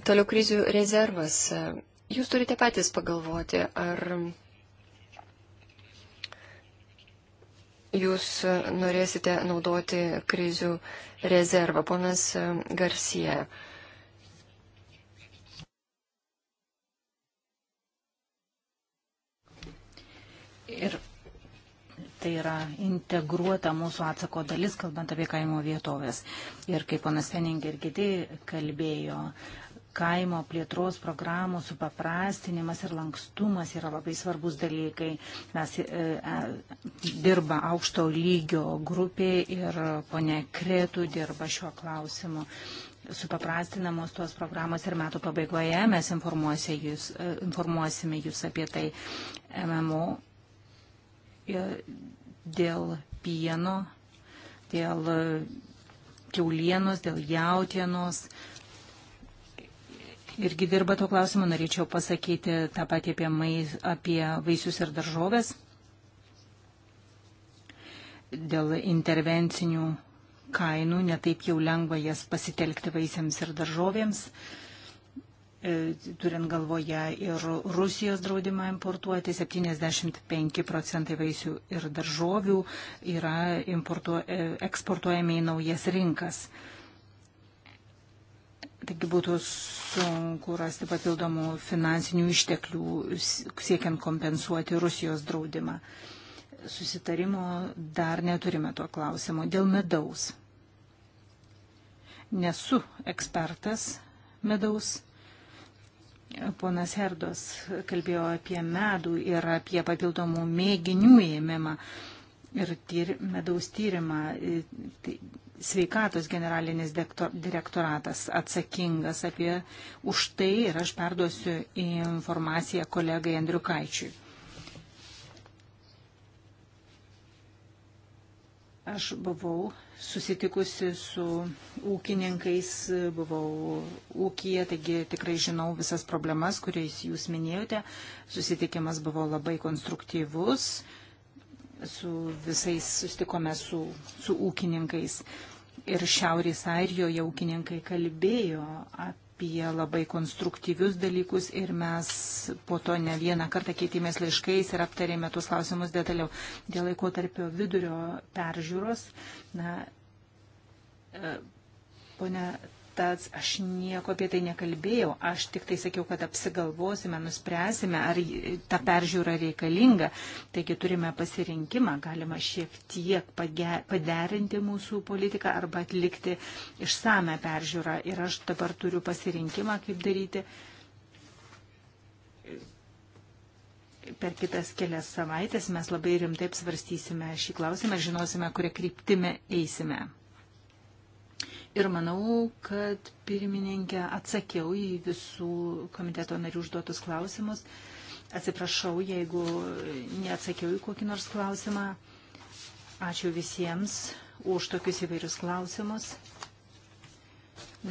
S4: Toliau krizių rezervas. Jūs turite patys pagalvoti, ar jūs norėsite naudoti krizių rezervą. Ponas Garcija
S3: Ir tai yra integruota mūsų atsako dalis, kalbant apie kaimo vietovės. Ir kaip panas Fening ir kiti kalbėjo, kaimo plėtros programų supaprastinimas ir lankstumas yra labai svarbus dalykai. Mes e, e, dirba aukšto lygio grupė ir ponė Kretų dirba šiuo klausimu. Supaprastinamos tuos programos ir metų pabaigoje mes informuosime jūs, e, informuosime jūs apie tai MMO E, dėl pieno, dėl kiaulienos, dėl jautienos. Irgi dirba to klausimo, norėčiau pasakyti tą patį apie, mais, apie vaisius ir daržovės. Dėl intervencinių kainų netaip jau lengva jas pasitelkti vaisiams ir daržovėms. Uh, E, turint galvoje ir Rusijos draudimą importuoti, 75 procentai vaisių ir daržovių yra importuo, e, eksportuojami į naujas rinkas. Taigi būtų sunku rasti papildomų finansinių išteklių siekiant kompensuoti Rusijos draudimą. Susitarimo dar neturime tuo klausimu. Dėl medaus. Nesu ekspertas medaus Ponas Herdos kalbėjo apie medų ir apie papildomų mėginių ėmimą ir tyr, medaus tyrimą. Tai sveikatos generalinis direktoratas atsakingas apie už tai ir aš perduosiu informaciją kolegai Andriukaičiui. Aš buvau susitikusi su ūkininkais, buvau ūkija, taigi tikrai žinau visas problemas, kuriais jūs minėjote. Susitikimas buvo labai konstruktyvus, su visais sustikome su, su ūkininkais. Ir Šiaurės Airijoje ūkininkai kalbėjo apie apie labai konstruktyvius dalykus ir mes po to ne vieną kartą keitėmės laiškais ir aptarėme tuos klausimus detaliau. Dėl laiko tarpio vidurio peržiūros, na, e, ponia tas aš nieko apie tai nekalbėjau. Aš tik tai sakiau, kad apsigalvosime, nuspręsime, ar ta peržiūra reikalinga. Taigi turime pasirinkimą, galima šiek tiek paderinti mūsų politiką arba atlikti išsame peržiūrą. Ir aš dabar turiu pasirinkimą, kaip daryti. Per kitas kelias savaitės mes labai rimtai apsvarstysime šį klausimą ir žinosime, kuria kryptime eisime. Ir manau, kad pirmininkė atsakiau į visų komiteto narių užduotus klausimus. Atsiprašau, jeigu neatsakiau į kokį nors klausimą. Ačiū visiems už tokius įvairius klausimus.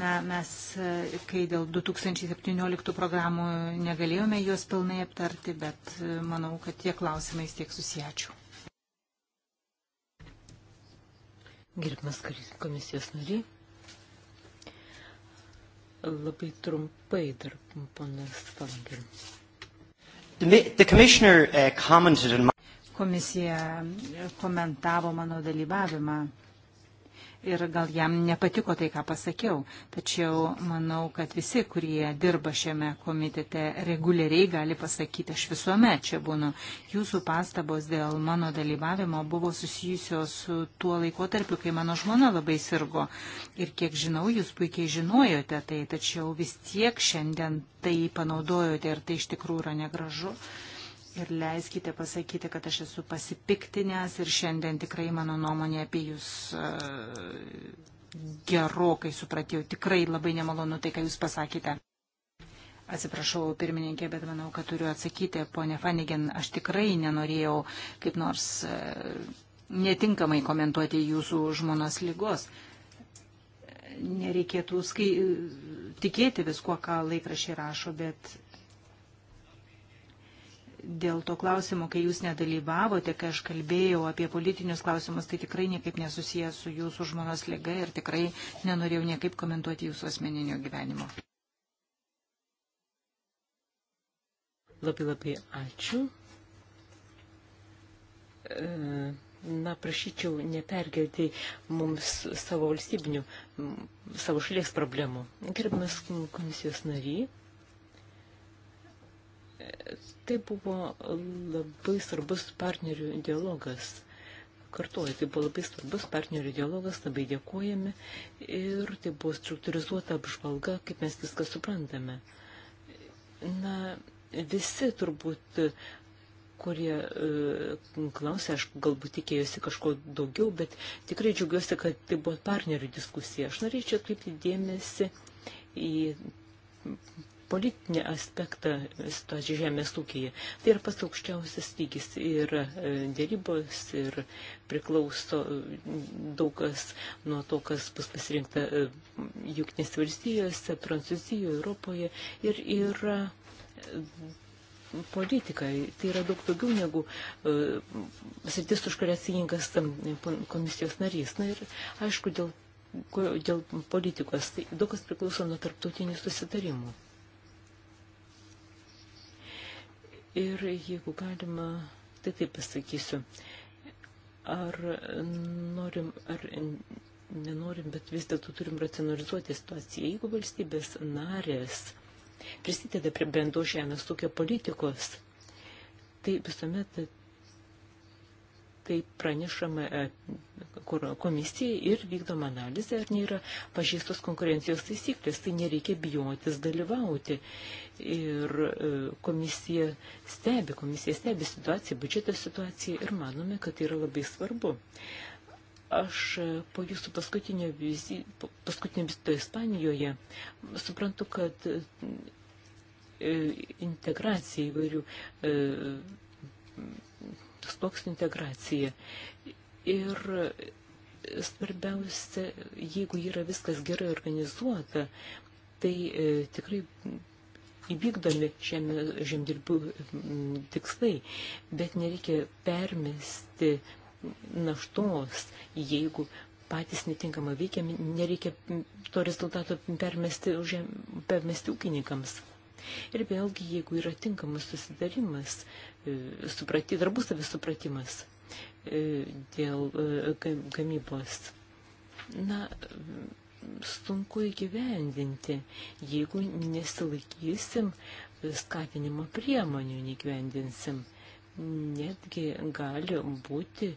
S3: Na, mes, kai dėl 2017 programų negalėjome juos pilnai aptarti, bet e, manau, kad tie klausimai tiek susijačių.
S2: Gerbimas komisijos nariai. Labai trumpai dar ponas Fangir.
S4: Uh,
S3: Komisija komentavo mano dalyvavimą ir gal jam nepatiko tai, ką pasakiau. Tačiau manau, kad visi, kurie dirba šiame komitete reguliariai, gali pasakyti, aš visuomet čia būnu. Jūsų pastabos dėl mano dalyvavimo buvo susijusios su tuo laikotarpiu, kai mano žmona labai sirgo. Ir kiek žinau, jūs puikiai žinojote tai, tačiau vis tiek šiandien tai panaudojote ir tai iš tikrųjų yra negražu ir leiskite pasakyti, kad aš esu pasipiktinęs ir šiandien tikrai mano nuomonė apie jūs e, gerokai supratėjau. Tikrai labai nemalonu tai, ką jūs pasakėte. Atsiprašau, pirmininkė, bet manau, kad turiu atsakyti, ponė Fanigen, aš tikrai nenorėjau kaip nors e, netinkamai komentuoti jūsų žmonos lygos. Nereikėtų skai... tikėti viskuo, ką laikrašiai rašo, bet dėl to klausimo, kai jūs nedalyvavote, kai aš kalbėjau apie politinius klausimus, tai tikrai niekaip nesusijęs su jūsų žmonos lyga ir tikrai nenorėjau niekaip komentuoti jūsų asmeninio gyvenimo.
S2: Labai labai ačiū. E, na, prašyčiau neperkelti mums savo valstybinių, savo šalies problemų. Gerbimas komisijos nariai. Tai buvo labai svarbus partnerių dialogas. Kartuoju, tai buvo labai svarbus partnerių dialogas, labai dėkojame ir tai buvo struktūrizuota apžvalga, kaip mes viską suprantame. Na, visi turbūt kurie e, klausė, aš galbūt tikėjusi kažko daugiau, bet tikrai džiaugiuosi, kad tai buvo partnerių diskusija. Aš norėčiau atkreipti dėmesį į politinį aspektą situacijos žemės ūkyje. Tai yra pats aukščiausias lygis ir e, dėrybos ir priklauso e, daug kas nuo to, kas bus pasirinkta e, Junktinės valstijose, Prancūzijoje, Europoje ir yra politika. Tai yra daug daugiau negu sritis, už kurias įingas komisijos narys. Na ir aišku, dėl dėl politikos. Tai daug kas priklauso nuo tarptautinių susitarimų. Ir jeigu galima, tai taip pasakysiu. Ar norim, ar nenorim, bet vis dėlto turim racionalizuoti situaciją. Jeigu valstybės narės prisideda prie bendro žemės ūkio politikos, tai visuomet tai pranešama e, komisijai ir vykdoma analizė, ar nėra pažįstos konkurencijos taisyklės, tai nereikia bijotis dalyvauti ir e, komisija stebi, komisija stebi situaciją, biudžeto situaciją ir manome, kad tai yra labai svarbu. Aš e, po jūsų paskutinio vizito, paskutinio vizito Ispanijoje suprantu, kad e, integracija įvairių sluoksnių integracija. Ir svarbiausia, jeigu yra viskas gerai organizuota, tai e, tikrai įvykdomi žem, žemdirbių tikslai, bet nereikia permesti naštos, jeigu patys netinkamai veikiami, nereikia to rezultato permesti, žem, permesti ūkininkams. Ir vėlgi, jeigu yra tinkamas susidarimas, e, suprati, darbusavis supratimas e, dėl e, gamybos. Na, sunku įgyvendinti, jeigu nesilaikysim skatinimo priemonių, negyvendinsim. Netgi gali būti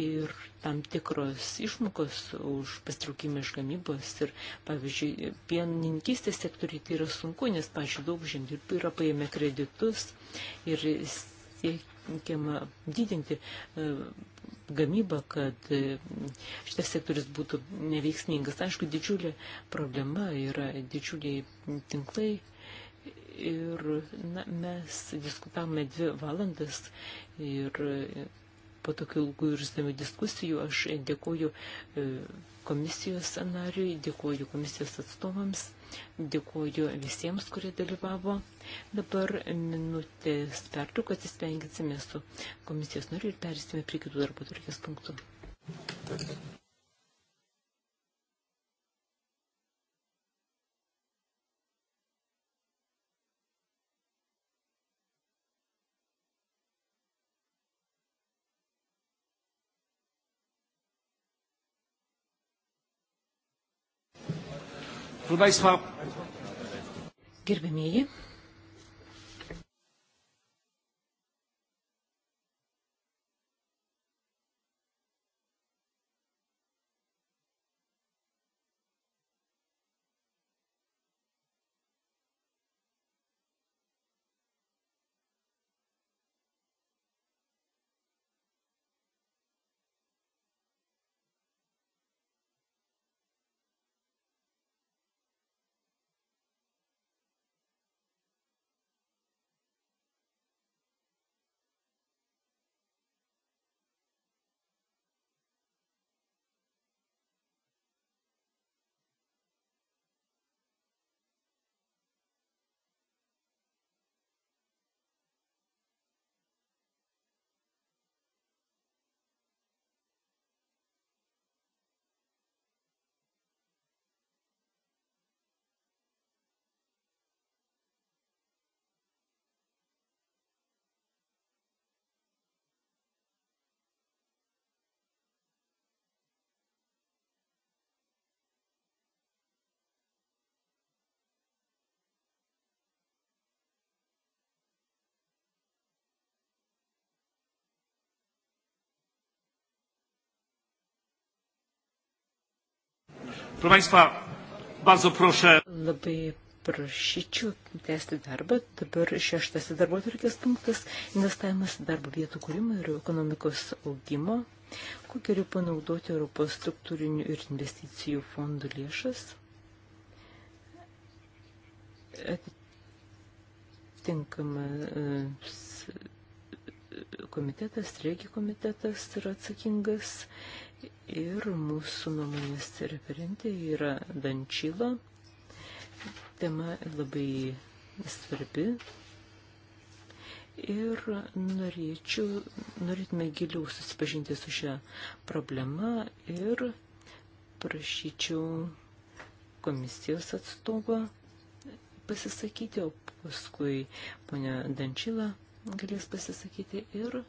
S2: ir tam tikros išmokos už pastraukimą iš gamybos. Ir, pavyzdžiui, pienininkystės sektoriai tai yra sunku, nes, pavyzdžiui, daug žemdirbių yra paėmę kreditus ir siekiama didinti e, gamybą, kad e, šitas sektorius būtų neveiksmingas. Aišku, didžiulė problema yra didžiuliai tinklai. Ir na, mes diskutavome dvi valandas ir e, po tokių ilgų ir išsamių diskusijų aš dėkoju e, komisijos nariui, dėkoju komisijos atstovams Dėkuoju visiems, kurie dalyvavo. Dabar minutės pertrauką atsispenginsime su komisijos nariu ir perėsime prie kitų darbo turkės punktų.
S1: Proszę Państwa. Gerbėmieji.
S2: Proszę Państwa, bardzo proszę. Labai prašyčiau tęsti darbą. Dabar šeštasis darbo tvarkės punktas - investavimas darbo vietų kūrimo ir ekonomikos augimo. Kuo geriau panaudoti Europos struktūrinių ir investicijų fondų lėšas? Atitinkamas komitetas, regi komitetas yra atsakingas ir mūsų nuomonės referentė yra Dančyla. Tema labai svarbi. Ir norėčiau, norėtume giliau susipažinti su šią problemą ir prašyčiau komisijos atstovą pasisakyti, o paskui ponia Dančila galės pasisakyti ir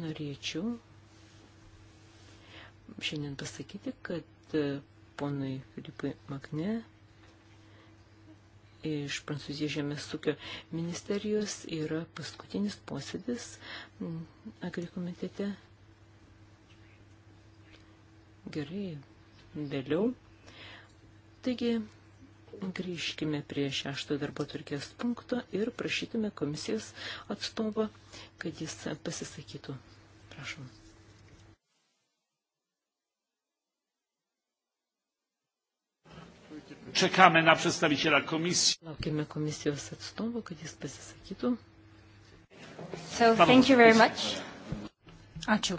S2: norėčiau šiandien pasakyti, kad e, ponui Filipui Magne iš Prancūzijos žemės ūkio ministerijos yra paskutinis posėdis agrikomitete. Gerai, vėliau. Taigi, grįžkime prie šešto darbo turkės punkto ir prašytume komisijos atstovą, kad jis
S1: pasisakytų. Prašom. Čekame na predstavicielą komisijos. Laukime
S2: komisijos atstovų, kad jis pasisakytų. So, thank you very much.
S3: Ačiū.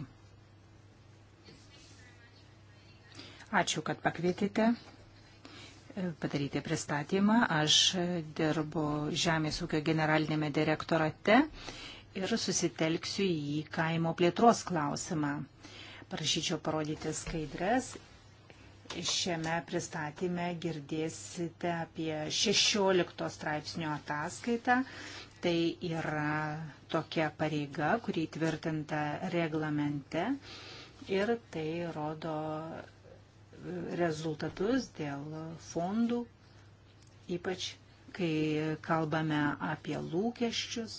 S3: Ačiū, kad pakvietėte e, padaryti pristatymą. Aš dirbu Žemės ūkio generalinėme direktorate ir susitelksiu į kaimo plėtros klausimą. Prašyčiau parodyti skaidres Šiame pristatyme girdėsite apie 16 straipsnio ataskaitą. Tai yra tokia pareiga, kuri tvirtinta reglamente ir tai rodo e, rezultatus dėl fondų, ypač kai kalbame apie lūkesčius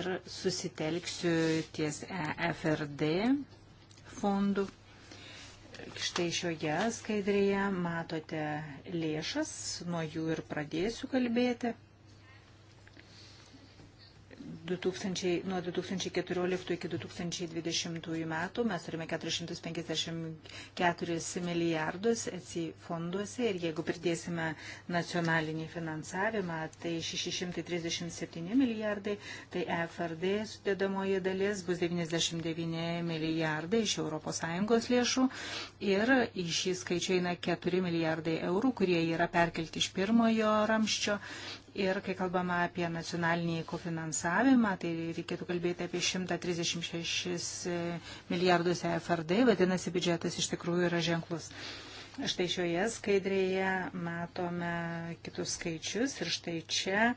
S3: ir susitelksiu ties EFRD fondų Štai šioje skaidrėje matote lėšas, nuo jų ir pradėsiu kalbėti. 2000, nuo 2014 iki 2020 metų mes turime 454 milijardus ECI fonduose ir jeigu pridėsime nacionalinį finansavimą, tai 637 milijardai, tai EFRD sudėdamoji dalis bus 99 milijardai iš ES lėšų ir į šį skaičių eina 4 milijardai eurų, kurie yra perkelti iš pirmojo ramščio Ir kai kalbama apie nacionalinį kofinansavimą, tai reikėtų kalbėti apie 136 e, milijardus EFRD, vadinasi, biudžetas iš tikrųjų yra ženklus. Štai šioje skaidrėje matome kitus skaičius ir štai čia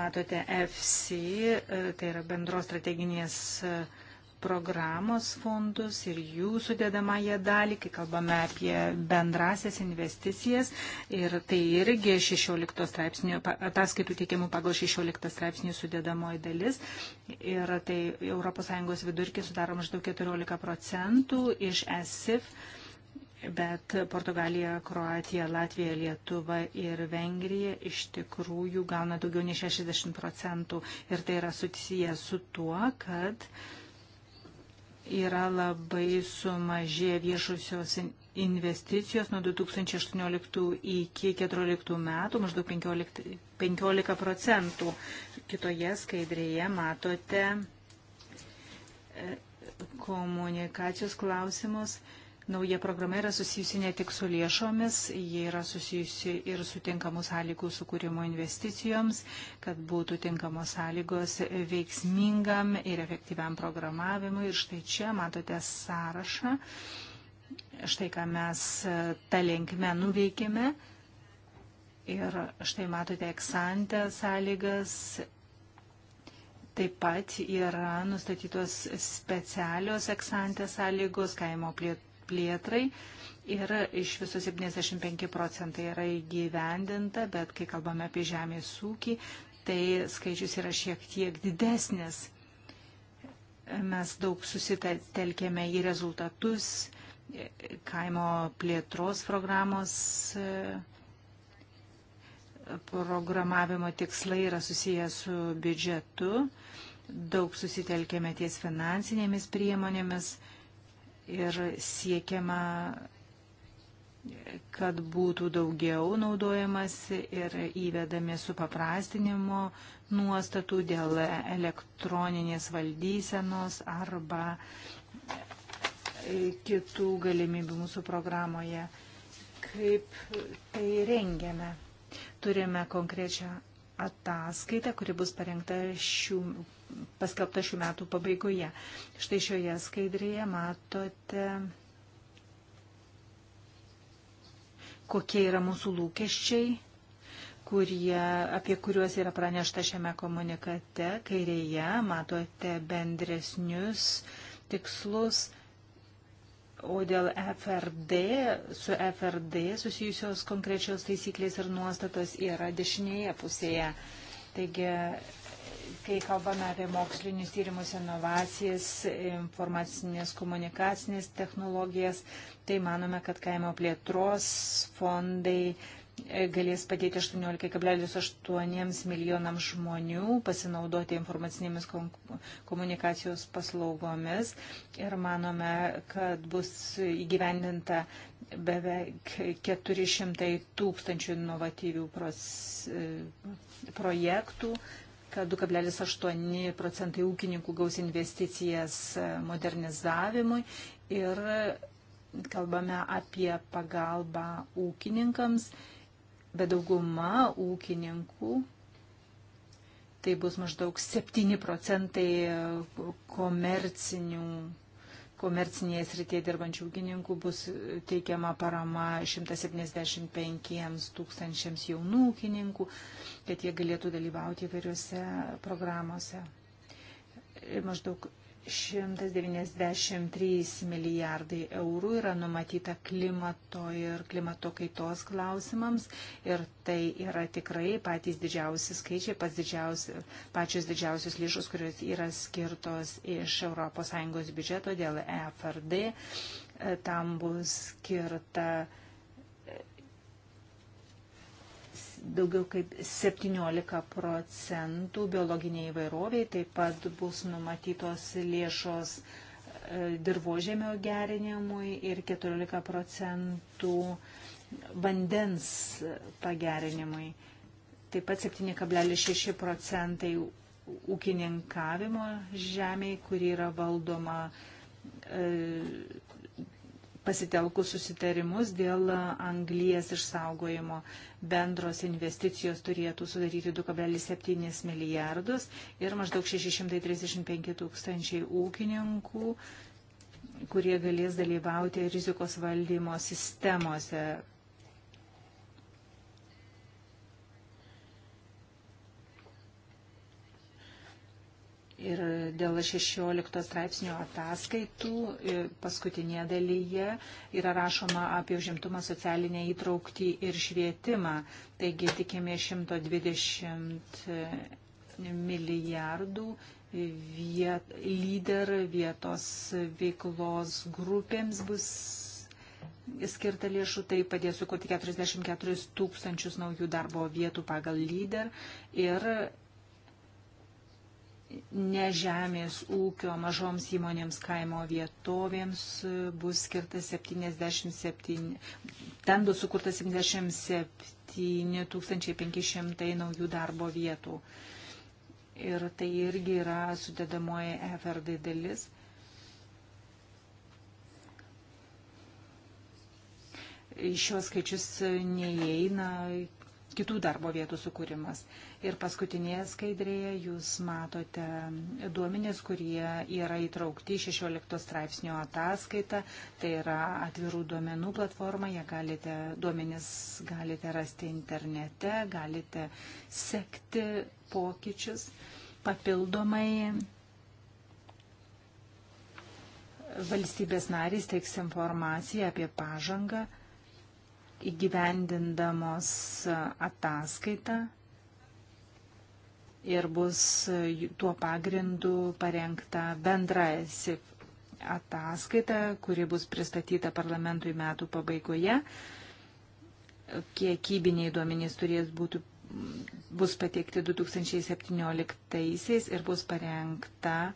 S3: matote FC, e, tai yra bendros strateginės e, programos fondus ir jų sudėdamąją dalį, kai kalbame apie bendrasias investicijas. Ir tai irgi 16 straipsnių, ataskaitų teikiamų pagal 16 straipsnių sudėdamoji dalis. Ir tai ES vidurkis sudaro maždaug 14 procentų iš ESIF. Bet Portugalija, Kroatija, Latvija, Lietuva ir Vengrija iš tikrųjų gauna daugiau nei 60 procentų. Ir tai yra susijęs su tuo, kad uh, yra labai sumažė viešusios investicijos nuo 2018 iki 2014 metų, maždaug 15, 15 procentų. Kitoje skaidrėje matote e, komunikacijos klausimus. E, Nauja programa yra susijusi ne tik su lėšomis, jie yra susijusi ir su tinkamų sąlygų sukūrimo investicijoms, kad būtų tinkamos sąlygos veiksmingam ir efektyviam programavimui. Ir štai čia matote sąrašą, štai ką mes e, tą linkme nuveikėme. Ir štai matote eksantę sąlygas Taip pat yra nustatytos specialios eksantės sąlygos kaimo plėtros plėtrai. Ir iš viso 75 procentai yra įgyvendinta, bet kai kalbame apie žemės ūkį, tai skaičius yra šiek tiek didesnis. Mes daug susitelkėme į rezultatus kaimo plėtros programos e, programavimo tikslai yra susijęs su biudžetu, daug susitelkėme ties finansinėmis priemonėmis ir siekiama, kad būtų daugiau naudojamas ir įvedami supaprastinimo nuostatų dėl elektroninės valdysenos arba kitų galimybių mūsų programoje, kaip tai rengiame. Turime konkrečią ataskaitą, kuri bus parengta šių paskelbta šių metų pabaigoje. Štai šioje skaidrėje matote, kokie yra mūsų lūkesčiai, kurie, apie kuriuos yra pranešta šiame komunikate. Kairėje matote bendresnius tikslus. O dėl FRD, su FRD susijusios konkrečios taisyklės ir nuostatos yra dešinėje pusėje. Taigi kai kalbame apie mokslinius tyrimus, inovacijas, informacinės komunikacinės technologijas, tai manome, kad kaimo plėtros fondai e, galės padėti 18,8 milijonams žmonių pasinaudoti informacinėmis komunikacijos paslaugomis ir manome, kad bus įgyvendinta beveik 400 tūkstančių inovatyvių pros, e, projektų kad 2,8 procentai ūkininkų gaus investicijas modernizavimui ir kalbame apie pagalbą ūkininkams, bet dauguma ūkininkų tai bus maždaug 7 procentai komercinių komercinėje srityje dirbančių ūkininkų bus teikiama parama 175 tūkstančiams jaunų ūkininkų, kad jie galėtų dalyvauti įvairiuose programuose. E, maždaug 193 milijardai eurų yra numatyta klimato ir klimato kaitos klausimams ir tai yra tikrai patys didžiausi skaičiai, pats didžiausi, pačios didžiausios lėšos, kurios yra skirtos iš ES biudžeto dėl EFRD. Tam bus skirta daugiau kaip 17 procentų biologiniai įvairoviai, taip pat bus numatytos lėšos e, dirbožėmio gerinimui ir 14 procentų vandens pagerinimui. Taip pat 7,6 procentai ūkininkavimo žemiai, kuri yra valdoma e, pasitelkus susitarimus dėl anglijas išsaugojimo. Bendros investicijos turėtų sudaryti 2,7 milijardus ir maždaug 635 tūkstančiai ūkininkų, kurie galės dalyvauti rizikos valdymo sistemose ir dėl 16 straipsnio ataskaitų paskutinėje dalyje yra rašoma apie užimtumą socialinę įtraukti ir švietimą. Taigi tikime 120 milijardų viet, lyder vietos veiklos grupėms bus skirta lėšų, tai padės sukurti 44 tūkstančius naujų darbo vietų pagal lyder ir ne žemės ūkio mažoms įmonėms kaimo vietovėms e, bus skirta 77, ten bus sukurta 77 500 naujų darbo vietų. Ir tai irgi yra sudedamoji FRD dalis. Į šios skaičius neįeina kitų darbo vietų sukūrimas. Ir paskutinėje skaidrėje jūs matote duomenys, kurie yra įtraukti 16 straipsnio ataskaitą. Tai yra atvirų duomenų platforma, jie galite, duomenys galite rasti internete, galite sekti pokyčius papildomai. Valstybės narys teiks informaciją apie pažangą įgyvendindamos ataskaitą ir bus tuo pagrindu parengta bendra SIF ataskaita, kuri bus pristatyta parlamentui metų pabaigoje. Kiekybiniai duomenys turės būti bus pateikti 2017 ir bus parengta uh,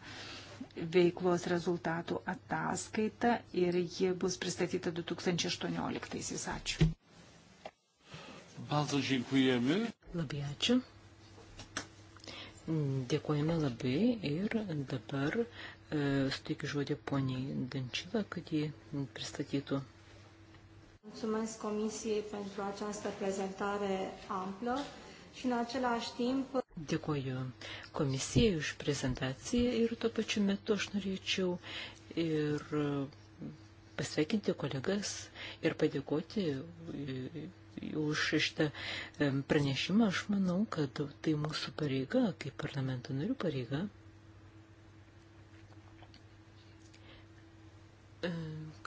S3: veiklos rezultatų ataskaita ir ji bus pristatyta 2018-aisiais. Ačiū.
S1: Bardzo dziękujemy.
S3: Labai ačiū.
S2: Dėkojame labai ir dabar e, suteikiu žodį poniai Dančila, kad ji pristatytų.
S3: Mulțumesc Comisiei pentru această prezentare amplă și în același timp...
S2: Dėkoju komisijai už prezentaciją ir tuo pačiu metu aš norėčiau ir pasveikinti kolegas ir padėkoti už šitą pranešimą. Aš manau, kad tai mūsų pareiga, kaip parlamento narių pareiga.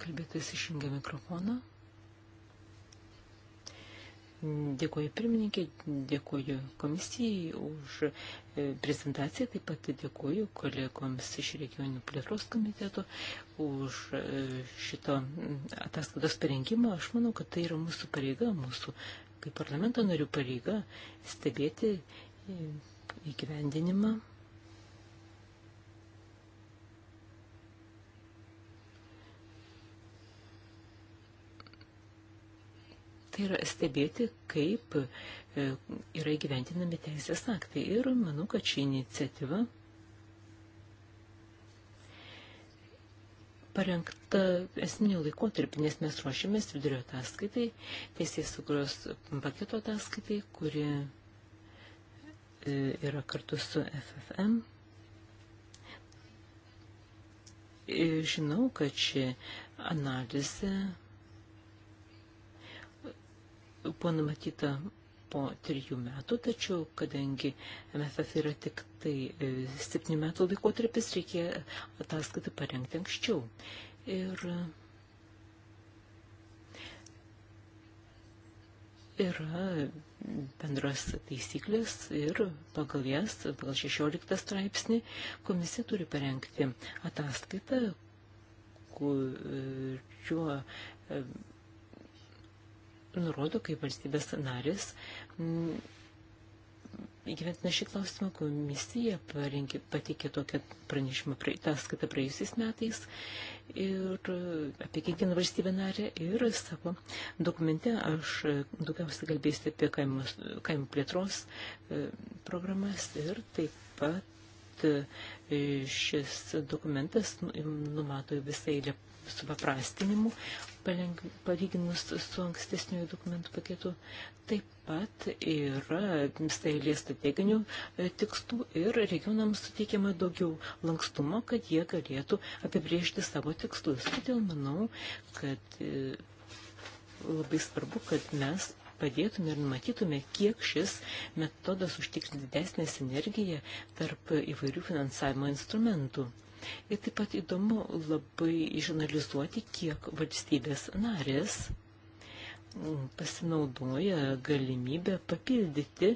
S2: Kalbėtas išjungia mikrofoną. Dėkuoju pirmininkė, dėkuoju komisijai už e, prezentaciją, taip pat dėkuoju kolegoms iš regionių plėtros komiteto už e, šito ataskaitos parengimą. Aš manau, kad tai yra mūsų pareiga, mūsų kaip parlamento narių pareiga stebėti e, įgyvendinimą reikia yra stebėti, kaip e, yra įgyventinami teisės aktai. Ir manau, kad ši iniciatyva parengta esminio laikotarpį, nes mes ruošiamės vidurio ataskaitai, teisės sukros paketo ataskaitai, kuri e, yra kartu su FFM. Žinau, kad ši analizė buvo numatyta po trijų metų, tačiau kadangi MFF yra tik tai e, septynių metų laikotarpis, reikia ataskaitą parengti anksčiau. Ir yra bendras taisyklės ir pagal jas, pagal 16 straipsnį, komisija turi parengti ataskaitą, kuriuo e, nurodo, kaip valstybės narės mm, įgyventina šį klausimą, komisija parinkė, patikė tokią pranešimą praeitą skaitą praėjusiais metais ir e, apie kiekvieną valstybę narę ir savo dokumente aš e, daugiausiai kalbėsiu apie kaimo, kaimo plėtros e, programas ir taip pat šis dokumentas nu, numato visą eilę supaprastinimu, palyginus su ankstesniu dokumentų paketu. Taip pat yra stailė strateginių e, tikslų ir regionams suteikiama daugiau lankstumo, kad jie galėtų apibriežti savo tikslus. Todėl manau, kad e, labai svarbu, kad mes padėtume ir numatytume, kiek šis metodas užtikrins didesnę sinergiją tarp įvairių finansavimo instrumentų. Ir taip pat įdomu labai išanalizuoti, kiek valstybės narės mm, pasinaudoja galimybę papildyti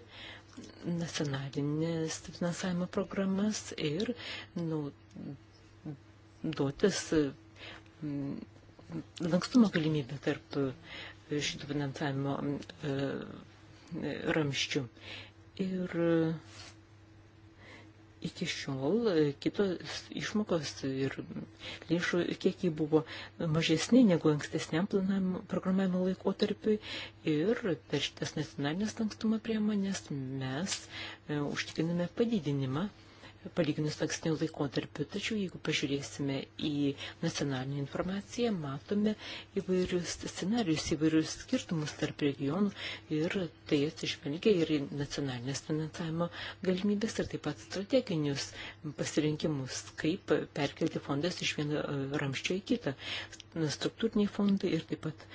S2: nacionalinės finansavimo programas ir naudotis mm, lankstumo galimybę tarp šitų finansavimo mm, e, ramščių. Ir iki šiol e, kitos išmokos ir lėšų kiekiai buvo mažesni negu ankstesniam programavimo laikotarpiui ir per šitas nacionalinės lankstumo priemonės mes e, užtikriname padidinimą palyginus ankstiniu laikotarpiu. Tačiau jeigu pažiūrėsime į nacionalinę informaciją, matome įvairius scenarius, įvairius skirtumus tarp regionų ir tai atsižvelgia ir į nacionalinės finansavimo galimybės ir taip pat strateginius pasirinkimus, kaip perkelti fondas iš vieno e, ramščio į kitą. Struktūriniai fondai ir taip pat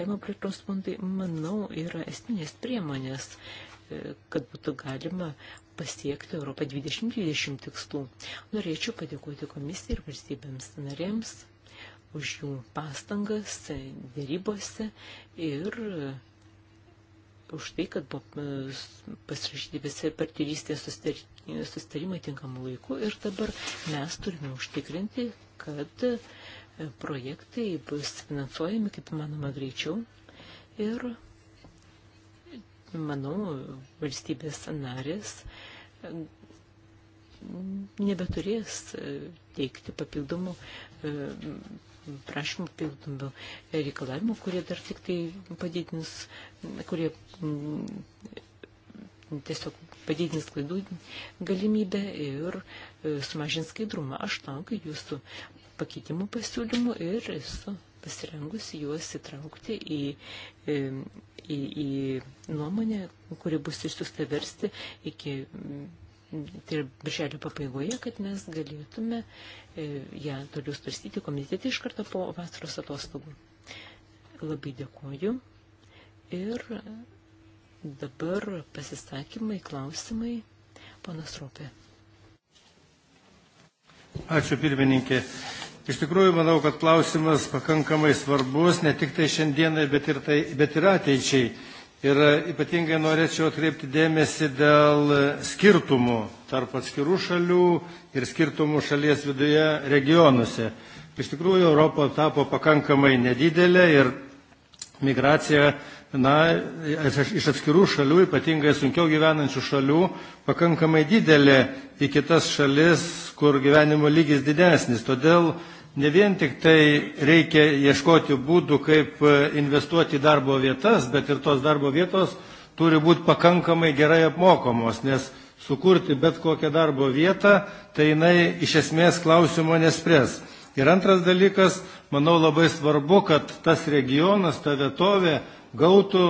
S2: kaimo plėtros fondai, manau, yra esminės priemonės e, kad būtų galima pasiekti Europą 2020 tikslų. Norėčiau padėkoti komisijai ir valstybėms narėms už jų pastangas dėrybose ir už tai, kad buvo pasirašyti visi partnerystės sustarimai tinkamų laikų ir dabar mes turime užtikrinti, kad projektai bus finansuojami kaip manoma greičiau ir manau, valstybės narės nebeturės e, teikti papildomų e, prašymų, papildomų reikalavimų, kurie dar tik tai padidins, kurie mm, tiesiog padidins klaidų galimybę ir e, sumažins skaidrumą. Aš laukiu jūsų pakeitimų pasiūlymų ir esu pasirengusi juos įtraukti į, į, į, į nuomonę, kuri bus išsiusta versti iki tai yra birželio pabaigoje, kad mes galėtume e, ją toliau svarstyti komitete iš karto po vasaros atostogų. Labai dėkoju. Ir dabar pasisakymai, klausimai. Ponas Ropė.
S1: Ačiū pirmininkė. Iš tikrųjų, manau, kad klausimas pakankamai svarbus, ne tik tai šiandienai, bet ir, tai, bet ir ateičiai. Ir ypatingai norėčiau atkreipti dėmesį dėl skirtumų tarp atskirų šalių ir skirtumų šalies viduje regionuose. Iš tikrųjų, Europa tapo pakankamai nedidelė ir migracija na, iš atskirų šalių, ypatingai sunkiau gyvenančių šalių, pakankamai didelė į kitas šalis, kur gyvenimo lygis didesnis. Todėl Ne vien tik tai reikia ieškoti būdų, kaip e, investuoti į darbo vietas, bet ir tos darbo vietos turi būti pakankamai gerai apmokamos, nes sukurti bet kokią darbo vietą, tai jinai iš esmės klausimo nespręs. Ir antras dalykas, manau labai svarbu, kad tas regionas, ta vietovė gautų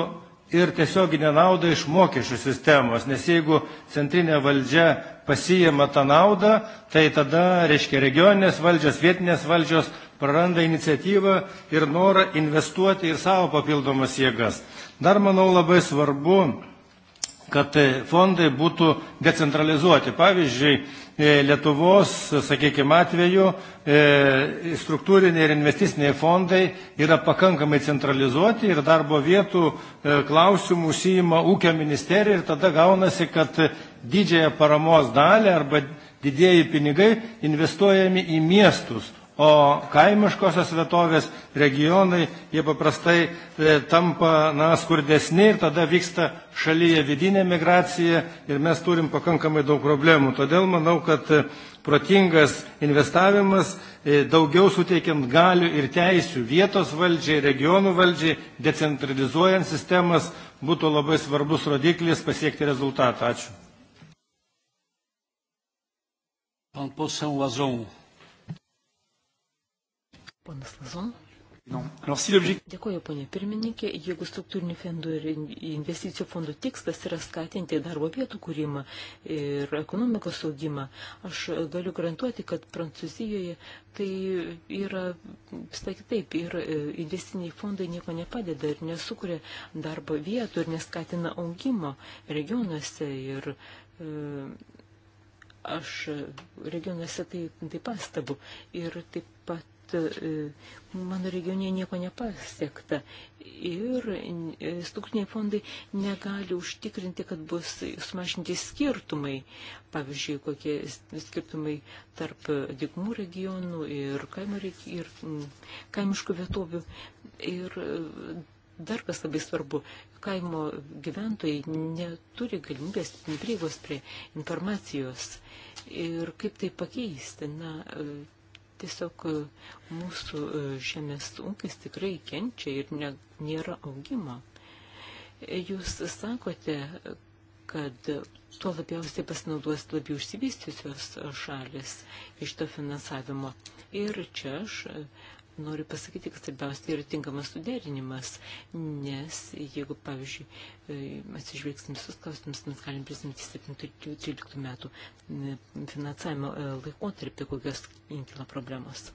S1: ir tiesioginę naudą iš mokesčių sistemos, nes jeigu centrinė valdžia pasijama tą naudą, tai tada, reiškia, regioninės valdžios, vietinės valdžios praranda iniciatyvą ir norą investuoti į savo papildomas jėgas. Dar manau labai svarbu kad e, fondai būtų decentralizuoti. Pavyzdžiui, e, Lietuvos, sakykime, atveju e, struktūriniai ir investiciniai fondai yra pakankamai centralizuoti ir darbo vietų klausimų užsijima ūkio ministerija ir tada gaunasi, kad didžiąją paramos dalį arba didėjai pinigai investuojami į miestus, O kaimiškosios vietovės regionai, jie paprastai e, tampa na, skurdesni ir tada vyksta šalyje vidinė migracija ir mes turim pakankamai daug problemų. Todėl manau, kad e, protingas investavimas, e, daugiau suteikiant galių ir teisių vietos valdžiai, regionų valdžiai, decentralizuojant sistemas, būtų labai svarbus rodiklis pasiekti rezultatą. Ačiū. Pan poseł Łazon.
S2: Ponas Lazon.
S1: Dėkuoju,
S2: ponė pirmininkė. Jeigu struktūrinių fondų ir investicijų fondų tikslas yra skatinti darbo vietų kūrimą ir ekonomikos augimą, aš galiu garantuoti, kad Prancūzijoje tai yra, sakyti taip, ir e, investiciniai fondai nieko nepadeda ir nesukuria darbo vietų ir neskatina augimo regionuose. Ir, e, aš regionuose tai, tai pastebu. Ir taip pat E, mano regione nieko nepasiekta ir e, struktūriniai fondai negali užtikrinti, kad bus sumažinti skirtumai, pavyzdžiui, kokie skirtumai tarp dykumų regionų ir, kaimo, ir kaimiškų vietovių. Ir e, dar kas labai svarbu, kaimo gyventojai neturi galimybės prieigos prie informacijos. Ir kaip tai pakeisti? Na, Tiesiog e, mūsų e, žemės ūkis tikrai kenčia ir ne, nėra augimo. E, jūs sakote, kad tuo labiausiai pasinaudos labiau išsivystysios šalis iš to finansavimo. Ir čia aš noriu pasakyti, kad svarbiausia yra tinkamas suderinimas, nes jeigu, pavyzdžiui, e, atsižvelgsim visus klausimus, mes galim prisimti 7-13 metų e, finansavimo e, laikotarpį, kokios inkila problemos.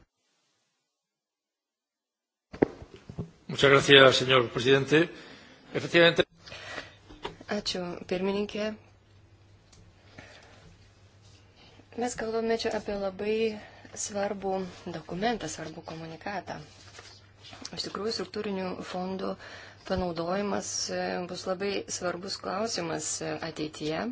S1: Muchas gracias, señor presidente. Efectivamente.
S4: Ačiū, pirmininkė. Mes kalbame čia apie labai svarbų dokumentą, svarbų komunikatą. Iš tikrųjų, struktūrinių fondų panaudojimas e, bus labai svarbus klausimas e, ateityje.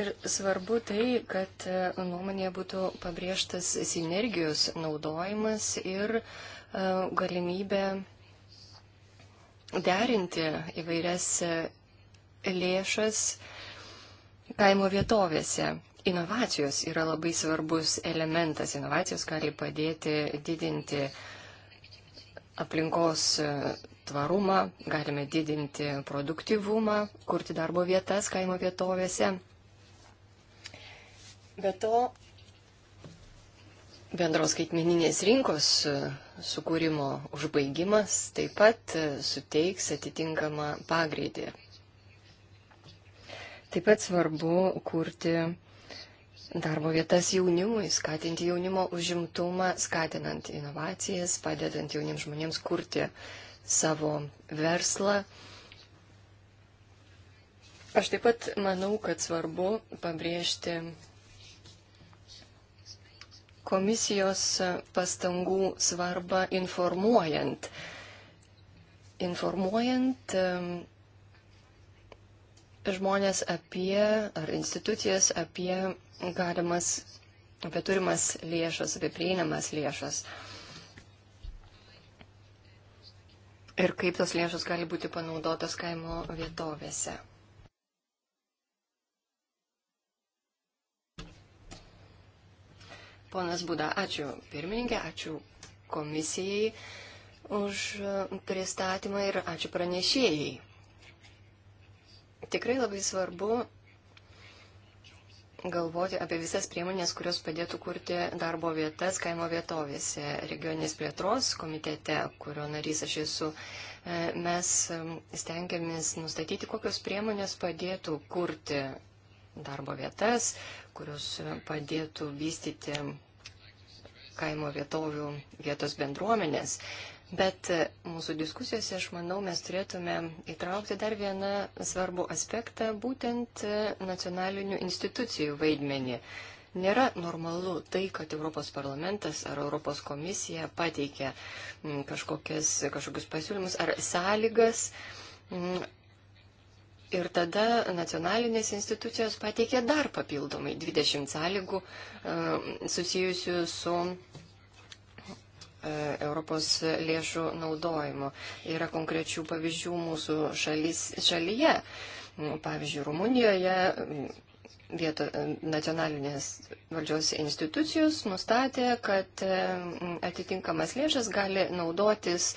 S4: Ir svarbu tai, kad e, nuomonėje būtų pabrėžtas sinergijos naudojimas ir galimybė derinti įvairias lėšas kaimo vietovėse. Inovacijos yra labai svarbus elementas. Inovacijos gali padėti didinti aplinkos e, tvarumą, galime didinti produktivumą, kurti darbo vietas kaimo vietovėse. Be to, bendros skaitmeninės rinkos e, sukūrimo užbaigimas taip pat e, suteiks atitinkamą pagreitį. Taip pat svarbu kurti darbo vietas jaunimui, skatinti jaunimo užimtumą, skatinant inovacijas, padedant jauniems žmonėms kurti savo verslą. Aš taip pat manau, kad svarbu pabrėžti komisijos pastangų svarbą informuojant. Informuojant ehm, žmonės apie ar institucijas apie galimas, apie turimas lėšas, apie prieinamas lėšas. Ir kaip tos lėšos gali būti panaudotos kaimo vietovėse. Ponas Būda, ačiū pirmininkė, ačiū komisijai už pristatymą ir ačiū pranešėjai. Tikrai labai svarbu galvoti apie visas priemonės, kurios padėtų kurti darbo vietas kaimo vietovėse. Regioninės plėtros komitete, kurio narys aš esu, e, mes stengiamės nustatyti, kokios priemonės padėtų kurti darbo vietas, kurios padėtų vystyti kaimo vietovių vietos bendruomenės. Bet e, mūsų diskusijose, aš manau, mes turėtume įtraukti dar vieną svarbų aspektą, būtent e, nacionalinių institucijų vaidmenį. Nėra normalu tai, kad Europos parlamentas ar Europos komisija pateikia kažkokias, kažkokius pasiūlymus ar sąlygas. Ir tada nacionalinės institucijos pateikė dar papildomai 20 sąlygų e, susijusių su E, Europos lėšų naudojimu. Yra konkrečių pavyzdžių mūsų šalis, šalyje. Nu, pavyzdžiui, Rumunijoje vieto e, nacionalinės valdžios institucijos nustatė, kad e, atitinkamas lėšas gali, naudotis,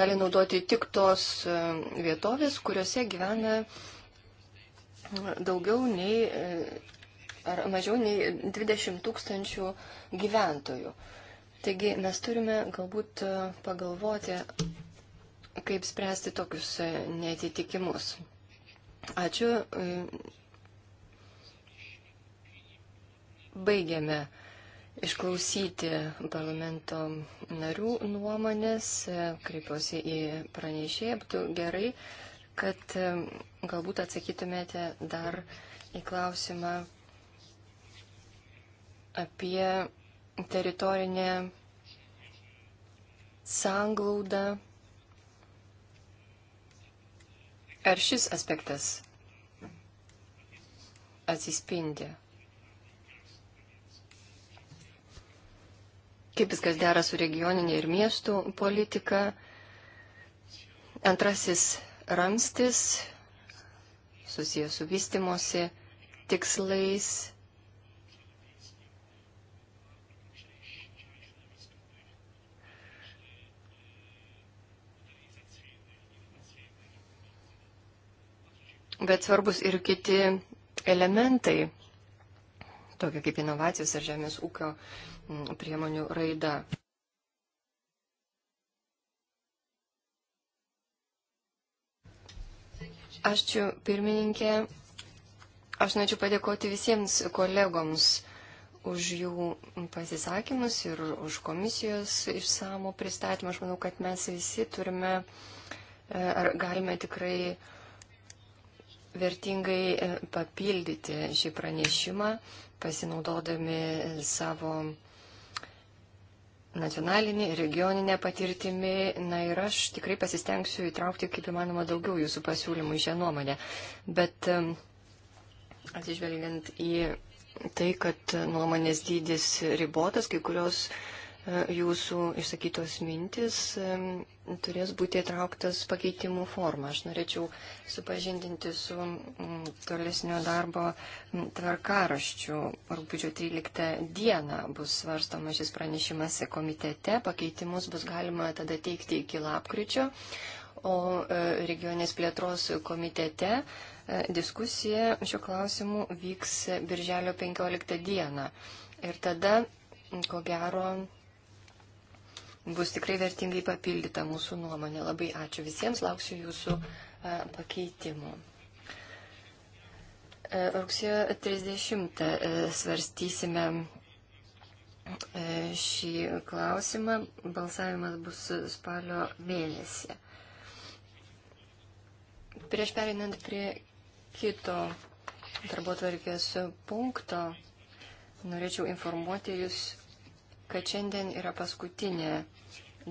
S4: gali naudoti tik tos vietovės, kuriuose gyvena daugiau nei ar mažiau nei 20 tūkstančių gyventojų. Uh, Taigi mes turime galbūt e, pagalvoti, kaip spręsti tokius e, netitikimus. Ačiū. E, Baigiame išklausyti parlamento narių nuomonės, kreipiuosi į pranešėją, būtų gerai, kad galbūt atsakytumėte dar į klausimą apie teritorinė sanglauda. Ar šis aspektas atsispindi? Kaip viskas dera su regioninė ir miestų politika? Antrasis ramstis susijęs su vystimosi tikslais bet svarbus ir kiti elementai, tokie kaip inovacijos ar žemės ūkio mm, priemonių raida. Ačiū pirmininkė. Aš norėčiau padėkoti visiems kolegoms už jų pasisakymus ir už komisijos išsamų pristatymą. Aš manau, kad mes visi turime e, ar galime tikrai uh, vertingai e, papildyti šį pranešimą, pasinaudodami savo nacionalinį, regioninę patirtimį. Na ir aš tikrai pasistengsiu įtraukti kaip įmanoma daugiau jūsų pasiūlymų į šią nuomonę. Bet e, atsižvelgiant į tai, kad nuomonės dydis ribotas, kai kurios uh, jūsų išsakytos mintis turės būti įtrauktas pakeitimų forma. Aš norėčiau supažindinti su tolesnio darbo tvarkaraščiu. Rūpiučio 13 dieną bus svarstama šis pranešimas komitete. Pakeitimus bus galima tada teikti iki lapkričio. O e, regionės plėtros komitete e, diskusija šiuo klausimu vyks birželio 15 dieną. Ir tada, ko gero, bus tikrai vertingai papildyta mūsų nuomonė. Labai ačiū visiems, lauksiu jūsų e, pakeitimų. E, rugsėjo 30 e, svarstysime šį klausimą. Balsavimas bus spalio mėnesį. Prieš perinant prie kito darbo tvarkės punkto, norėčiau informuoti Jūs kad šiandien yra paskutinė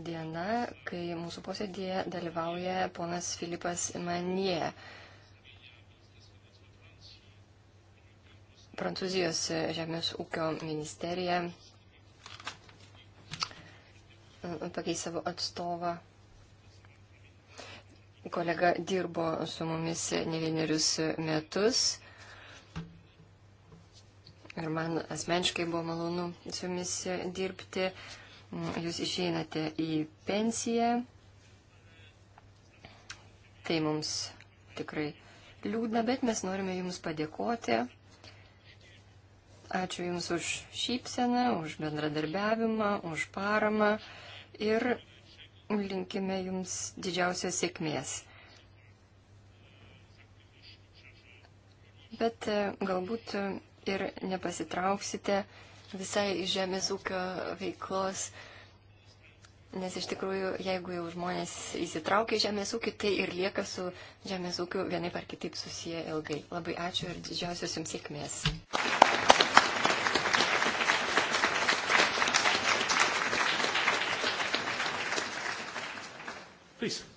S4: diena, kai mūsų posėdėje dalyvauja ponas Filipas Manie, Prancūzijos žemės ūkio ministerija pakeis savo atstovą. Kolega dirbo su mumis ne vienerius metus Ir man asmeniškai buvo malonu su jumis dirbti. Jūs išeinate į pensiją. Tai mums tikrai liūdna, bet mes norime Jums padėkoti. Ačiū Jums už šypseną, už bendradarbiavimą, už paramą ir linkime Jums didžiausios sėkmės. Bet e, galbūt ir nepasitrauksite visai iš žemės ūkio veiklos. Nes iš tikrųjų, jeigu jau žmonės įsitraukia į žemės ūkį, tai ir lieka su žemės ūkiu vienai par kitaip susiję ilgai. Labai ačiū ir didžiausios jums sėkmės.
S1: Please.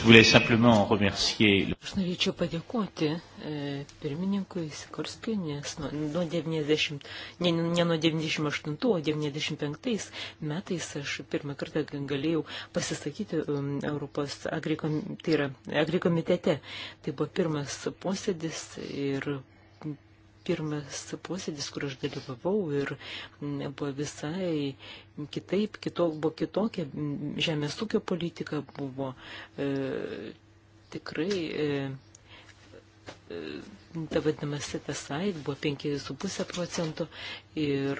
S1: Aš norėčiau
S2: padėkoti e, pirmininkui Sikorskiui, nes nuo, nuo 90, ne, ne nuo 98, o 95 metais aš pirmą kartą galėjau pasisakyti um, Europos agrikomitete. Tai, yra, agrikomitete. tai buvo pirmas posėdis ir pirmas posėdis, kur aš dalyvavau ir buvo visai kitaip, kito, buvo kitokia žemės ūkio politika, buvo e, tikrai e, ta vadinama setesai buvo 5,5 procento ir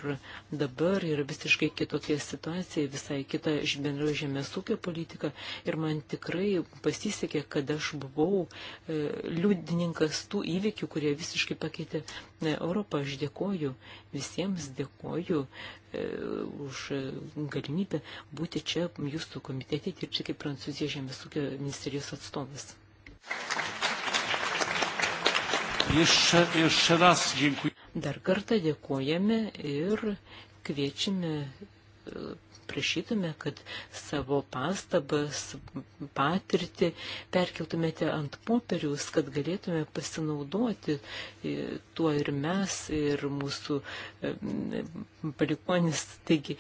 S2: dabar yra visiškai kitokia situacija, visai kita bendra žemės ūkio politika ir man tikrai pasisekė, kad aš buvau e, liudininkas tų įvykių, kurie visiškai pakeitė e, Europą. Aš dėkoju visiems, dėkoju e, už galimybę būti čia jūsų komitete ir čia kaip Prancūzijos žemės ūkio ministerijos atstovas. Thank you. Jeszcze, jeszcze raz dziękuję. Dar kartą dėkojame ir kviečiame, prašytume, kad savo pastabas, patirtį perkeltumėte ant popieriaus, kad galėtume pasinaudoti e, tuo ir mes, ir mūsų e, palikonis. Taigi,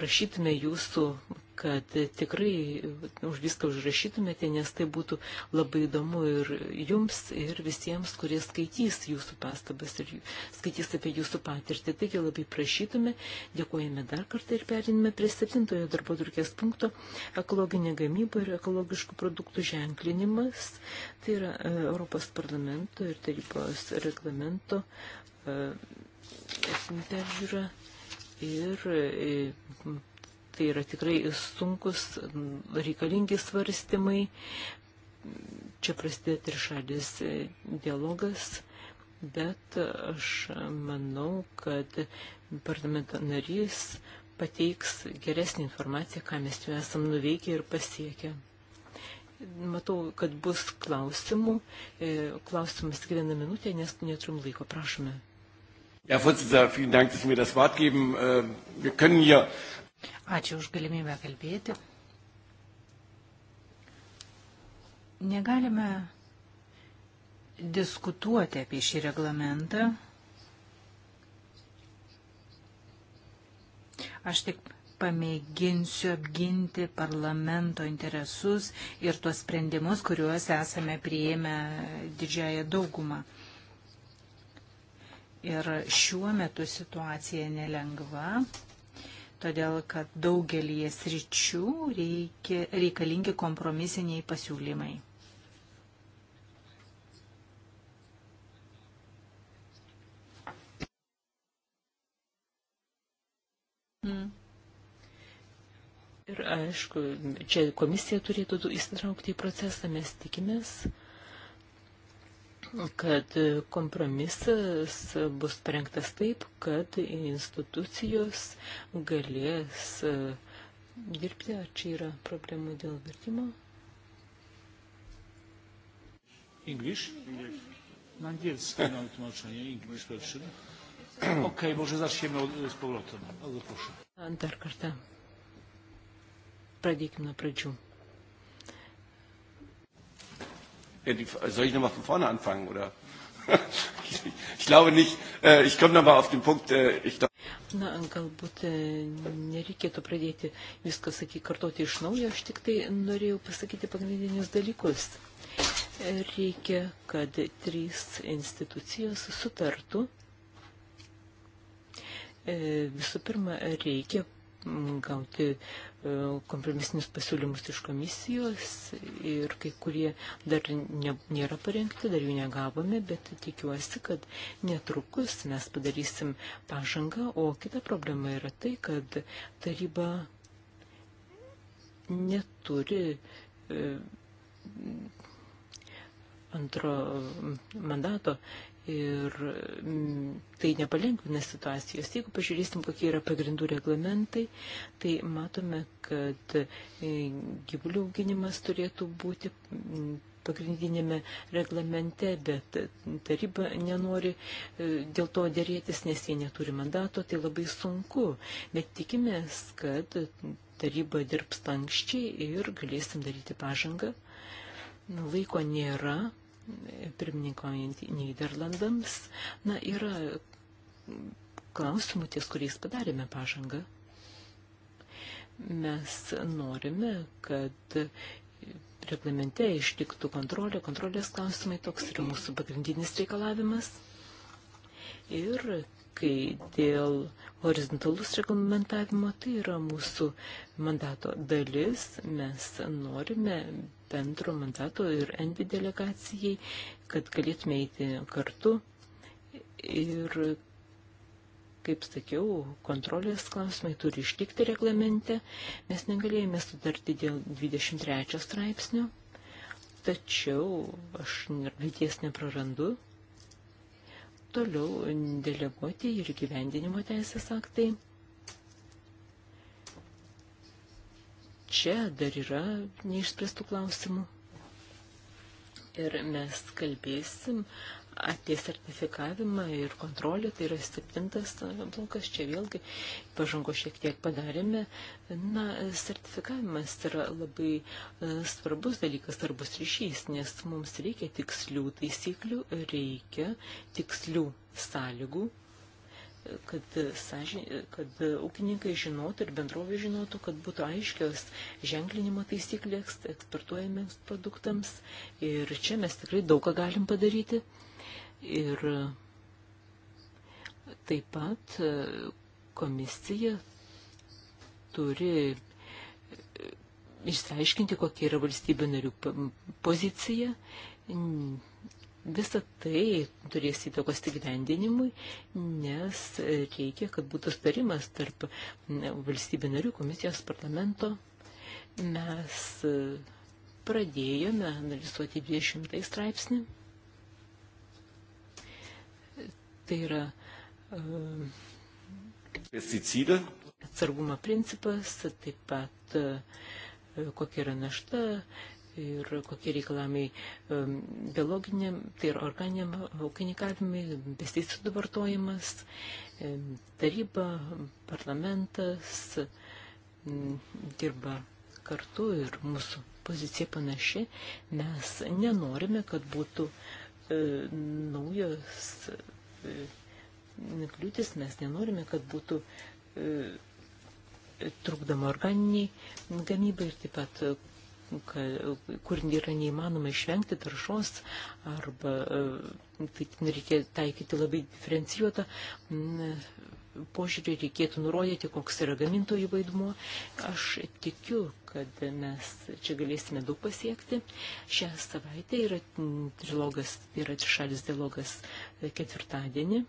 S2: prašytume jūsų kad tikrai nu, už viską užrašytumėte, nes tai būtų labai įdomu ir jums, ir visiems, kurie skaitys jūsų pastabas ir skaitys apie jūsų patirtį. Taigi labai prašytume, dėkojame dar kartą ir perinime prie septintojo darbo turkės punkto - ekologinė gamyba ir ekologiškų produktų ženklinimas. Tai yra e, Europos parlamento ir tarybos reglamento e, peržiūra ir e, Tai yra tikrai sunkus, reikalingi svarstymai. Čia prasidėjo trišalis dialogas, bet aš manau, kad parlamento narys pateiks geresnį informaciją, ką mes jau esam nuveikę ir pasiekę. Matau, kad bus klausimų. E, klausimas tik vieną minutę, nes neturim laiko. Prašome.
S1: Herr Vorsitzender, vielen Dank, dass Sie mir das Wort geben. Äh, wir können hier
S3: Ačiū už galimybę kalbėti. Negalime diskutuoti apie šį reglamentą. Aš tik pamėginsiu apginti parlamento interesus ir tuos sprendimus, kuriuos esame prieėmę didžiąją daugumą. Ir šiuo metu situacija nelengva todėl kad daugelį sričių reikia, reikalingi kompromisiniai pasiūlymai.
S1: Mm.
S2: Ir aišku, čia komisija turėtų įsitraukti į procesą, mes tikimės, kad kompromisas bus parengtas taip, kad institucijos galės e, dirbti. Ar čia yra problemų dėl vertimo?
S1: English? English. Na angielski mam tłumaczenie, English lepszy. Okej, okay, może zaczniemy od, z powrotem. Bardzo proszę.
S2: Dar kartą. Pradėkime nuo pradžių.
S1: Ja, die, soll ich nochmal von vorne anfangen, oder? ich glaube nicht. Äh, ich komme nochmal auf den Punkt. Äh, ich glaub...
S2: Na, galbūt e, nereikėtų pradėti viską sakyti kartoti iš naujo. Aš tik tai norėjau pasakyti pagrindinius dalykus. Reikia, kad trys institucijos sutartų. E, visų pirma, reikia gauti kompromisinius pasiūlymus iš komisijos ir kai kurie dar ne, nėra parengti, dar jų negavome, bet tikiuosi, kad netrukus mes padarysim pažangą, o kita problema yra tai, kad taryba neturi e, antro mandato ir mm, tai nepalengvina situacijos. Jeigu pažiūrėsim, kokie yra pagrindų reglamentai, tai matome, kad e, gyvulių auginimas turėtų būti mm, pagrindinėme reglamente, bet taryba nenori e, dėl to dėrėtis, nes jie neturi mandato, tai labai sunku. Bet tikimės, kad taryba dirbs tankščiai ir galėsim daryti pažangą. Laiko nėra, pirmininkaujant Niderlandams, na, yra klausimų ties, kuriais padarėme pažangą. Mes norime, kad reglamente ištiktų kontrolė, kontrolės klausimai toks yra mūsų pagrindinis reikalavimas. Ir kai dėl horizontalus reglamentavimo, tai yra mūsų mandato dalis, mes norime bendro mandato ir NB delegacijai, kad galėtume eiti kartu ir, kaip sakiau, kontrolės klausimai turi ištikti reglamente. Mes negalėjome sutarti dėl 23 straipsnio, tačiau aš vilties neprarandu. Toliau deleguoti ir gyvendinimo teisės aktai. čia dar yra neišspręstų klausimų. Ir mes kalbėsim apie sertifikavimą ir kontrolę, tai yra septintas blokas, čia vėlgi pažango šiek tiek padarėme. Na, sertifikavimas yra labai e, svarbus dalykas, svarbus ryšys, nes mums reikia tikslių taisyklių, reikia tikslių sąlygų kad, kad ūkininkai žinotų ir bendrovė žinotų, kad būtų aiškios ženklinimo taisyklės eksportuojamiems produktams. Ir čia mes tikrai daug ką galim padaryti. Ir taip pat e, komisija turi e, išsiaiškinti, kokia yra valstybė narių pozicija Visą tai turės įtakos įgyvendinimui, nes reikia, kad būtų starimas tarp valstybė narių komisijos parlamento. Mes pradėjome analizuoti 20 straipsnį. Tai yra
S1: e, pesticidai.
S2: Atsargumo principas, taip pat e, kokia yra našta, ir kokie reikalavimai biologiniam, tai yra organiniam ūkininkavimui, pesticidų vartojimas, taryba, parlamentas dirba kartu ir mūsų pozicija panaši. Mes nenorime, kad būtų e, naujos e, kliūtis, mes nenorime, kad būtų e, trukdama organiniai gamybai ir taip pat kur yra neįmanoma išvengti taršos arba e, tai reikia taikyti labai diferencijuotą požiūrį, reikėtų nurodyti, koks yra gamintojų vaidmuo. Aš tikiu, kad mes čia galėsime daug pasiekti. Šią savaitę yra trilogas, yra šalis dialogas ketvirtadienį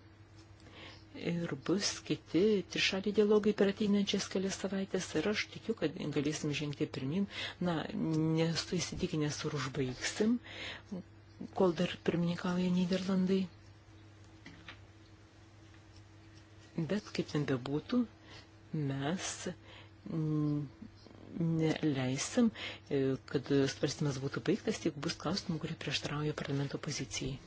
S2: ir bus kiti trišaliai dialogai per ateinančias kelias savaitės ir aš tikiu, kad galėsim žengti pirmin. Na, nesu įsitikinęs, ar užbaigsim, kol dar pirmininkauja Niderlandai. Bet kaip ten bebūtų, mes neleisim, kad svarstymas būtų baigtas, jeigu bus klausimų, kurie prieštarauja parlamento pozicijai.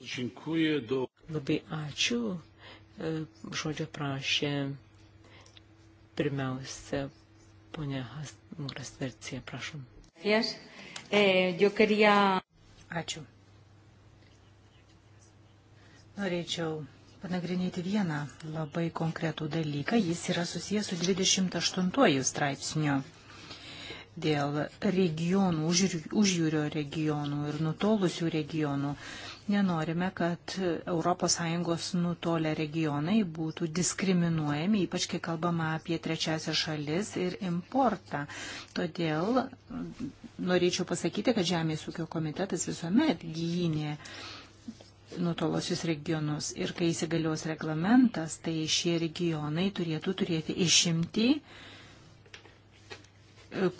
S1: Labai
S2: ačiū. E, žodžio prašė pirmiausia ponia Hasmurasvercija, prašom.
S3: Eh, ačiū. Norėčiau panagrinėti vieną labai konkretų dalyką. Jis yra susijęs su 28 straipsniu dėl regionų, užjūrio regionų ir nutolusių regionų. Nenorime, kad ES nutolę regionai būtų diskriminuojami, ypač kai kalbama apie trečiasią šalis ir importą. Todėl norėčiau pasakyti, kad Žemės ūkio komitetas visuomet gynė nutolosius regionus. Ir kai įsigalios reglamentas, tai šie regionai turėtų turėti išimti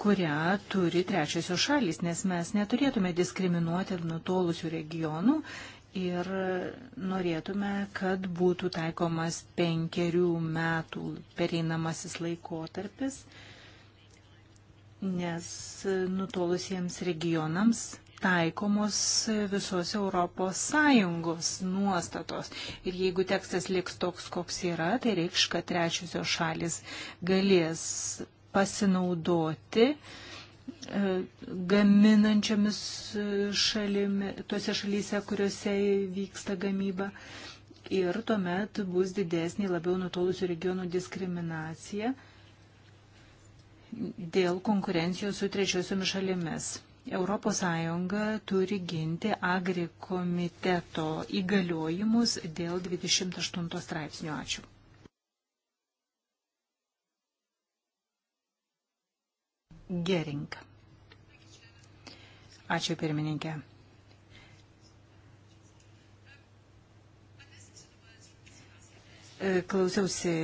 S3: kurią turi trečiosios šalis, nes mes neturėtume diskriminuoti nutolusių regionų ir norėtume, kad būtų taikomas penkerių metų pereinamasis laikotarpis, nes nutolusiems regionams taikomos visos Europos Sąjungos nuostatos. Ir jeigu tekstas liks toks, koks yra, tai reikš, kad trečiosios šalis galės pasinaudoti e, gaminančiamis šalimi, tuose šalyse, kuriuose vyksta gamyba. Ir tuomet bus didesnė labiau nutolusių regionų diskriminacija dėl konkurencijos su trečiosiomis šalimis. ES turi ginti agri komiteto įgaliojimus dėl 28 straipsnio. Ačiū. Gering. Ačiū pirmininkė. Klausiausi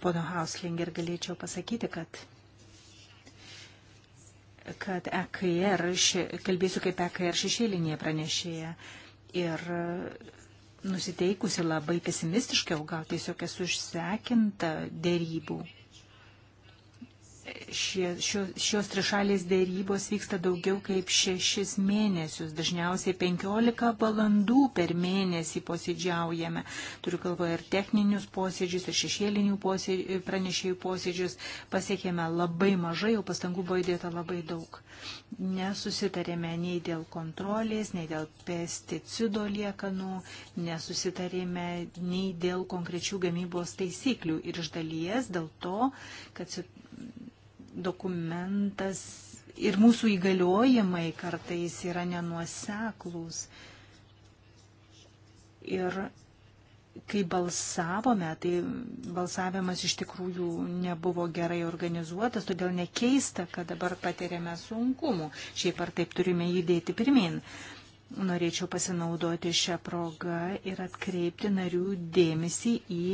S3: pono Hausling ir galėčiau pasakyti, kad kad EKR, kalbėsiu kaip EKR šešėlinėje pranešėje ir nusiteikusi labai pesimistiškai, o gal tiesiog esu išsekinta dėrybų šie, šios, šios trišalės dėrybos vyksta daugiau kaip šešis mėnesius, dažniausiai penkiolika valandų per mėnesį posėdžiaujame. Turiu galvoje ir techninius posėdžius, ir šešėlinių posėdžių, pranešėjų posėdžius. Pasiekėme labai mažai, jau pastangų buvo įdėta labai daug. Nesusitarėme nei dėl kontrolės, nei dėl pesticido liekanų, nesusitarėme nei dėl konkrečių gamybos taisyklių ir iš dalies dėl to, kad situacija dokumentas ir mūsų įgaliojimai kartais yra nenuoseklūs. Ir kai balsavome, tai balsavimas iš tikrųjų nebuvo gerai organizuotas, todėl nekeista, kad dabar patiriame sunkumų. Šiaip ar taip turime judėti pirmin. Norėčiau pasinaudoti šią progą ir atkreipti narių dėmesį į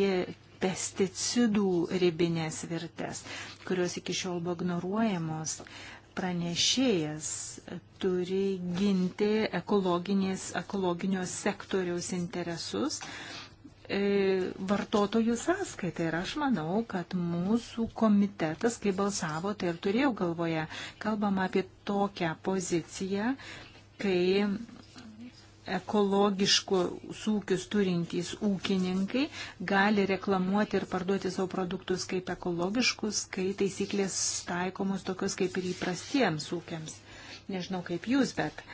S3: pesticidų ribinės vertės, kurios iki šiol buvo ignoruojamos. Pranešėjas turi ginti ekologinio sektoriaus interesus e, vartotojų sąskaitą. Ir aš manau, kad mūsų komitetas, kai balsavo, tai ir turėjau galvoje, kalbam apie tokią poziciją, kai ekologiškus ūkius turintys ūkininkai gali reklamuoti ir parduoti savo produktus kaip ekologiškus, kai taisyklės taikomos tokios kaip ir įprastiems ūkiams. Nežinau kaip jūs, bet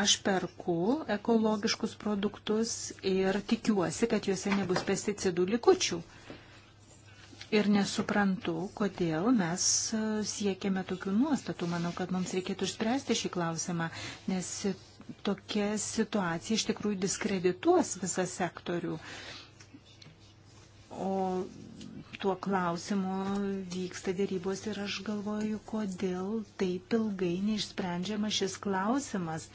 S3: aš perku ekologiškus produktus ir tikiuosi, kad juose nebus pesticidų likučių. Ir nesuprantu, kodėl mes e, siekiame tokių nuostatų. Manau, kad mums reikėtų išspręsti šį klausimą, nes tokia situacija iš tikrųjų diskredituos visą sektorių. O tuo klausimu vyksta dėrybos ir aš galvoju, kodėl taip ilgai neišsprendžiama šis klausimas.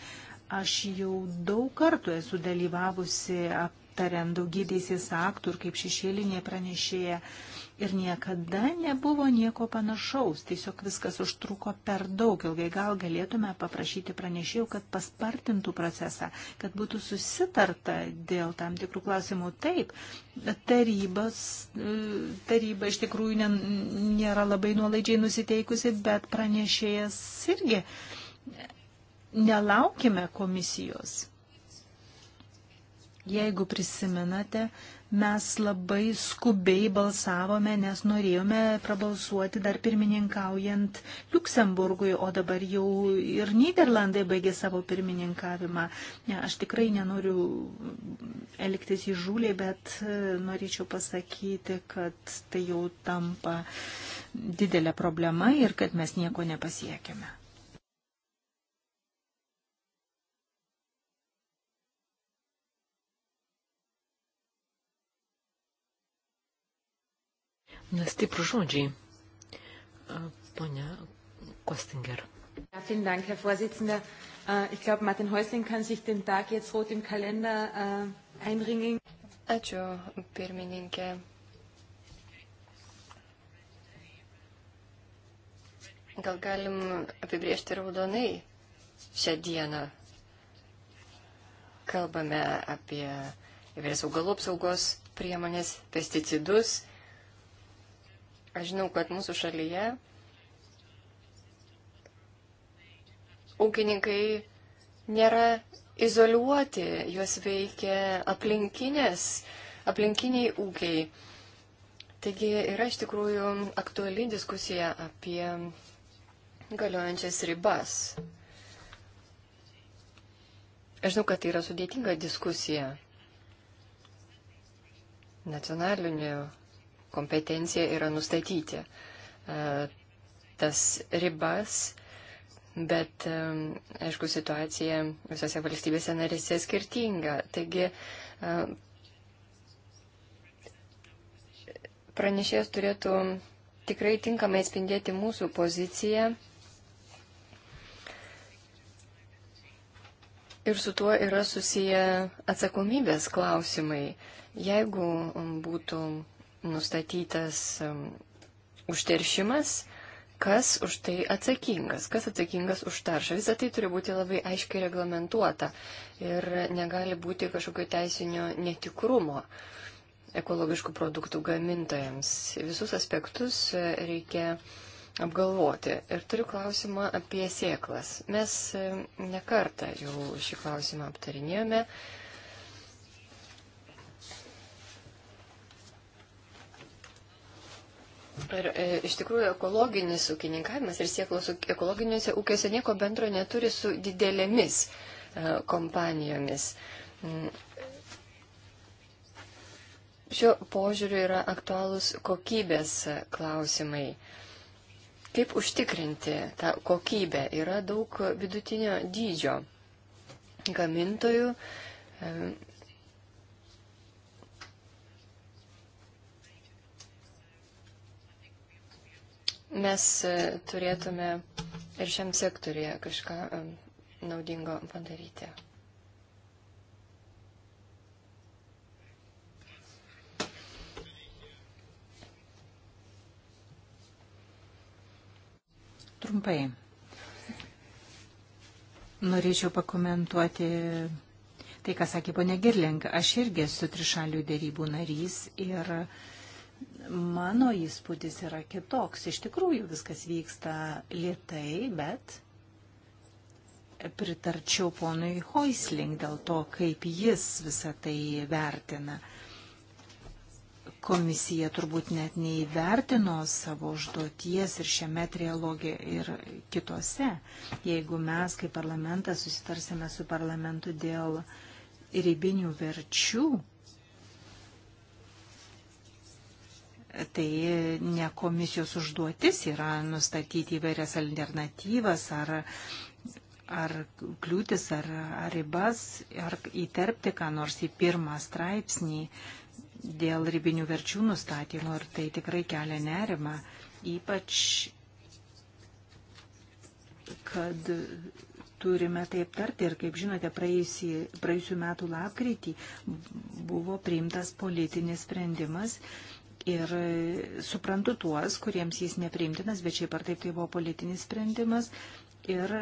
S3: Aš jau daug kartų esu dalyvavusi aptariant daugybės įsaktų ir kaip šešėlinė pranešėja. Uh, ir niekada nebuvo nieko panašaus, tiesiog viskas užtruko per daug ilgai. Gal galėtume paprašyti pranešėjų, kad paspartintų procesą, kad būtų susitarta dėl tam tikrų klausimų. Taip, tarybos, taryba iš tikrųjų nėra labai nuolaidžiai nusiteikusi, bet pranešėjas irgi. Nelaukime komisijos. Jeigu prisimenate, Mes labai skubiai balsavome, nes norėjome prabalsuoti dar pirmininkaujant Luksemburgui, o dabar jau ir Niderlandai baigė savo pirmininkavimą. Ne, aš tikrai nenoriu elgtis įžūliai, bet e, norėčiau pasakyti, kad tai jau tampa didelė problema ir kad mes nieko nepasiekime.
S2: Na, stiprų žodžiai. Pone Kostinger.
S3: Ja, vielen Dank, Herr
S4: Vorsitzender. Äh, ich glaube, Martin Häusling kann sich den Tag jetzt rot im Kalender äh, einringen. Ačiū, pirmininkė. Gal galim apibriežti raudonai šią dieną. Kalbame apie įvairias augalų apsaugos priemonės, pesticidus Aš žinau, kad mūsų šalyje ūkininkai nėra izoliuoti, juos veikia aplinkinės, aplinkiniai ūkiai. Taigi yra iš tikrųjų aktuali diskusija apie galiojančias ribas. Aš žinau, kad tai yra sudėtinga diskusija. Nacionaliniu kompetencija yra nustatyti e, tas ribas, bet, e, aišku, situacija visose valstybėse narėse skirtinga. Taigi, e, pranešėjas turėtų tikrai tinkamai atspindėti mūsų poziciją Ir su tuo yra susiję atsakomybės klausimai. Jeigu būtų nustatytas užteršimas, kas už tai atsakingas, kas atsakingas už taršą. Visą tai turi būti labai aiškiai reglamentuota ir negali būti kažkokio teisinio netikrumo ekologiškų produktų gamintojams. Visus aspektus e, reikia apgalvoti. Ir turiu klausimą apie sėklas. Mes e, nekartą jau šį klausimą aptarinėjome. Ir e, iš tikrųjų ekologinis ūkininkavimas ir sieklos ekologiniuose ūkiuose nieko bendro neturi su didelėmis e, kompanijomis. Mm. Šiuo požiūriu yra aktualūs kokybės klausimai. Kaip užtikrinti tą kokybę? Yra daug vidutinio dydžio gamintojų. E, mes e, turėtume ir šiam sektorėje kažką e, naudingo padaryti.
S3: Trumpai. Norėčiau pakomentuoti tai, ką sakė ponė Girling. Aš irgi esu trišalių dėrybų narys ir uh, Mano įspūdis yra kitoks. Iš tikrųjų viskas vyksta lietai, bet pritarčiau ponui Hoisling dėl to, kaip jis visą tai vertina. Komisija turbūt net neįvertino savo užduoties ir šiame trialogė ir kitose. Jeigu mes kaip parlamentas susitarsime su parlamentu dėl ribinių verčių, Tai ne komisijos užduotis yra nustatyti įvairias alternatyvas ar, ar kliūtis ar, ar ribas, ar įterpti ką nors į pirmą straipsnį dėl ribinių verčių nustatymo ir tai tikrai kelia nerima, ypač kad turime tai aptarti. Ir kaip žinote, praėjusį, praėjusių metų lapkritį buvo priimtas politinis sprendimas Ir e, suprantu tuos, kuriems jis nepriimtinas, bet šiaip ar taip tai buvo politinis sprendimas ir e,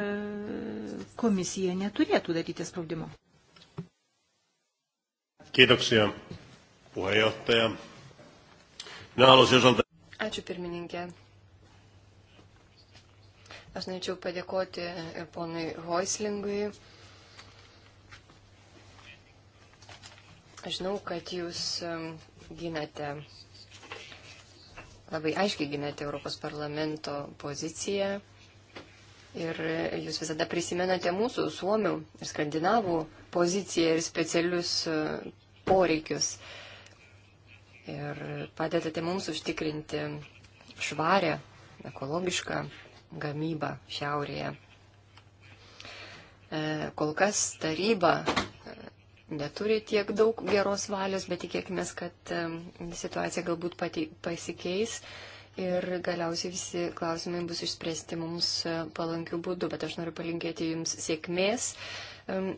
S3: komisija neturėtų daryti spaudimo.
S1: Kiitoksia, puheenjohtaja. Minä haluaisin osalta...
S4: Ačiū pirmininkė. Aš norėčiau padėkoti ir ponui Hoislingui. Aš žinau, kad jūs e, ginate labai aiškiai gynėte Europos parlamento poziciją ir jūs visada prisimenate mūsų, suomių ir skandinavų poziciją ir specialius e, poreikius. Ir padedate mums užtikrinti švarę, ekologišką gamybą šiaurėje. E, kol kas taryba neturi tiek daug geros valios, bet tikėkime, kad situacija galbūt pati, pasikeis ir galiausiai visi klausimai bus išspręsti mums e, palankių būdų, bet aš noriu palinkėti Jums sėkmės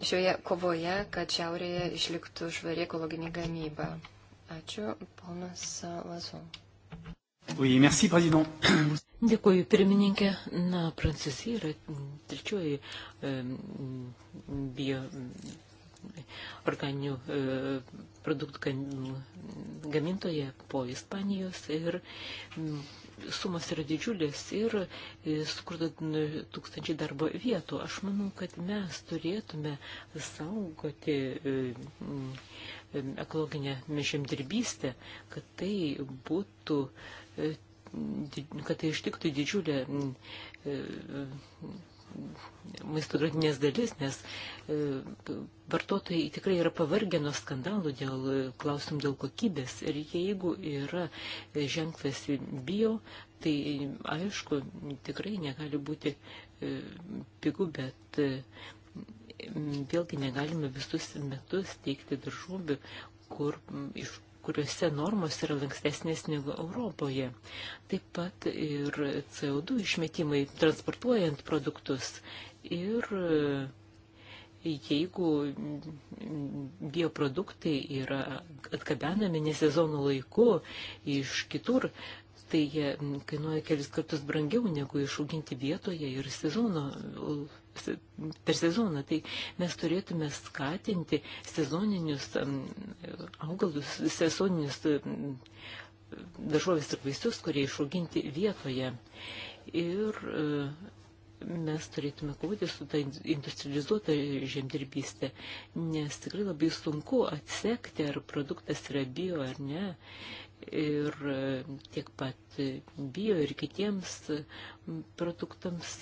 S4: šioje kovoje, kad šiaurėje išliktų švari ekologinė gamyba. Ačiū, ponas Lazu.
S3: Oui, merci, président.
S2: Dėkuoju, pirmininkė. Na, Prancūzija yra trečioji e, bio organinių e, produktų gamintoje po Ispanijos ir mm, sumas yra didžiulis ir e, skurda tūkstančiai darbo vietų. Aš manau, kad mes turėtume saugoti e, ekologinę žemdirbystę, kad tai būtų kad tai ištiktų didžiulė maisto grandinės dalis, nes e, vartotojai tikrai yra pavargę nuo skandalų dėl e, klausimų dėl kokybės. Ir jeigu yra e, ženklas bio, tai aišku, tikrai negali būti pigu, bet vėlgi negalime visus metus teikti daržovių, kur iš kuriuose normos yra lankstesnės negu Europoje. Taip pat ir CO2 išmetimai transportuojant produktus ir e, jeigu bioproduktai yra atkabenami nesezonų laiku iš kitur, tai jie kainuoja kelis kartus brangiau negu išauginti vietoje ir sezono per sezoną. Tai mes turėtume skatinti sezoninius augalus, sezoninius daržovės ir vaisius, kurie išauginti vietoje. Ir e, mes turėtume kovoti su tą industrializuotą žemdirbystę, nes tikrai labai sunku atsekti, ar produktas yra bio ar ne. Ir e, tiek pat bio ir kitiems produktams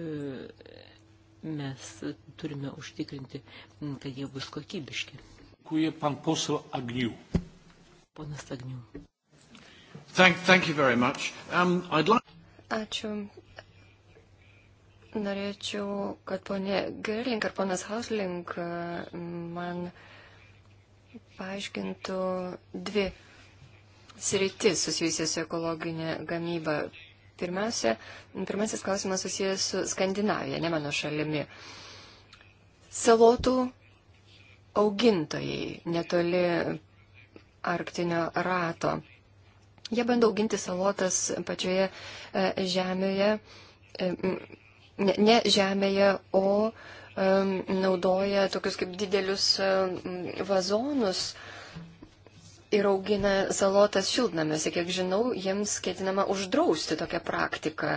S2: e, mes turime užtikrinti, kad jie bus kokybiški.
S1: Kurie pan posel Agnių. Ponas Agnių. Thank, thank you very much. Um, I'd like...
S4: Ačiū. Norėčiau, kad ponė Gerling ar ponas Hausling e, man paaiškintų dvi sritis susijusias su ekologinė gamyba. Pirmiausia, pirmasis klausimas susijęs su Skandinavija, ne mano šalimi. Salotų augintojai netoli arktinio rato. Jie bando auginti salotas pačioje e, žemėje, e, ne, ne žemėje, o e, naudoja tokius kaip didelius vazonus, ir augina salotas šiltnamiuose. Kiek žinau, jiems ketinama uždrausti tokią praktiką.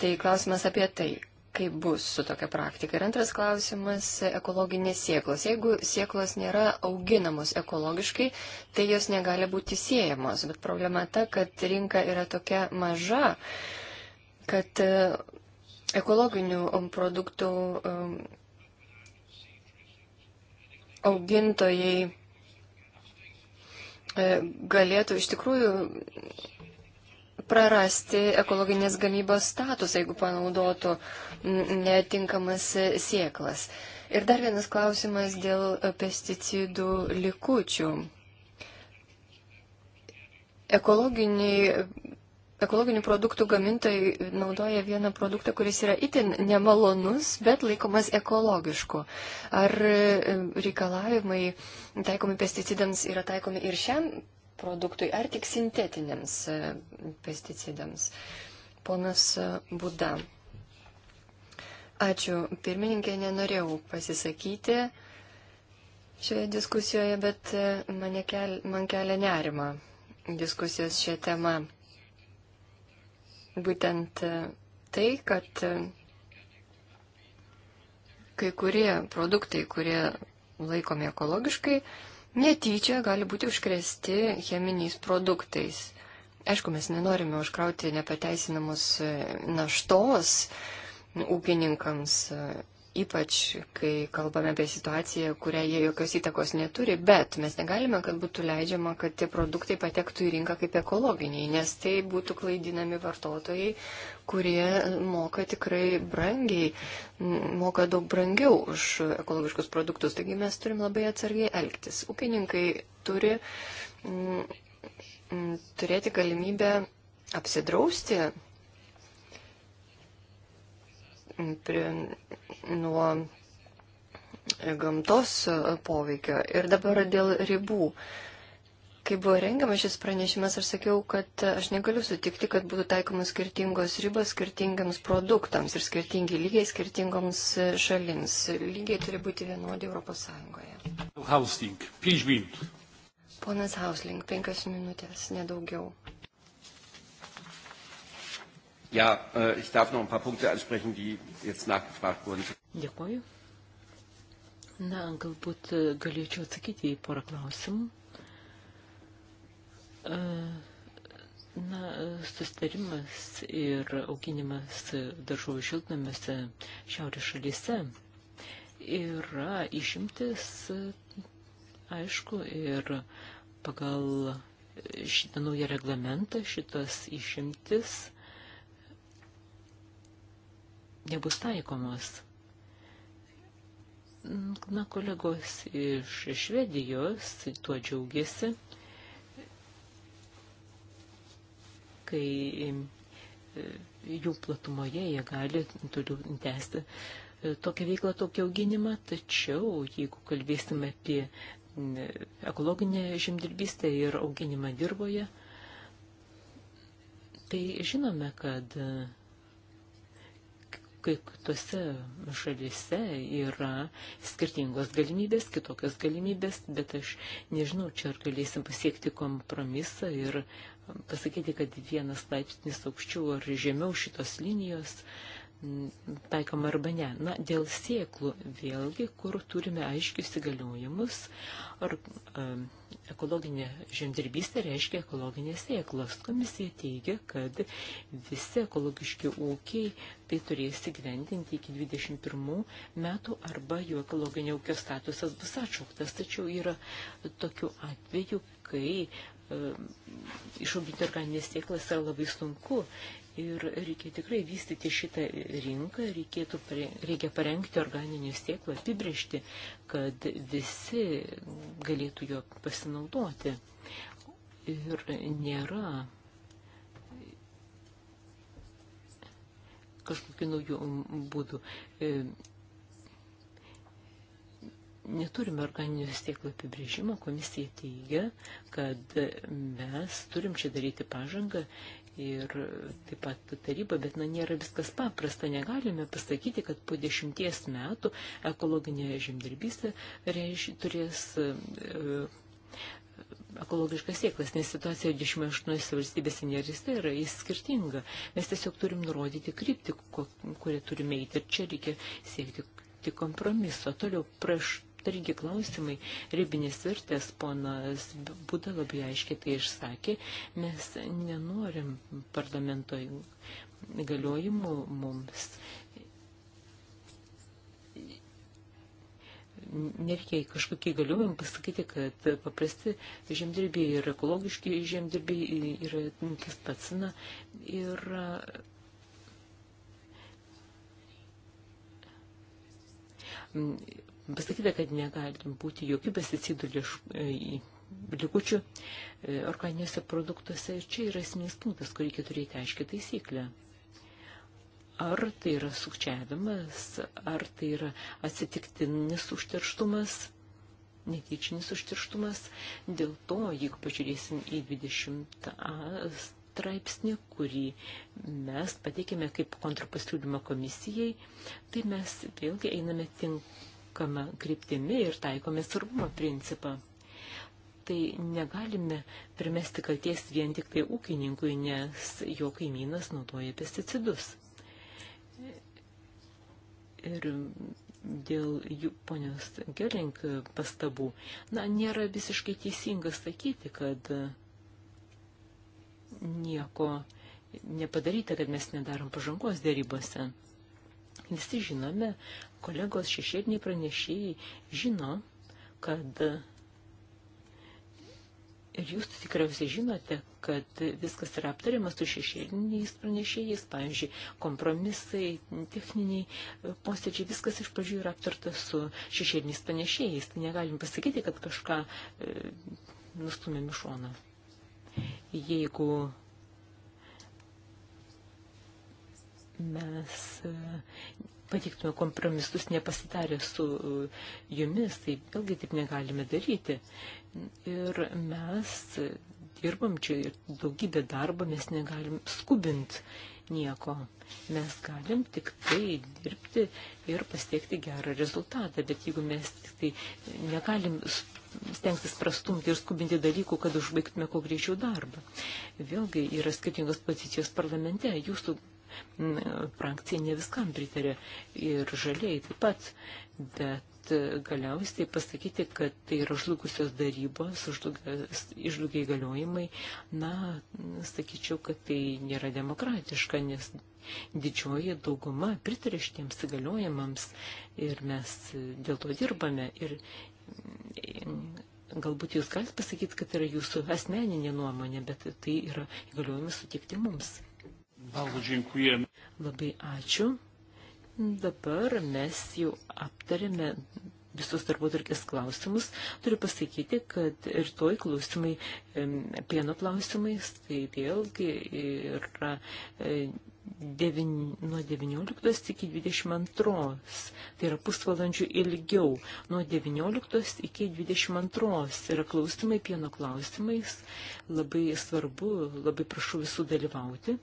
S4: Tai klausimas apie tai, kaip bus su tokia praktika. Ir antras klausimas - ekologinės sieklos. Jeigu sieklos nėra auginamos ekologiškai, tai jos negali būti siejamos. Bet problema ta, kad rinka yra tokia maža, kad e, ekologinių um, produktų um, augintojai E, galėtų iš tikrųjų prarasti ekologinės gamybos statusą, jeigu panaudotų netinkamas sieklas. Ir dar vienas klausimas dėl pesticidų likučių. Ekologiniai ekologinių produktų gamintojai naudoja vieną produktą, kuris yra itin nemalonus, bet laikomas ekologišku. Ar e, reikalavimai taikomi pesticidams yra taikomi ir šiam produktui, ar tik sintetiniams e, pesticidams? Ponas e, Buda. Ačiū. Pirmininkė, nenorėjau pasisakyti šioje diskusijoje, bet mane kel, man kelia nerima diskusijos šią temą būtent e, tai, kad e, kai kurie produktai, kurie laikomi ekologiškai, netyčia gali būti užkrėsti cheminiais produktais. Aišku, mes nenorime užkrauti nepateisinamos e, naštos ūkininkams ypač kai kalbame apie situaciją, kurią jie jokios įtakos neturi, bet mes negalime, kad būtų leidžiama, kad tie produktai patektų į rinką kaip ekologiniai, nes tai būtų klaidinami vartotojai, kurie moka tikrai brangiai, moka daug brangiau už ekologiškus produktus. Taigi mes turim labai atsargiai elgtis. Ūkininkai turi m, mm, m, mm, turėti galimybę apsidrausti prie, nuo gamtos poveikio. Ir dabar dėl ribų. Kai buvo rengiamas šis pranešimas, aš sakiau, kad aš negaliu sutikti, kad būtų taikomas skirtingos ribos skirtingiams produktams ir skirtingi lygiai skirtingoms šalims. Lygiai turi būti vienodi Europos Sąjungoje.
S1: Hausling,
S4: Ponas Hausling, penkios minutės, nedaugiau.
S1: Ja, äh, ich darf noch ein paar Punkte ansprechen, die jetzt nachgefragt wurden.
S2: Dėkuoju. Na, galbūt äh, galėčiau atsakyti į porą klausimų. Äh, na, sustarimas ir auginimas daržovių šiltnamiuose šiaurės šalyse yra išimtis, aišku, ir pagal šitą naują reglamentą šitas išimtis nebus taikomos. Na, kolegos iš Švedijos tuo džiaugiasi, kai jų platumoje jie gali toliau tęsti tokią veiklą, tokį auginimą, tačiau jeigu kalbėsime apie ekologinę žemdirbystę ir auginimą dirboje, tai žinome, kad kai tose šalise yra skirtingos galimybės, kitokios galimybės, bet aš nežinau, čia ar galėsim pasiekti kompromisą ir pasakyti, kad vienas laipsnis aukščiau ar žemiau šitos linijos. Uh, taikoma arba ne. Na, dėl sieklų vėlgi, kur turime aiškius įgaliojimus, ar e, ekologinė žemdirbystė reiškia ekologinės sieklas. Komisija teigia, kad visi ekologiški ūkiai tai turės įgyvendinti iki 21 metų arba jų ekologinio ūkio statusas bus atšauktas. Tačiau yra tokių atvejų, kai e, išauginti organinės sėklas yra labai sunku Ir reikia tikrai vystyti šitą rinką, reikėtų, reikia parengti organinių sėklų, apibriežti, kad visi galėtų jo pasinaudoti. Ir nėra kažkokių naujų būdų. E, neturime organinių sėklų apibrėžimo, komisija teigia, kad mes turim čia daryti pažangą ir taip pat taryba, bet na, nėra viskas paprasta. Negalime pasakyti, kad po dešimties metų ekologinė žemdirbystė turės e, ekologiškas sieklas, nes situacija 28 valstybėse nerista yra įskirtinga. Mes tiesiog turim nurodyti kryptį, kurią turime eiti ir čia reikia siekti kompromiso. Toliau praš, aptaringi klausimai, ribinės vertės, ponas Būda labai aiškiai tai išsakė, mes nenorim parlamento galiojimų mums. Nereikia kažkokie galiojimai pasakyti, kad paprasti žemdirbiai ir ekologiški žemdirbiai yra tas pats. Na, ir pasakyta, kad negali būti jokių pesticidų e, likučių e, organiniuose produktuose ir čia yra esminis punktas, kur reikia turėti aiškį taisyklę. Ar tai yra sukčiavimas, ar tai yra atsitiktinis užterštumas, netyčinis užterštumas. Dėl to, jeigu pažiūrėsim į 20 straipsnį, kurį mes pateikėme kaip kontrapasiūlymą komisijai, tai mes vėlgi einame tinkamą tinkama kryptimi ir taikome svarbumo principą. Tai negalime primesti kalties vien tik tai ūkininkui, nes jo kaimynas naudoja pesticidus. Ir dėl jų ponios Gerink pastabų, na, nėra visiškai teisinga sakyti, kad nieko nepadaryta, kad mes nedarom pažangos dėrybose. Visi žinome, kolegos šešėliniai pranešėjai žino, kad ir jūs tikriausiai žinote, kad viskas yra aptariama su šešėliniais pranešėjais, pavyzdžiui, kompromisai, techniniai e, posėdžiai, viskas iš pradžių yra aptarta su šešėliniais pranešėjais. Tai negalim pasakyti, kad kažką e, nustumėm į šoną. Jeigu mes e, patiktume kompromisus nepasitarę su e, jumis, tai vėlgi taip negalime daryti. Ir mes dirbam čia ir daugybė darbo, mes negalim skubinti nieko. Mes galim tik tai dirbti ir pasiekti gerą rezultatą, bet jeigu mes tik tai negalim stengtis prastumti ir skubinti dalykų, kad užbaigtume kuo greičiau darbą. Vėlgi yra skirtingos pozicijos parlamente. Jūsų frakcija ne viskam pritarė ir žaliai taip pat, bet galiausiai tai pasakyti, kad tai yra žlugusios darybos, išžlugiai galiojimai, na, sakyčiau, kad tai nėra demokratiška, nes didžioji dauguma pritarė šitiems įgaliojimams ir mes dėl to dirbame. Ir, mm, galbūt jūs galite pasakyti, kad tai yra jūsų asmeninė nuomonė, bet tai yra įgaliojimas sutikti mums. Labai ačiū. Dabar mes jau aptarėme visus darbo tarkės klausimus. Turiu pasakyti, kad ir toj klausimai, pieno klausimais, tai vėlgi yra e, devin, nuo 19 iki 22, tai yra pusvalandžių ilgiau, nuo 19 iki 22 yra klausimai pieno klausimais, labai svarbu, labai prašau visų dalyvauti.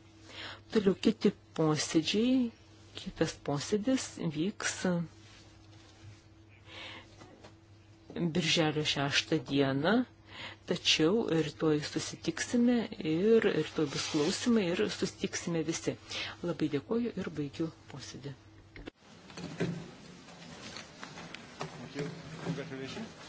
S2: Toliau kiti posėdžiai, kitas posėdis vyks birželio 6 dieną, tačiau rytoj susitiksime ir rytoj bus klausimai ir susitiksime visi. Labai dėkoju ir baigiu posėdį. Thank
S1: you. Congratulations.